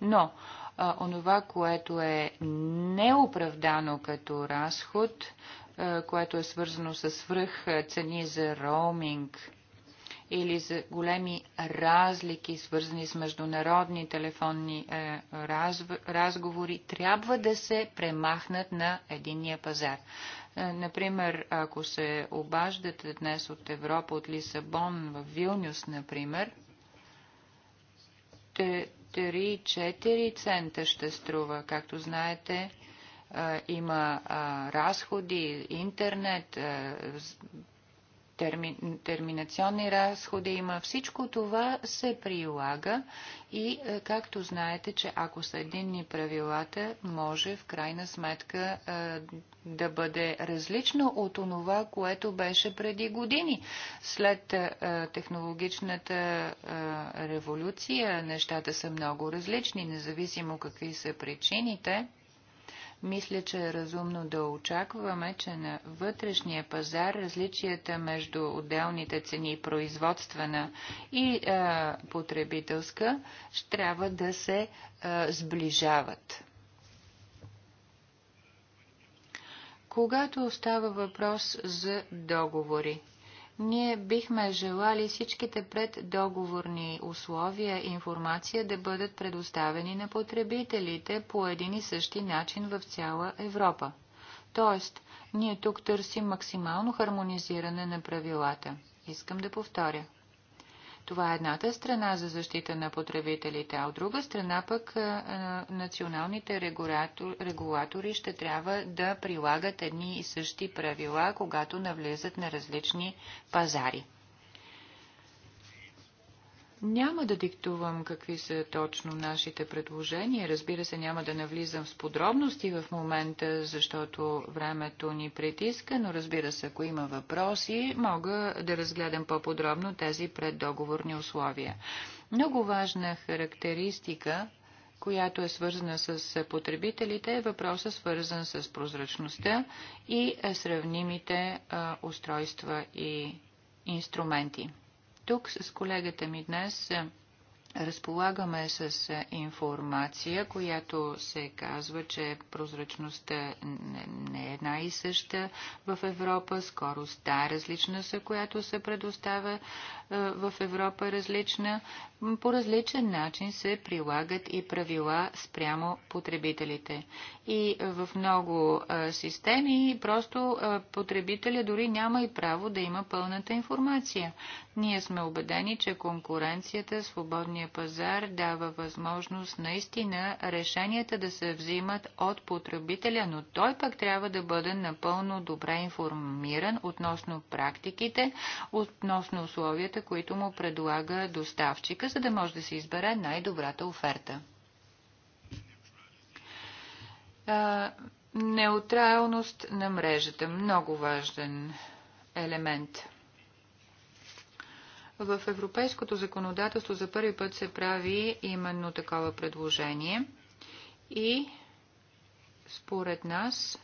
Но а, онова, което е неоправдано като разход, а, което е свързано с свръх цени за роуминг, или за големи разлики, свързани с международни телефонни а, е, раз, разговори, трябва да се премахнат на единния пазар. Е, например, ако се обаждате днес от Европа, от Лисабон в Вилнюс, например, 3-4 цента ще струва. Както знаете, е, има разходи, интернет, е, терми, терминационни разходи има. Всичко това се прилага и е, както знаете, че ако са единни правилата, може в крайна сметка е, да бъде различно от онова, което беше преди години. След е, технологичната революция нещата са много различни, независимо какви са причините. Мисля, че е разумно да очакваме, че на вътрешния пазар различията между отделните цени производствена и а, потребителска ще трябва да се а, сближават. Когато остава въпрос за договори, ние бихме желали всичките преддоговорни условия и информация да бъдат предоставени на потребителите по един и същи начин в цяла Европа. Тоест, ние тук търсим максимално хармонизиране на правилата. Искам да повторя. Това е едната страна за защита на потребителите, а от друга страна пък националните регулатори ще трябва да прилагат едни и същи правила, когато навлезат на различни пазари. Няма да диктувам какви са точно нашите предложения. Разбира се, няма да навлизам с подробности в момента, защото времето ни притиска, но разбира се, ако има въпроси, мога да разгледам по-подробно тези преддоговорни условия. Много важна характеристика която е свързана с потребителите, е въпроса свързан с прозрачността и сравнимите устройства и инструменти. Тук с колегата ми днес разполагаме с информация, която се казва, че прозрачността не е една и съща в Европа, скоростта е различна, са, която се предоставя е, в Европа различна. По различен начин се прилагат и правила спрямо потребителите. И в много е, системи просто е, потребителя дори няма и право да има пълната информация. Ние сме убедени, че конкуренцията, свободния вътрешния пазар дава възможност наистина решенията да се взимат от потребителя, но той пък трябва да бъде напълно добре информиран относно практиките, относно условията, които му предлага доставчика, за да може да се избере най-добрата оферта. Неутралност на мрежата. Много важен елемент. В европейското законодателство за първи път се прави именно такова предложение и според нас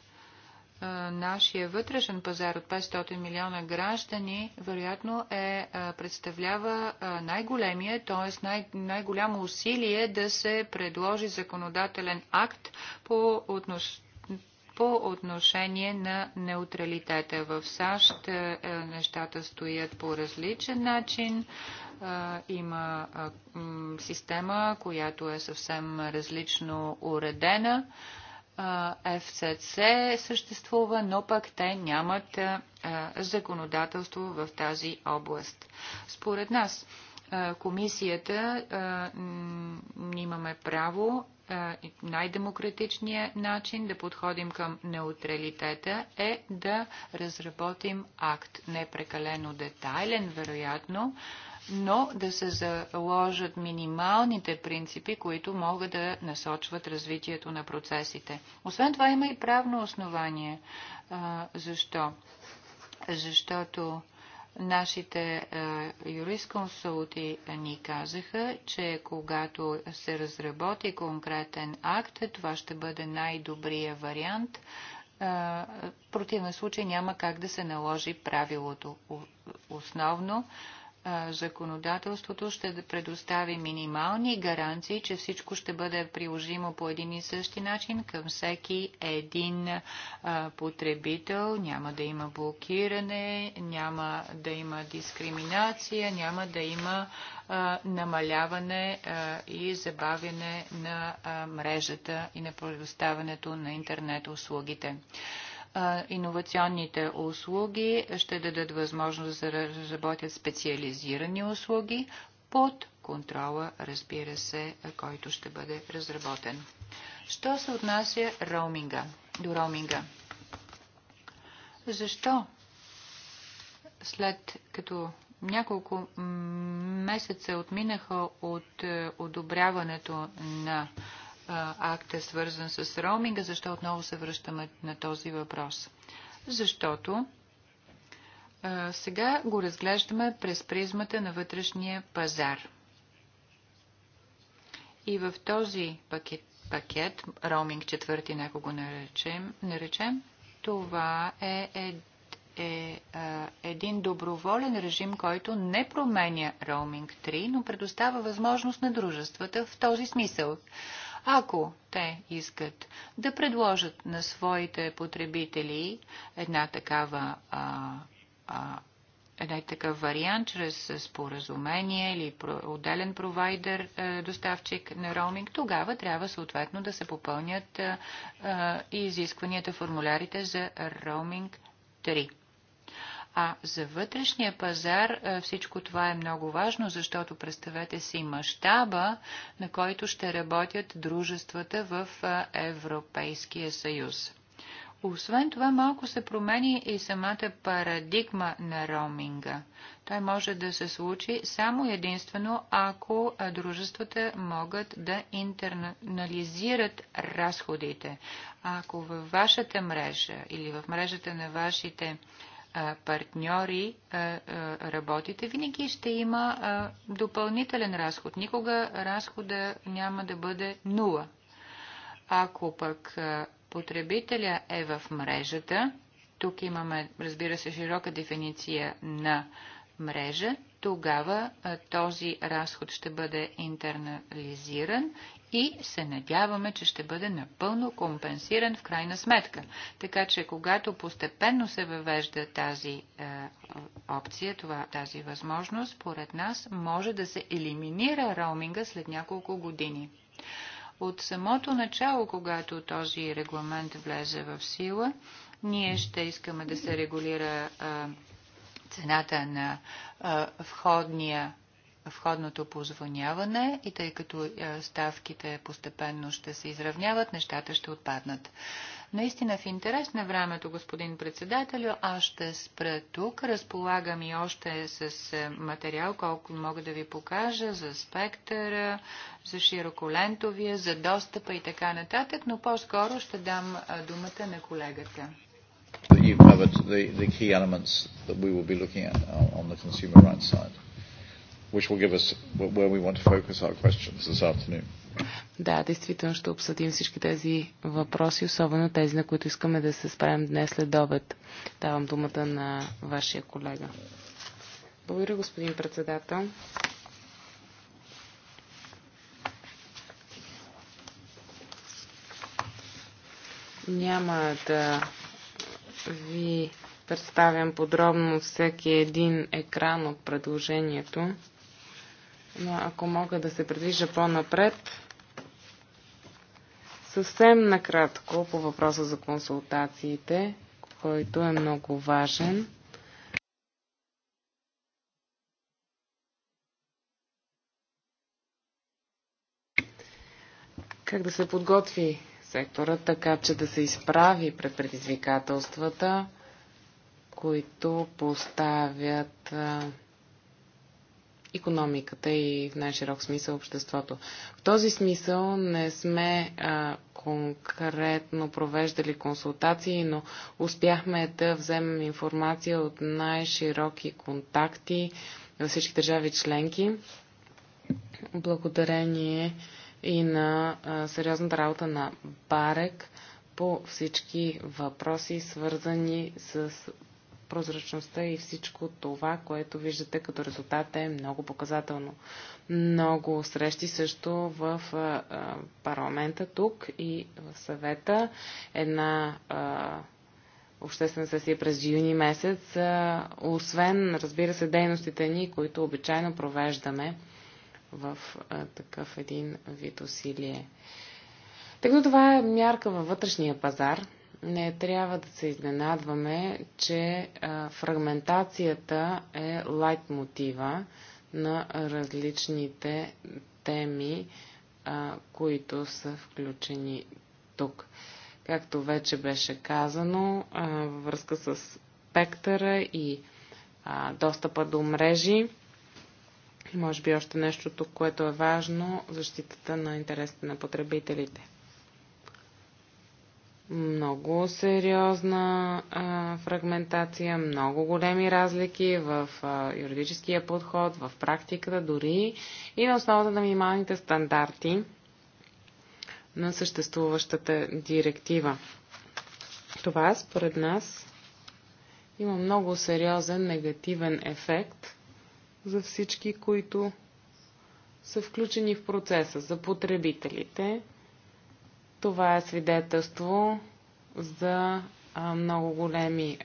нашия вътрешен пазар от 500 милиона граждани, вероятно е, представлява най-големия, т.е. Най- най-голямо усилие да се предложи законодателен акт по отношение по отношение на неутралитета в САЩ е, е, нещата стоят по различен начин. Е, има система, която е съвсем различно уредена. FCC съществува, но пък те нямат законодателство в тази област. Според нас, комисията имаме право най-демократичният начин да подходим към неутралитета е да разработим акт. Не прекалено детайлен, вероятно, но да се заложат минималните принципи, които могат да насочват развитието на процесите. Освен това има и правно основание. Защо? Защото Нашите е, юрисконсулти ни казаха, че когато се разработи конкретен акт, това ще бъде най-добрия вариант. Е, в противен случай няма как да се наложи правилото. Основно законодателството ще предостави минимални гаранции, че всичко ще бъде приложимо по един и същи начин към всеки един потребител. Няма да има блокиране, няма да има дискриминация, няма да има намаляване и забавяне на мрежата и на предоставянето на интернет услугите иновационните услуги ще дадат възможност да разработят специализирани услуги под контрола, разбира се, който ще бъде разработен. Що се отнася роуминга, до роуминга? Защо след като няколко месеца отминаха от е, одобряването на акт е свързан с роуминга, защо отново се връщаме на този въпрос? Защото сега го разглеждаме през призмата на вътрешния пазар. И в този пакет, пакет роуминг четвърти, ако го наречем, наречем това е, е, е, е един доброволен режим, който не променя роуминг 3, но предоставя възможност на дружествата в този смисъл ако те искат да предложат на своите потребители една такава а, а, една такъв вариант чрез споразумение или отделен провайдер, доставчик на роуминг, тогава трябва съответно да се попълнят и изискванията, формулярите за роуминг 3. А за вътрешния пазар всичко това е много важно, защото представете си мащаба, на който ще работят дружествата в Европейския съюз. Освен това, малко се промени и самата парадигма на роуминга. Той може да се случи само единствено, ако дружествата могат да интернализират разходите. Ако във вашата мрежа или в мрежата на вашите партньори работите, винаги ще има допълнителен разход. Никога разхода няма да бъде нула. Ако пък потребителя е в мрежата, тук имаме, разбира се, широка дефиниция на мрежа, тогава този разход ще бъде интернализиран и се надяваме, че ще бъде напълно компенсиран в крайна сметка. Така че, когато постепенно се въвежда тази е, опция, това, тази възможност, поред нас може да се елиминира роуминга след няколко години. От самото начало, когато този регламент влезе в сила, ние ще искаме да се регулира е, цената на е, входния входното позвоняване и тъй като е, ставките постепенно ще се изравняват, нещата ще отпаднат. Наистина в интерес на времето, господин председател, аз ще спра тук. Разполагам и още с е, материал, колко мога да ви покажа за спектъра, за широколентовия, за достъпа и така нататък, но по-скоро ще дам е, думата на колегата. You've covered the, the key elements that we will be looking at on the consumer rights side which will give us where we want to focus our questions this afternoon. Да, действително ще обсъдим всички тези въпроси, особено тези, на които искаме да се справим днес след обед. Давам думата на вашия колега. Благодаря, господин председател. Няма да ви представям подробно всеки един екран от предложението. Но ако мога да се предвижа по-напред, съвсем накратко по въпроса за консултациите, който е много важен. Как да се подготви сектора, така че да се изправи пред предизвикателствата, които поставят економиката и в най-широк смисъл обществото. В този смисъл не сме а, конкретно провеждали консултации, но успяхме да вземем информация от най-широки контакти във всички държави членки, благодарение и на а, сериозната работа на Барек по всички въпроси, свързани с прозрачността и всичко това, което виждате като резултат е много показателно. Много срещи също в парламента тук и в съвета. Една обществена сесия през юни месец, освен, разбира се, дейностите ни, които обичайно провеждаме в такъв един вид усилие. Тъй като това е мярка във вътрешния пазар, не трябва да се изненадваме, че фрагментацията е лайт мотива на различните теми, които са включени тук. Както вече беше казано, във връзка с спектъра и достъпа до мрежи, може би още нещо тук, което е важно, защитата на интересите на потребителите много сериозна а, фрагментация, много големи разлики в а, юридическия подход, в практиката дори и на основата на минималните стандарти на съществуващата директива. Това според нас има много сериозен негативен ефект за всички, които са включени в процеса, за потребителите, това е свидетелство за много големи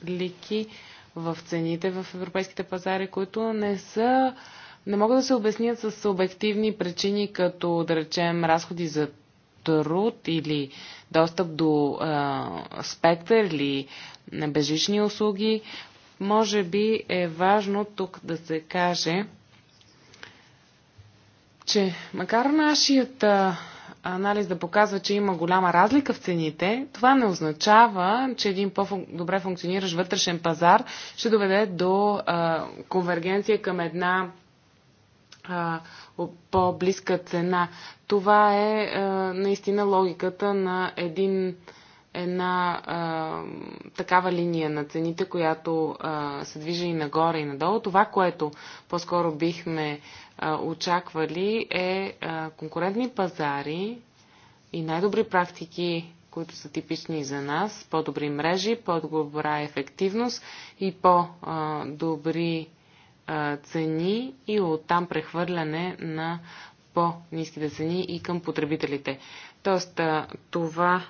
разлики в цените в европейските пазари, които не са не могат да се обяснят с обективни причини, като да речем разходи за труд или достъп до а, спектър или бежични услуги. Може би е важно тук да се каже, че макар нашият анализ да показва, че има голяма разлика в цените, това не означава, че един по-добре функциониращ вътрешен пазар ще доведе до а, конвергенция към една по-близка цена. Това е а, наистина логиката на един една а, такава линия на цените, която а, се движи и нагоре и надолу. Това, което по-скоро бихме а, очаквали е а, конкурентни пазари и най-добри практики, които са типични за нас, по-добри мрежи, по-добра ефективност и по-добри цени и оттам прехвърляне на по-низките цени и към потребителите. Тоест, това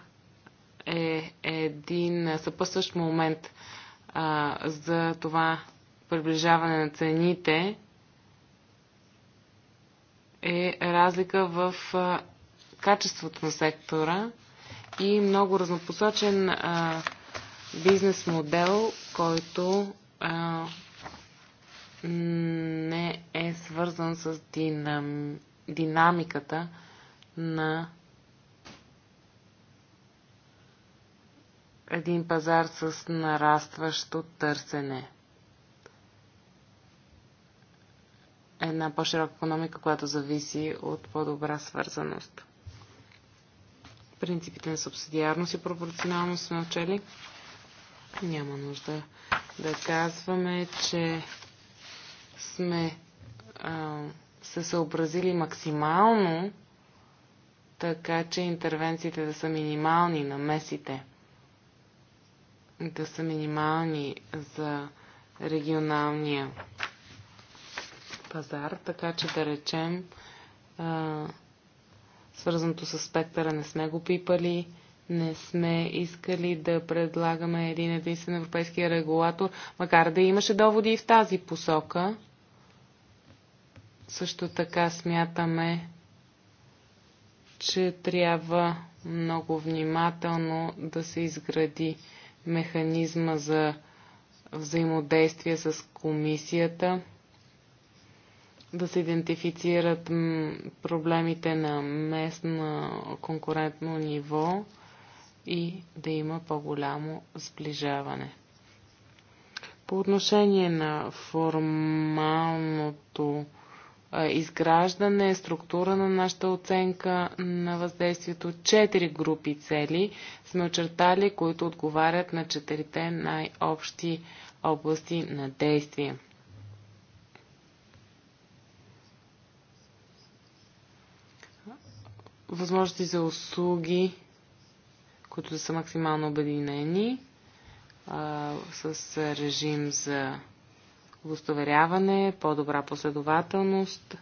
е един съпъсващ момент а, за това приближаване на цените е разлика в а, качеството на сектора и много разнопосочен а, бизнес модел, който а, не е свързан с динам, динамиката на един пазар с нарастващо търсене. Една по-широка економика, която зависи от по-добра свързаност. Принципите на субсидиарност и пропорционалност сме учели. Няма нужда да казваме, че сме а, се съобразили максимално, така че интервенциите да са минимални на месите да са минимални за регионалния пазар, така че да речем, а, свързаното с спектъра не сме го пипали, не сме искали да предлагаме един единствен европейски регулатор, макар да имаше доводи и в тази посока. Също така смятаме, че трябва много внимателно да се изгради механизма за взаимодействие с комисията, да се идентифицират проблемите на местно конкурентно ниво и да има по-голямо сближаване. По отношение на формалното изграждане, структура на нашата оценка на въздействието. Четири групи цели сме очертали, които отговарят на четирите най-общи области на действие. Възможности за услуги, които са максимално обединени, с режим за удостоверяване, по-добра последователност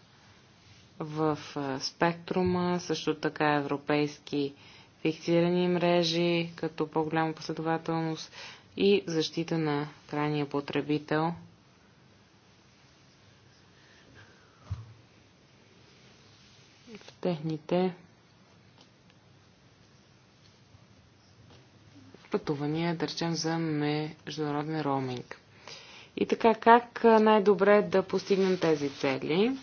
в спектрума, също така европейски фиксирани мрежи, като по-голяма последователност и защита на крайния потребител. В техните пътувания, да речем, за международен роуминг. И така, как най-добре да постигнем тези цели?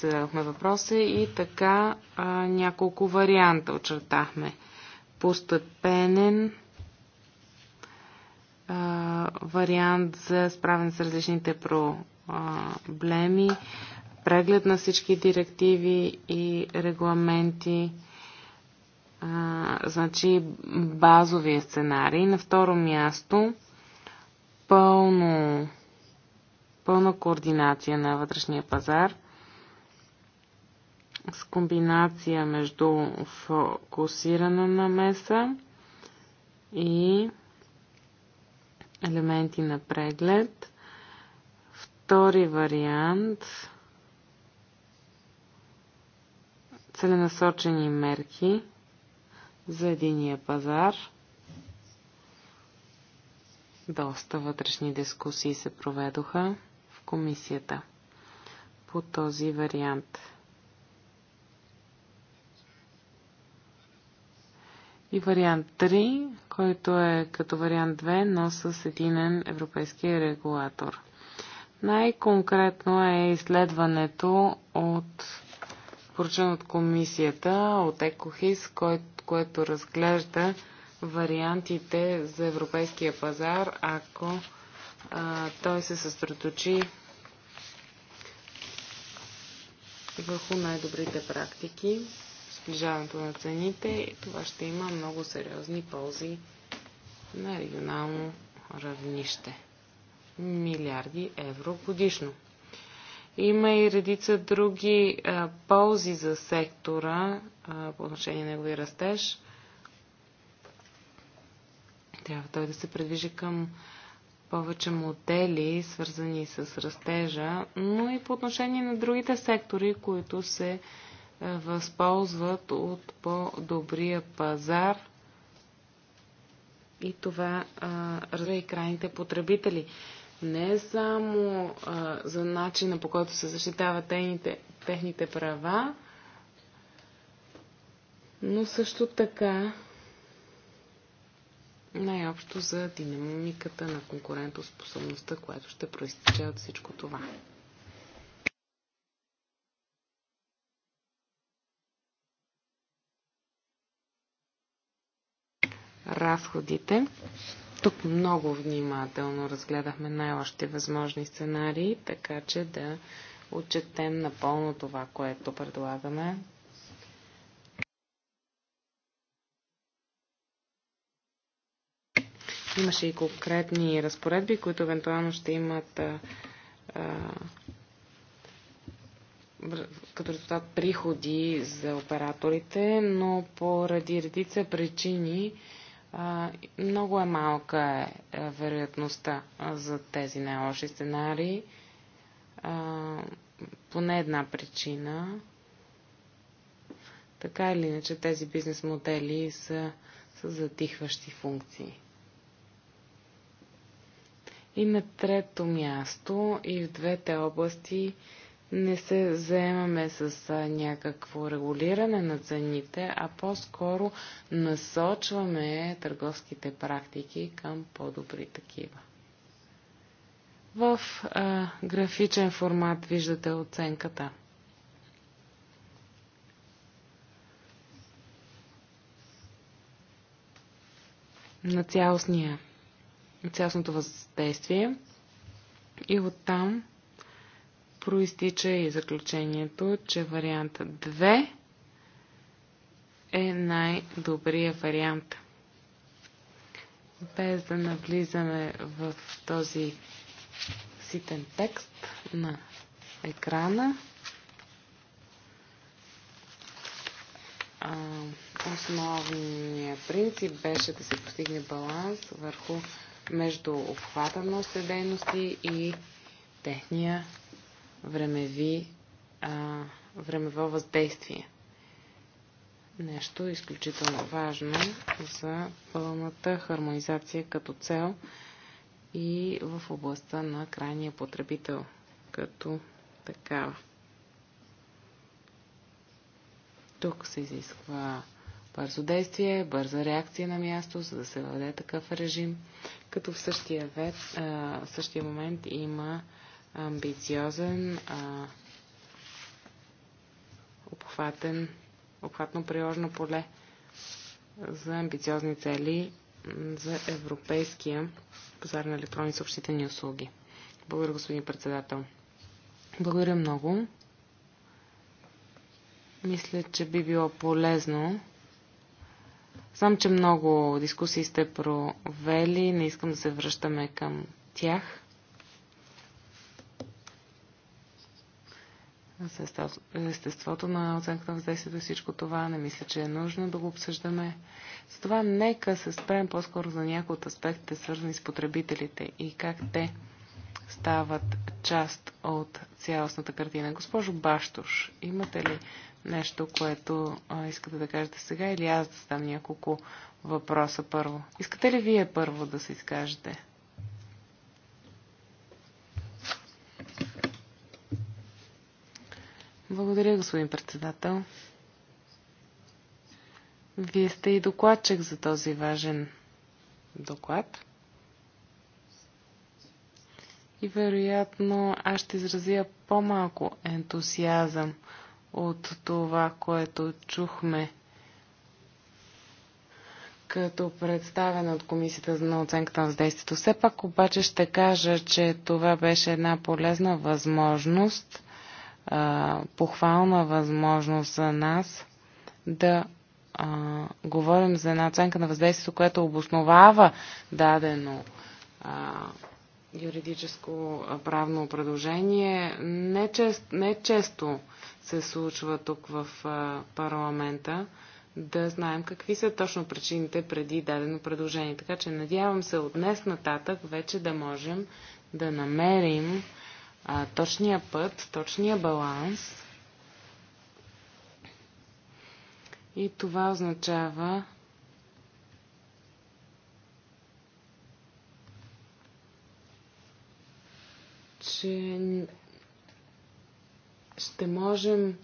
Зададохме въпроса и така а, няколко варианта очертахме. Постъпенен, а, вариант за справен с различните проблеми, преглед на всички директиви и регламенти, а, значи базовия сценарий. На второ място пълно, пълна координация на вътрешния пазар с комбинация между фокусирана намеса и елементи на преглед. Втори вариант целенасочени мерки за единия пазар – доста вътрешни дискусии се проведоха в комисията по този вариант. И вариант 3, който е като вариант 2, но с единен европейски регулатор. Най-конкретно е изследването от поръчен от комисията, от Екохис, което разглежда вариантите за европейския пазар, ако а, той се съсредоточи върху най-добрите практики, сближаването на цените и това ще има много сериозни ползи на регионално равнище. Милиарди евро годишно. Има и редица други а, ползи за сектора а, по отношение на негови растеж – трябва той да се предвижи към повече модели, свързани с растежа, но и по отношение на другите сектори, които се е, възползват от по-добрия пазар и това развива и крайните потребители. Не само а, за начина по който се защитават техните, техните права, но също така най-общо за динамиката на конкурентоспособността, която ще проистече от всичко това. разходите. Тук много внимателно разгледахме най-лошите възможни сценарии, така че да отчетем напълно това, което предлагаме Имаше и конкретни разпоредби, които евентуално ще имат а, а, като резултат приходи за операторите, но поради редица причини а, много е малка е, е вероятността за тези най-лоши сценарии. А, поне една причина. Така или иначе, тези бизнес модели са, са затихващи функции. И на трето място и в двете области не се заемаме с някакво регулиране на цените, а по-скоро насочваме търговските практики към по-добри такива. В а, графичен формат виждате оценката. На цялостния цялостното въздействие. И оттам проистича и заключението, че вариант 2 е най-добрия вариант. Без да навлизаме в този ситен текст на екрана, основният принцип беше да се постигне баланс върху между обхвата на научните дейности и техния времеви, а, времево въздействие. Нещо изключително важно за пълната хармонизация като цел и в областта на крайния потребител като такава. Тук се изисква бързо действие, бърза реакция на място, за да се въведе такъв режим, като в същия, вет, а, в същия момент има амбициозен, а, обхватен, обхватно приложно поле за амбициозни цели за европейския пазар на електронни съобщителни услуги. Благодаря, господин председател. Благодаря много. Мисля, че би било полезно Знам, че много дискусии сте провели, не искам да се връщаме към тях. естеството на оценката на въздействието и всичко това не мисля, че е нужно да го обсъждаме. Затова нека се спрем по-скоро за някои от аспектите, свързани с потребителите и как те стават част от цялостната картина. Госпожо Баштош, имате ли нещо, което а, искате да кажете сега или аз да задам няколко въпроса първо? Искате ли вие първо да се изкажете? Благодаря, господин председател. Вие сте и докладчик за този важен доклад. И вероятно аз ще изразя по-малко ентусиазъм от това, което чухме като представена от Комисията за оценката на въздействието. Все пак обаче ще кажа, че това беше една полезна възможност, похвална възможност за нас да говорим за една оценка на въздействието, което обосновава дадено юридическо правно предложение. Не, не често се случва тук в парламента, да знаем какви са точно причините преди дадено предложение. Така че надявам се от днес нататък вече да можем да намерим а, точния път, точния баланс. И това означава че ще можем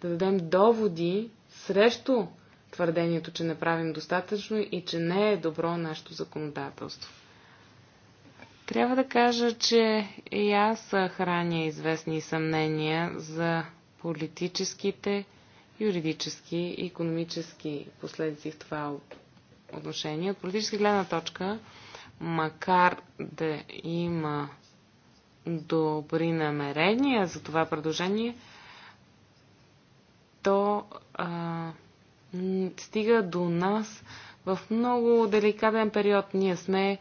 да дадем доводи срещу твърдението, че не правим достатъчно и че не е добро нашето законодателство. Трябва да кажа, че и аз храня известни съмнения за политическите, юридически и економически последици в това отношение. От политическа гледна точка, макар да има добри намерения за това предложение, то а, стига до нас в много деликатен период. Ние сме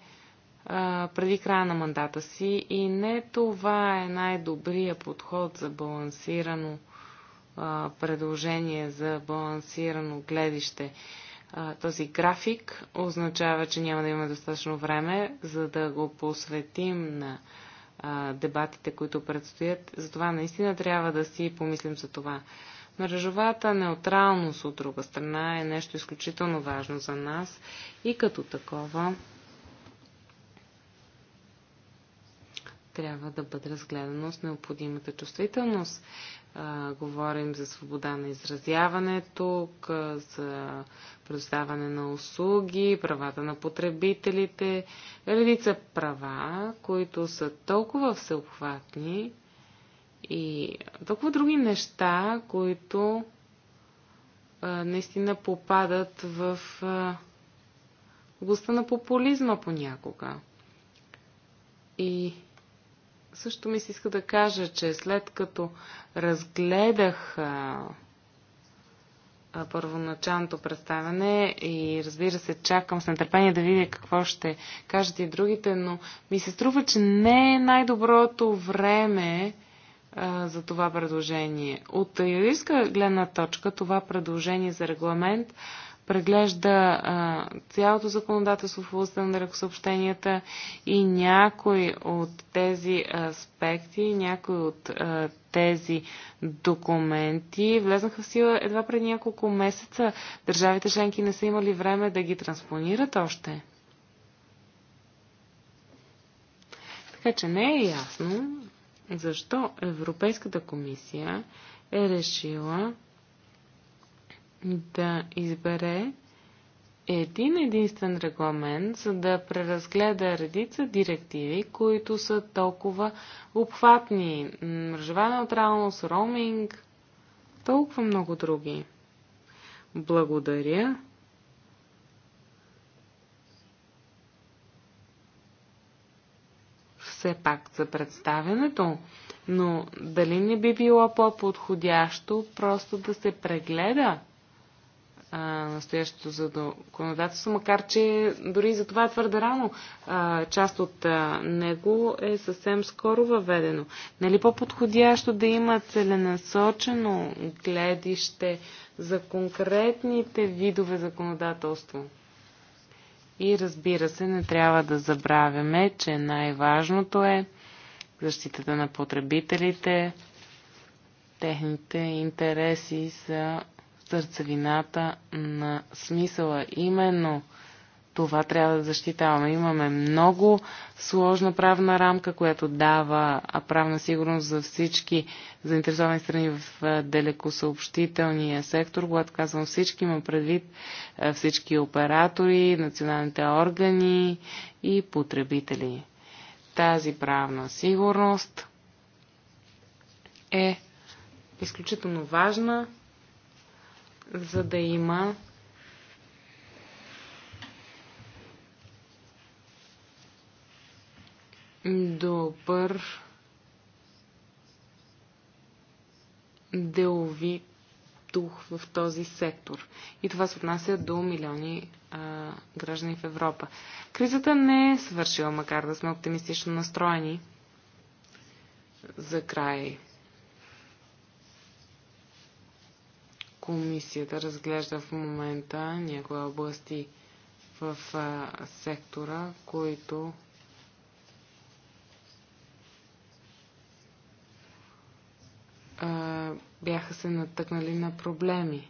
а, преди края на мандата си и не това е най-добрия подход за балансирано а, предложение, за балансирано гледище. А, този график означава, че няма да имаме достатъчно време, за да го посветим на дебатите, които предстоят. Затова наистина трябва да си помислим за това. Мрежовата неутралност от друга страна е нещо изключително важно за нас и като такова трябва да бъде разгледано с необходимата чувствителност. А, говорим за свобода на изразяване тук, за предоставяне на услуги, правата на потребителите, редица права, които са толкова всеобхватни и толкова други неща, които а, наистина попадат в а, Густа на популизма понякога. И също ми се иска да кажа, че след като разгледах а, а, първоначалното представяне и разбира се, чакам с нетърпение да видя какво ще кажат и другите, но ми се струва, че не е най-доброто време а, за това предложение. От юридическа гледна точка това предложение за регламент а, преглежда а, цялото законодателство в областта на ръкосъобщенията и някои от тези аспекти, някои от а, тези документи влезнаха в сила едва преди няколко месеца. Държавите членки не са имали време да ги транспонират още. Така че не е ясно защо Европейската комисия е решила да избере един единствен регламент, за да преразгледа редица директиви, които са толкова обхватни. Мръжева неутралност, роуминг, толкова много други. Благодаря. Все пак за представянето, но дали не би било по-подходящо просто да се прегледа а, настоящото законодателство, макар че дори за това е твърде рано. А, част от а, него е съвсем скоро въведено. Нали по-подходящо да има целенасочено гледище за конкретните видове законодателство? И разбира се, не трябва да забравяме, че най-важното е защитата на потребителите, техните интереси са сърцевината на смисъла. Именно това трябва да защитаваме. Имаме много сложна правна рамка, която дава правна сигурност за всички заинтересовани страни в далекосъобщителния сектор. Когато казвам всички, имам предвид всички оператори, националните органи и потребители. Тази правна сигурност е изключително важна за да има добър делови дух в този сектор. И това се отнася до милиони а, граждани в Европа. Кризата не е свършила, макар да сме оптимистично настроени за край. Комисията разглежда в момента някои области в а, сектора, които а, бяха се натъкнали на проблеми.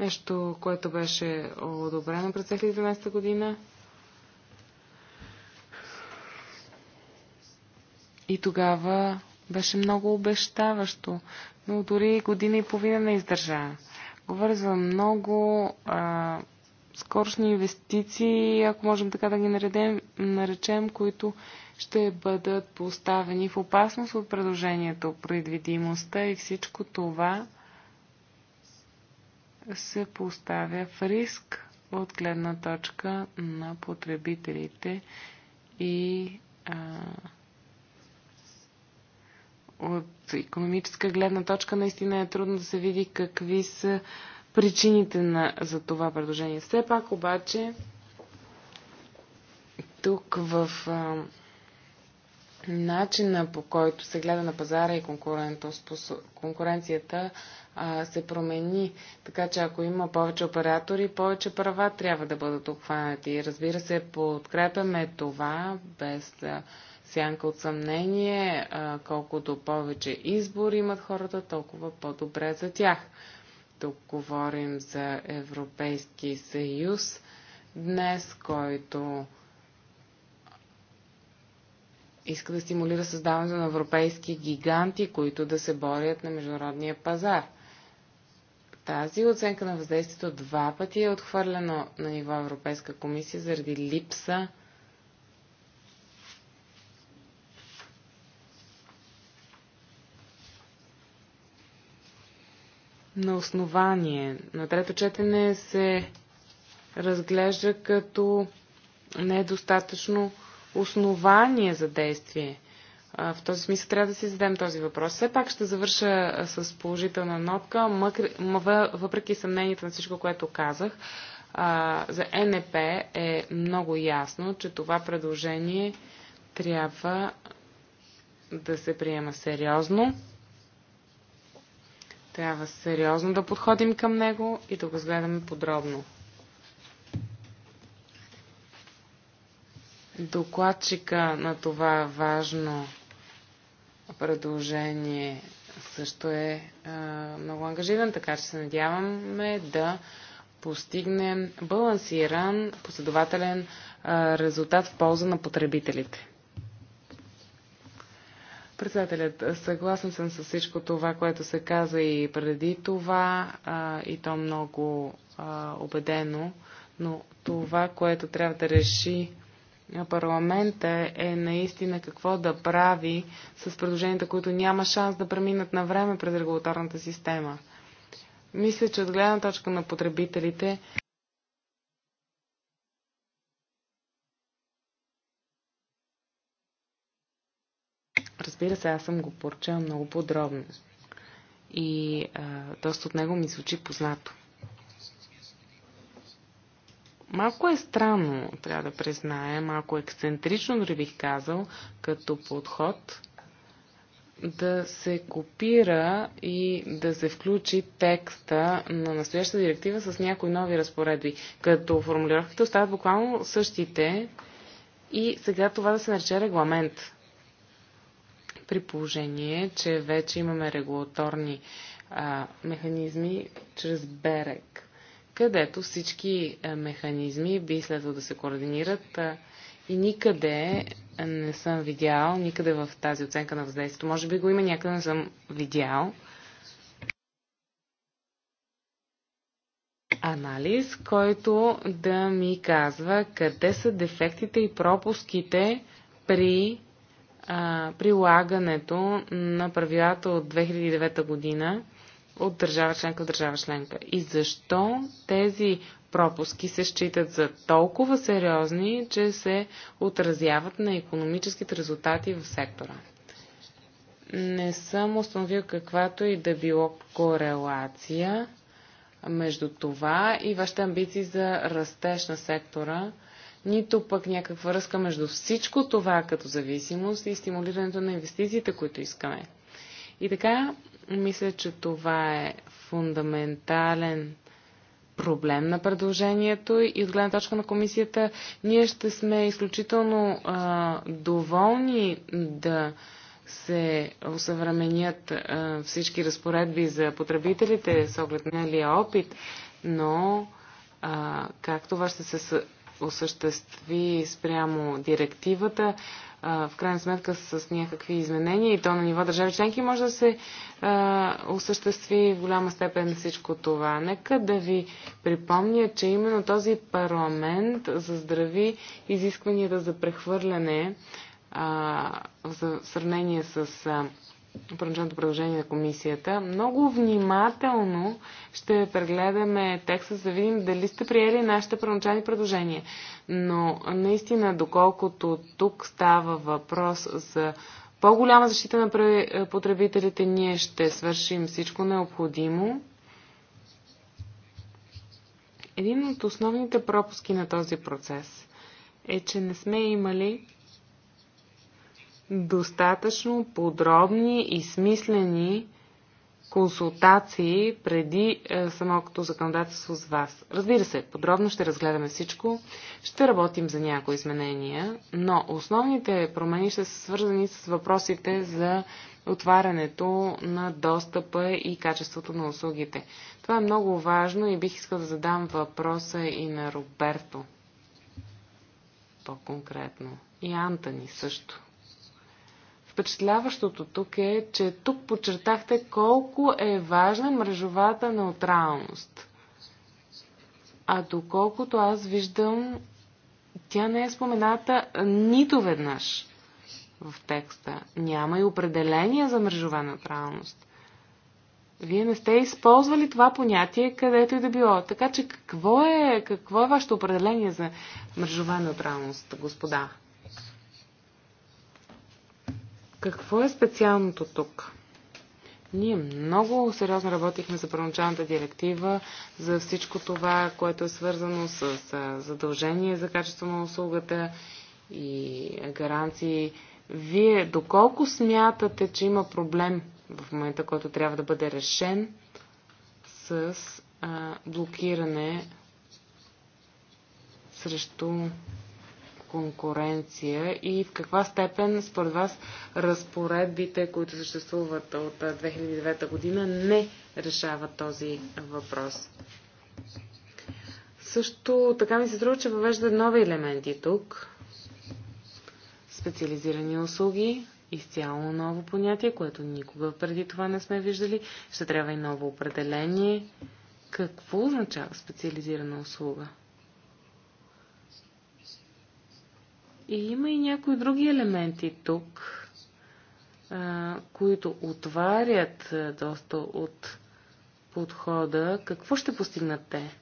Нещо, което беше одобрено през 2012 година И тогава беше много обещаващо, но дори година и половина не издържа. Говоря за много а, скорошни инвестиции, ако можем така да ги наредем, наречем, които ще бъдат поставени в опасност от предложението, предвидимостта и всичко това се поставя в риск от гледна точка на потребителите и а, от економическа гледна точка наистина е трудно да се види какви са причините на, за това предложение. Все пак обаче тук в а, начина по който се гледа на пазара и конкуренцията а, се промени. Така че ако има повече оператори, повече права трябва да бъдат обхванати. Разбира се, подкрепяме това без да сянка от съмнение, колкото повече избор имат хората, толкова по-добре за тях. Тук говорим за Европейски съюз днес, който иска да стимулира създаването на европейски гиганти, които да се борят на международния пазар. Тази оценка на въздействието два пъти е отхвърлено на ниво Европейска комисия заради липса на основание. На трето четене се разглежда като недостатъчно основание за действие. В този смисъл трябва да си зададем този въпрос. Все пак ще завърша с положителна нотка, въпреки съмненията на всичко, което казах. За НП е много ясно, че това предложение трябва да се приема сериозно трябва сериозно да подходим към него и да го гледаме подробно. Докладчика на това важно предложение също е а, много ангажиран, така че се надяваме да постигнем балансиран, последователен а, резултат в полза на потребителите. Председателят, е, съгласен съм с всичко това, което се каза и преди това, а, и то много а, убедено, но това, което трябва да реши парламента е наистина какво да прави с предложенията, които няма шанс да преминат на време през регулаторната система. Мисля, че от гледна точка на потребителите Разбира се, аз съм го поръчала много подробно. И а, доста от него ми звучи познато. Малко е странно, трябва да призная, малко ексцентрично дори бих казал, като подход да се копира и да се включи текста на настоящата директива с някои нови разпоредби, като формулировките остават буквално същите и сега това да се нарече регламент при положение, че вече имаме регулаторни а, механизми чрез БЕРЕК, където всички а, механизми би следвало да се координират а, и никъде не съм видял, никъде в тази оценка на въздействието, може би го има някъде, не съм видял, анализ, който да ми казва къде са дефектите и пропуските при а, прилагането на правилата от 2009 година от държава членка в държава членка. И защо тези пропуски се считат за толкова сериозни, че се отразяват на економическите резултати в сектора? Не съм установил каквато и да било корелация между това и вашите амбиции за растеж на сектора – нито пък някаква връзка между всичко това като зависимост и стимулирането на инвестициите, които искаме. И така, мисля, че това е фундаментален проблем на предложението и от гледна точка на комисията ние ще сме изключително а, доволни да се усъвременят а, всички разпоредби за потребителите с оглед на е опит, но а, как това ще се осъществи спрямо директивата, в крайна сметка с някакви изменения и то на ниво държави членки може да се а, осъществи в голяма степен всичко това. Нека да ви припомня, че именно този парламент заздрави изискванията за прехвърляне а, в сравнение с а, първоначалното предложение на комисията, много внимателно ще прегледаме текста, за да видим дали сте приели нашите първоначални предложения. Но наистина, доколкото тук става въпрос за по-голяма защита на потребителите, ние ще свършим всичко необходимо. Един от основните пропуски на този процес е, че не сме имали достатъчно подробни и смислени консултации преди е, самото законодателство с вас. Разбира се, подробно ще разгледаме всичко, ще работим за някои изменения, но основните промени ще са свързани с въпросите за отварянето на достъпа и качеството на услугите. Това е много важно и бих искал да задам въпроса и на Роберто по-конкретно. И Антони също. Впечатляващото тук е, че тук подчертахте колко е важна мрежовата неутралност. А доколкото аз виждам, тя не е спомената нито веднъж в текста. Няма и определение за мрежова неутралност. Вие не сте използвали това понятие където и да било. Така че какво е, какво е вашето определение за мрежова неутралност, господа? Какво е специалното тук? Ние много сериозно работихме за първоначалната директива, за всичко това, което е свързано с задължение за качество на услугата и гаранции. Вие доколко смятате, че има проблем в момента, който трябва да бъде решен с а, блокиране срещу конкуренция и в каква степен според вас разпоредбите, които съществуват от 2009 година, не решават този въпрос? Също така ми се струва, че въвежда нови елементи тук. Специализирани услуги, изцяло ново понятие, което никога преди това не сме виждали. Ще трябва и ново определение. Какво означава специализирана услуга? И има и някои други елементи тук, а, които отварят доста от подхода. Какво ще постигнат те?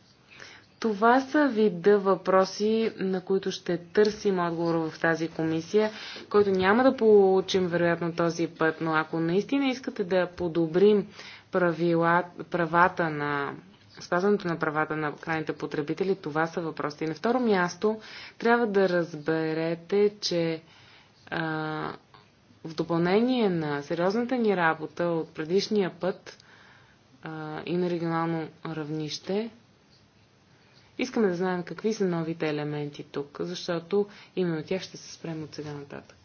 Това са вида въпроси, на които ще търсим отговор в тази комисия, който няма да получим вероятно този път, но ако наистина искате да подобрим правила, правата на спазването на правата на крайните потребители, това са въпросите. И на второ място, трябва да разберете, че а, в допълнение на сериозната ни работа от предишния път а, и на регионално равнище, искаме да знаем какви са новите елементи тук, защото именно тях ще се спрем от сега нататък.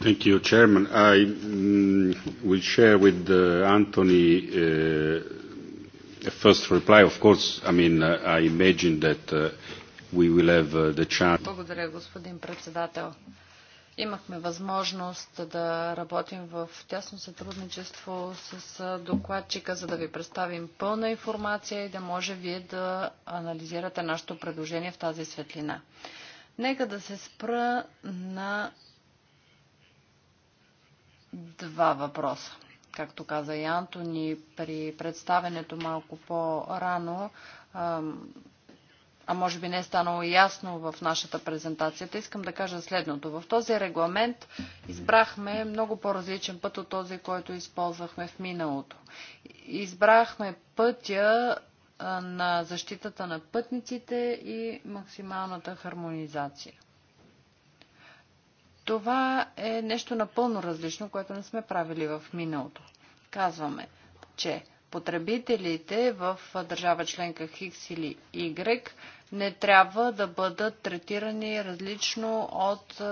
Thank you, Chairman. I mm, will share with uh, Anthony uh, a first reply. Of course, I mean, uh, I imagine that uh, we will have uh, the chance. Благодаря, господин председател. Имахме възможност да работим в тясно сътрудничество с докладчика, за да ви представим пълна информация и да може вие да анализирате нашето предложение в тази светлина. Нека да се спра на два въпроса. Както каза и Антони, при представенето малко по-рано, а може би не е станало ясно в нашата презентация, искам да кажа следното. В този регламент избрахме много по-различен път от този, който използвахме в миналото. Избрахме пътя на защитата на пътниците и максималната хармонизация. Това е нещо напълно различно, което не сме правили в миналото. Казваме, че потребителите в държава членка Хикс или Y не трябва да бъдат третирани различно от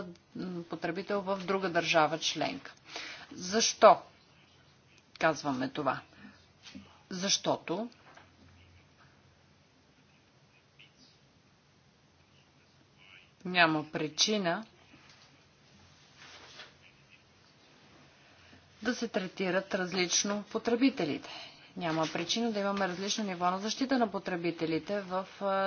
потребител в друга държава членка. Защо казваме това? Защото няма причина да се третират различно потребителите. Няма причина да имаме различно ниво на защита на потребителите в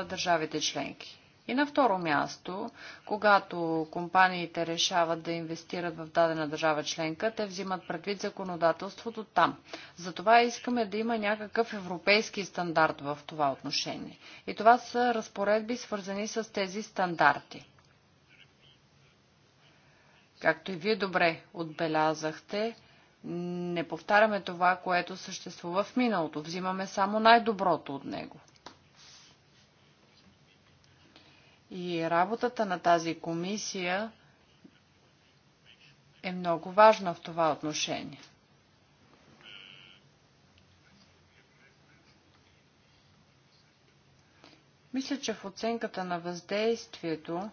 държавите членки. И на второ място, когато компаниите решават да инвестират в дадена държава членка, те взимат предвид законодателството там. Затова искаме да има някакъв европейски стандарт в това отношение. И това са разпоредби, свързани с тези стандарти. Както и вие добре отбелязахте, не повтаряме това, което съществува в миналото. Взимаме само най-доброто от него. И работата на тази комисия е много важна в това отношение. Мисля, че в оценката на въздействието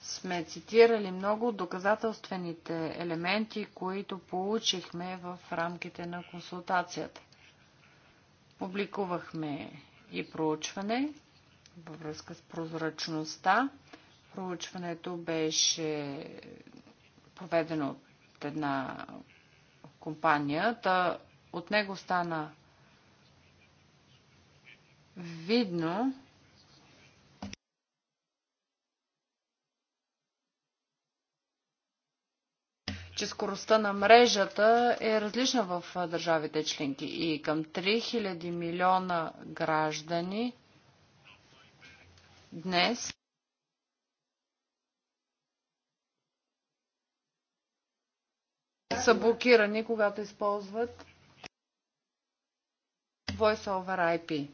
сме цитирали много доказателствените елементи, които получихме в рамките на консултацията. Публикувахме и проучване във връзка с прозрачността. Проучването беше проведено от една компания. Та от него стана видно, че скоростта на мрежата е различна в държавите членки и към 3000 милиона граждани днес са блокирани, когато използват Voice over IP.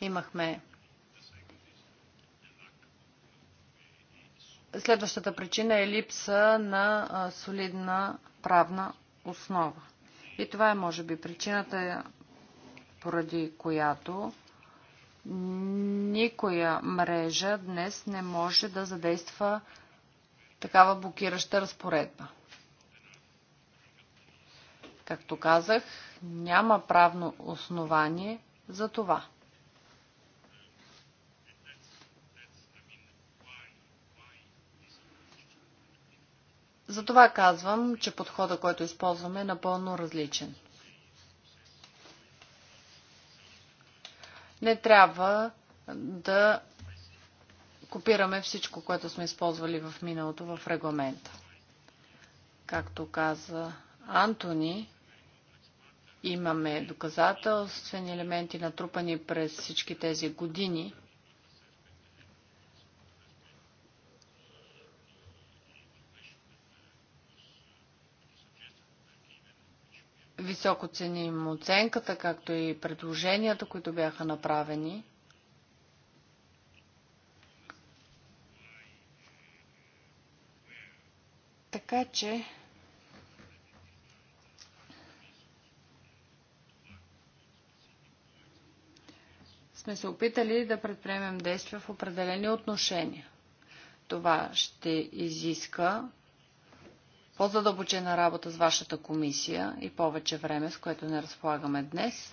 Имахме Следващата причина е липса на солидна правна основа. И това е, може би, причината, поради която никоя мрежа днес не може да задейства такава блокираща разпоредба. Както казах, няма правно основание за това. Затова казвам, че подхода, който използваме е напълно различен. Не трябва да копираме всичко, което сме използвали в миналото в регламента. Както каза Антони, имаме доказателствени елементи, натрупани през всички тези години – Високо ценим оценката, както и предложенията, които бяха направени. Така че сме се опитали да предприемем действия в определени отношения. Това ще изиска по-задълбочена работа с вашата комисия и повече време, с което не разполагаме днес.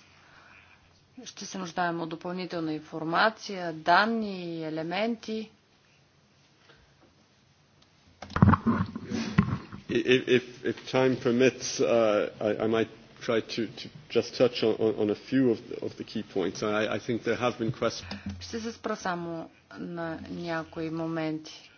Ще се нуждаем от допълнителна информация, данни, и елементи. If, if time permits, uh, I, I might try to, to just touch on, on a few of the, of the key points. I, I think there have been questions. Ще се спра само на някои моменти.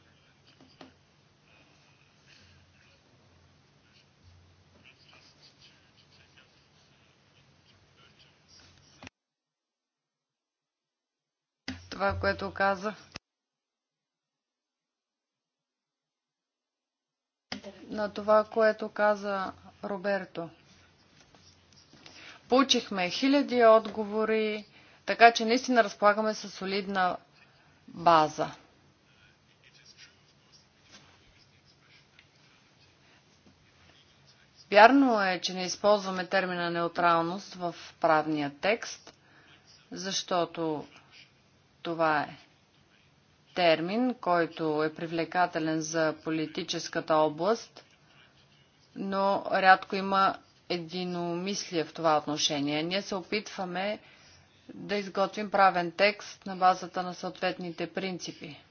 това, което каза. На това, което каза Роберто. Получихме хиляди отговори, така че наистина разполагаме с солидна база. Вярно е, че не използваме термина неутралност в правния текст, защото това е термин, който е привлекателен за политическата област, но рядко има единомислие в това отношение. Ние се опитваме да изготвим правен текст на базата на съответните принципи.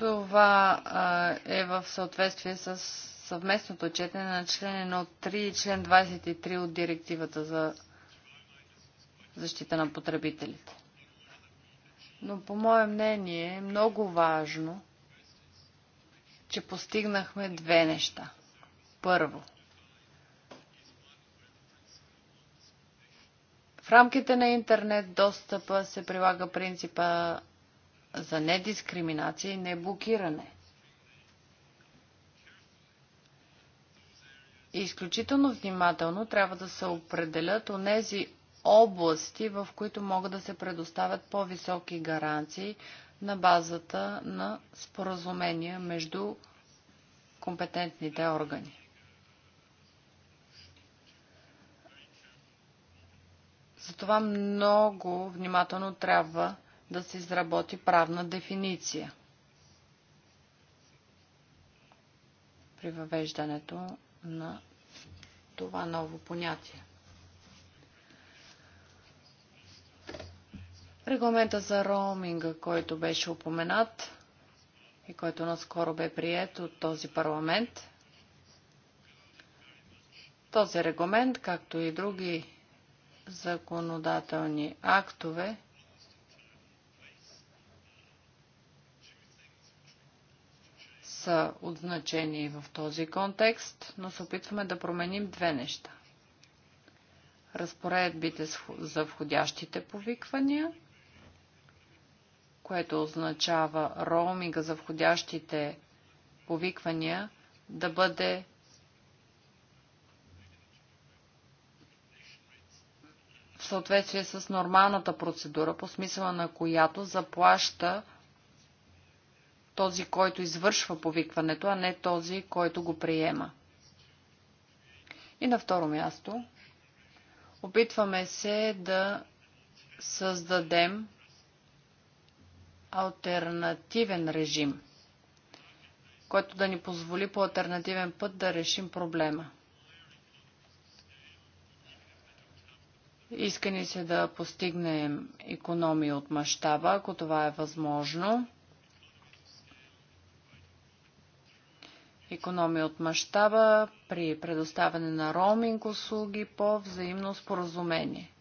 Това а, е в съответствие с съвместното четене на член 1.3 и член 23 от директивата за защита на потребителите. Но по мое мнение е много важно, че постигнахме две неща. Първо, в рамките на интернет достъпа се прилага принципа за недискриминация и неблокиране. И изключително внимателно трябва да се определят онези области, в които могат да се предоставят по-високи гаранции на базата на споразумения между компетентните органи. Затова много внимателно трябва да да се изработи правна дефиниция при въвеждането на това ново понятие. Регламента за роуминга, който беше упоменат и който наскоро бе прият от този парламент. Този регламент, както и други законодателни актове, са от значение в този контекст, но се опитваме да променим две неща. Разпоредбите за входящите повиквания, което означава роуминга за входящите повиквания да бъде в съответствие с нормалната процедура, по смисъла на която заплаща този, който извършва повикването, а не този, който го приема. И на второ място, опитваме се да създадем альтернативен режим, който да ни позволи по альтернативен път да решим проблема. Иска ни се да постигнем економия от мащаба, ако това е възможно – економия от мащаба при предоставяне на роуминг услуги по взаимно споразумение.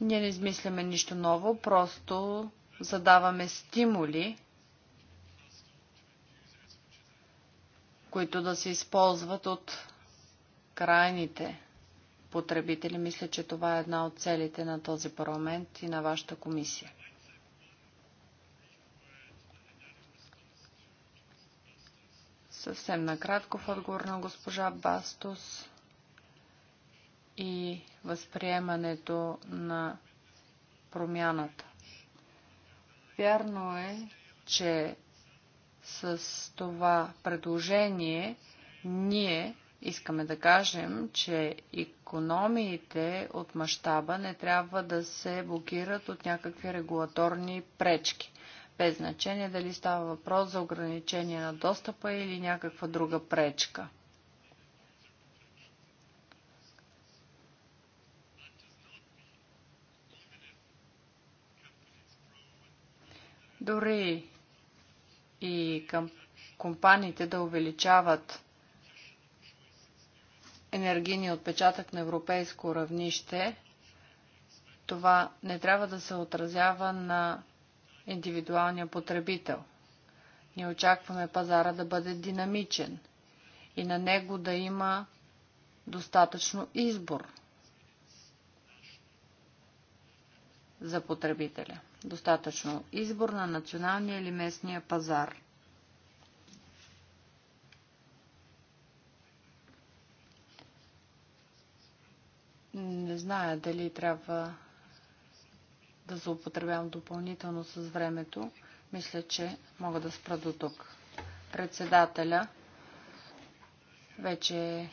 Ние не измисляме нищо ново, просто задаваме стимули, които да се използват от крайните потребители. Мисля, че това е една от целите на този парламент и на вашата комисия. Съвсем накратко в отговор на госпожа Бастос и възприемането на промяната. Вярно е, че с това предложение ние искаме да кажем, че економиите от мащаба не трябва да се блокират от някакви регулаторни пречки без значение дали става въпрос за ограничение на достъпа или някаква друга пречка. Дори и към компаниите да увеличават енергийния отпечатък на европейско равнище, това не трябва да се отразява на индивидуалния потребител. Ние очакваме пазара да бъде динамичен и на него да има достатъчно избор за потребителя. Достатъчно избор на националния или местния пазар. Не зная дали трябва да злоупотребявам допълнително с времето. Мисля, че мога да спра до тук. Председателя вече е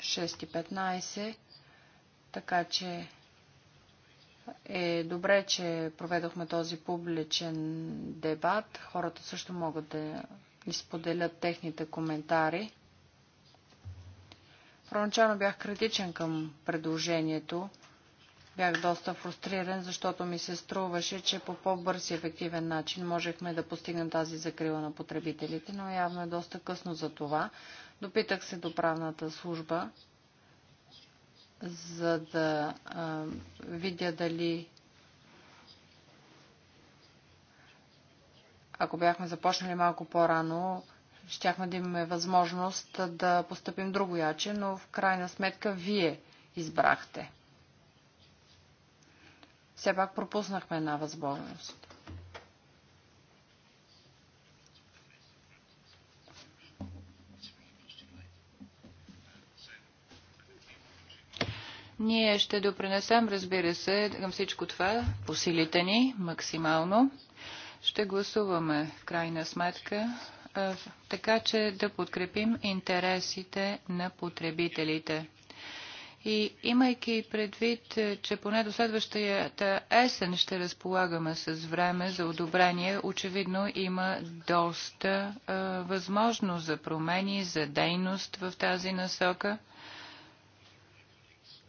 6.15, така че е добре, че проведохме този публичен дебат. Хората също могат да изподелят техните коментари. Проначално бях критичен към предложението Бях доста фрустриран, защото ми се струваше, че по по-бърз и ефективен начин можехме да постигнем тази закрила на потребителите, но явно е доста късно за това. Допитах се до правната служба, за да а, видя дали ако бяхме започнали малко по-рано, щяхме да имаме възможност да поступим другояче, но в крайна сметка вие избрахте. Все пак пропуснахме една възможност. Ние ще допринесем, разбира се, към всичко това по силите ни максимално. Ще гласуваме в крайна сметка, така че да подкрепим интересите на потребителите. И имайки предвид, е, че поне до следващата есен ще разполагаме с време за одобрение, очевидно има доста е, възможност за промени, за дейност в тази насока.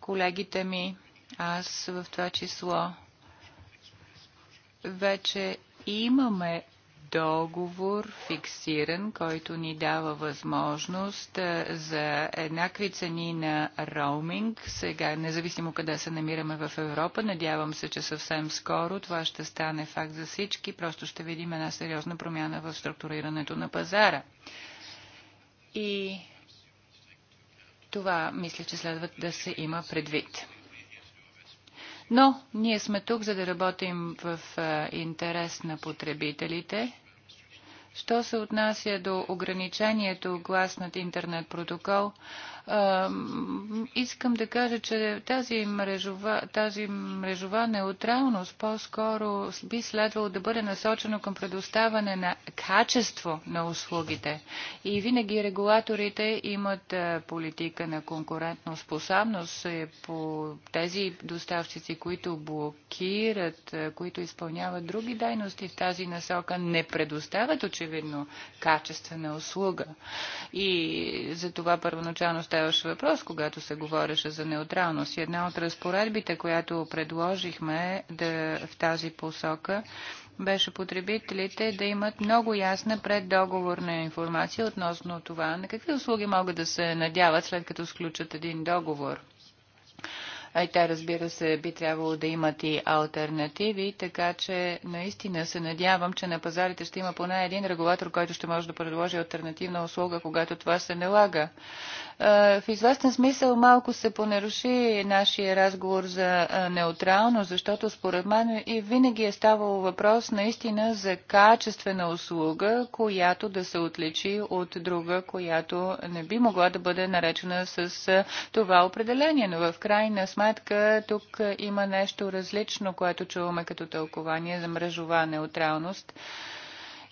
Колегите ми, аз в това число, вече имаме договор фиксиран, който ни дава възможност за еднакви цени на роуминг. Сега, независимо къде се намираме в Европа, надявам се, че съвсем скоро това ще стане факт за всички. Просто ще видим една сериозна промяна в структурирането на пазара. И това мисля, че следва да се има предвид. Но ние сме тук, за да работим в интерес на потребителите Що се отнася до ограничението глас над интернет протокол, искам да кажа, че тази мрежова, тази мрежова неутралност по-скоро би следвало да бъде насочено към предоставане на качество на услугите. И винаги регулаторите имат е, политика на конкурентно способност е, по тези доставчици, които блокират, е, които изпълняват други дейности в тази насока, не предоставят очевидно очевидно качествена услуга. И за това първоначално ставаше въпрос, когато се говореше за неутралност. една от разпоредбите, която предложихме да, в тази посока, беше потребителите да имат много ясна преддоговорна информация относно това на какви услуги могат да се надяват след като сключат един договор – те, разбира се, би трябвало да имат и альтернативи, така че наистина се надявам, че на пазарите ще има поне един регулатор, който ще може да предложи альтернативна услуга, когато това се налага. В известен смисъл малко се понаруши нашия разговор за неутрално, защото според мен и винаги е ставало въпрос наистина за качествена услуга, която да се отличи от друга, която не би могла да бъде наречена с това определение. Но в крайна сметка сметка тук има нещо различно, което чуваме като тълкование за мрежова неутралност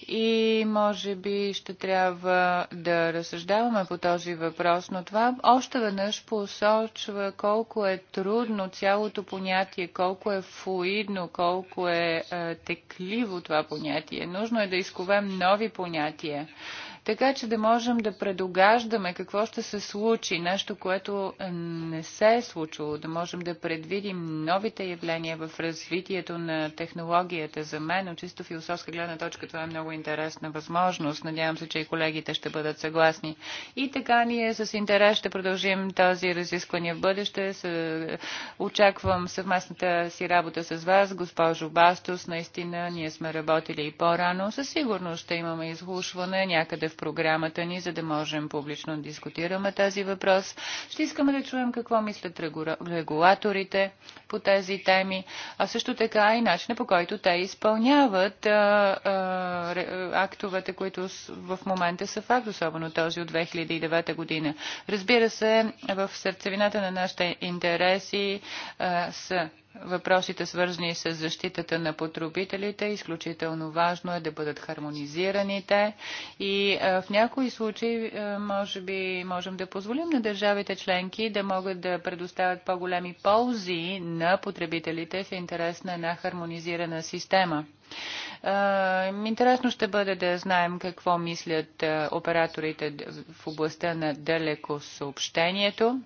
и може би ще трябва да разсъждаваме по този въпрос, но това още веднъж посочва колко е трудно цялото понятие, колко е флуидно, колко е, е текливо това понятие. Нужно е да изковем нови понятия така че да можем да предогаждаме какво ще се случи, нещо, което не се е случило, да можем да предвидим новите явления в развитието на технологията. За мен, от чисто философска гледна точка, това е много интересна възможност. Надявам се, че и колегите ще бъдат съгласни. И така ние с интерес ще продължим тази разисквания в бъдеще. Очаквам съвместната си работа с вас, госпожо Бастус, Наистина, ние сме работили и по-рано. Със сигурност ще имаме изслушване някъде в програмата ни, за да можем публично да дискутираме тази въпрос. Ще искаме да чуем какво мислят регулаторите по тези теми, а също така и начина по който те изпълняват а, а, актовете, които в момента са факт, особено този от 2009 година. Разбира се, в сърцевината на нашите интереси а, са Въпросите, свързани с защитата на потребителите, изключително важно е да бъдат хармонизираните и е, в някои случаи е, може би можем да позволим на държавите членки да могат да предоставят по-големи ползи на потребителите в интерес на една хармонизирана система. Е, интересно ще бъде да знаем какво мислят операторите в областта на далеко съобщението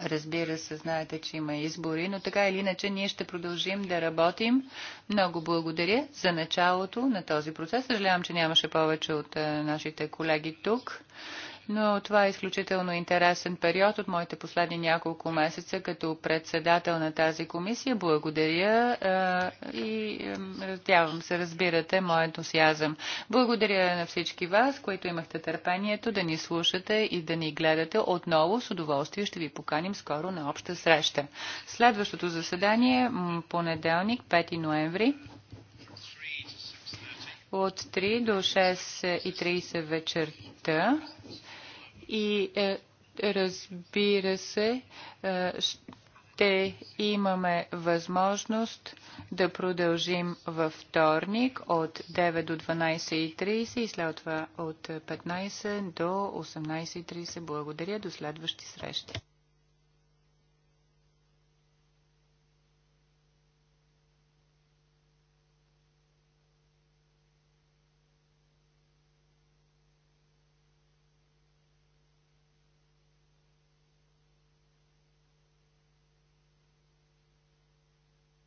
Разбира се, знаете, че има избори, но така или иначе ние ще продължим да работим. Много благодаря за началото на този процес. Съжалявам, че нямаше повече от е, нашите колеги тук но това е изключително интересен период от моите последни няколко месеца като председател на тази комисия. Благодаря и надявам се, разбирате, моят ентусиазъм. Благодаря на всички вас, които имахте търпението да ни слушате и да ни гледате. Отново с удоволствие ще ви поканим скоро на обща среща. Следващото заседание понеделник, 5 ноември от 3 до 6.30 вечерта и е, разбира се, е, ще имаме възможност да продължим във вторник от 9 до 12.30 и след това от 15 до 18.30. Благодаря. До следващи срещи.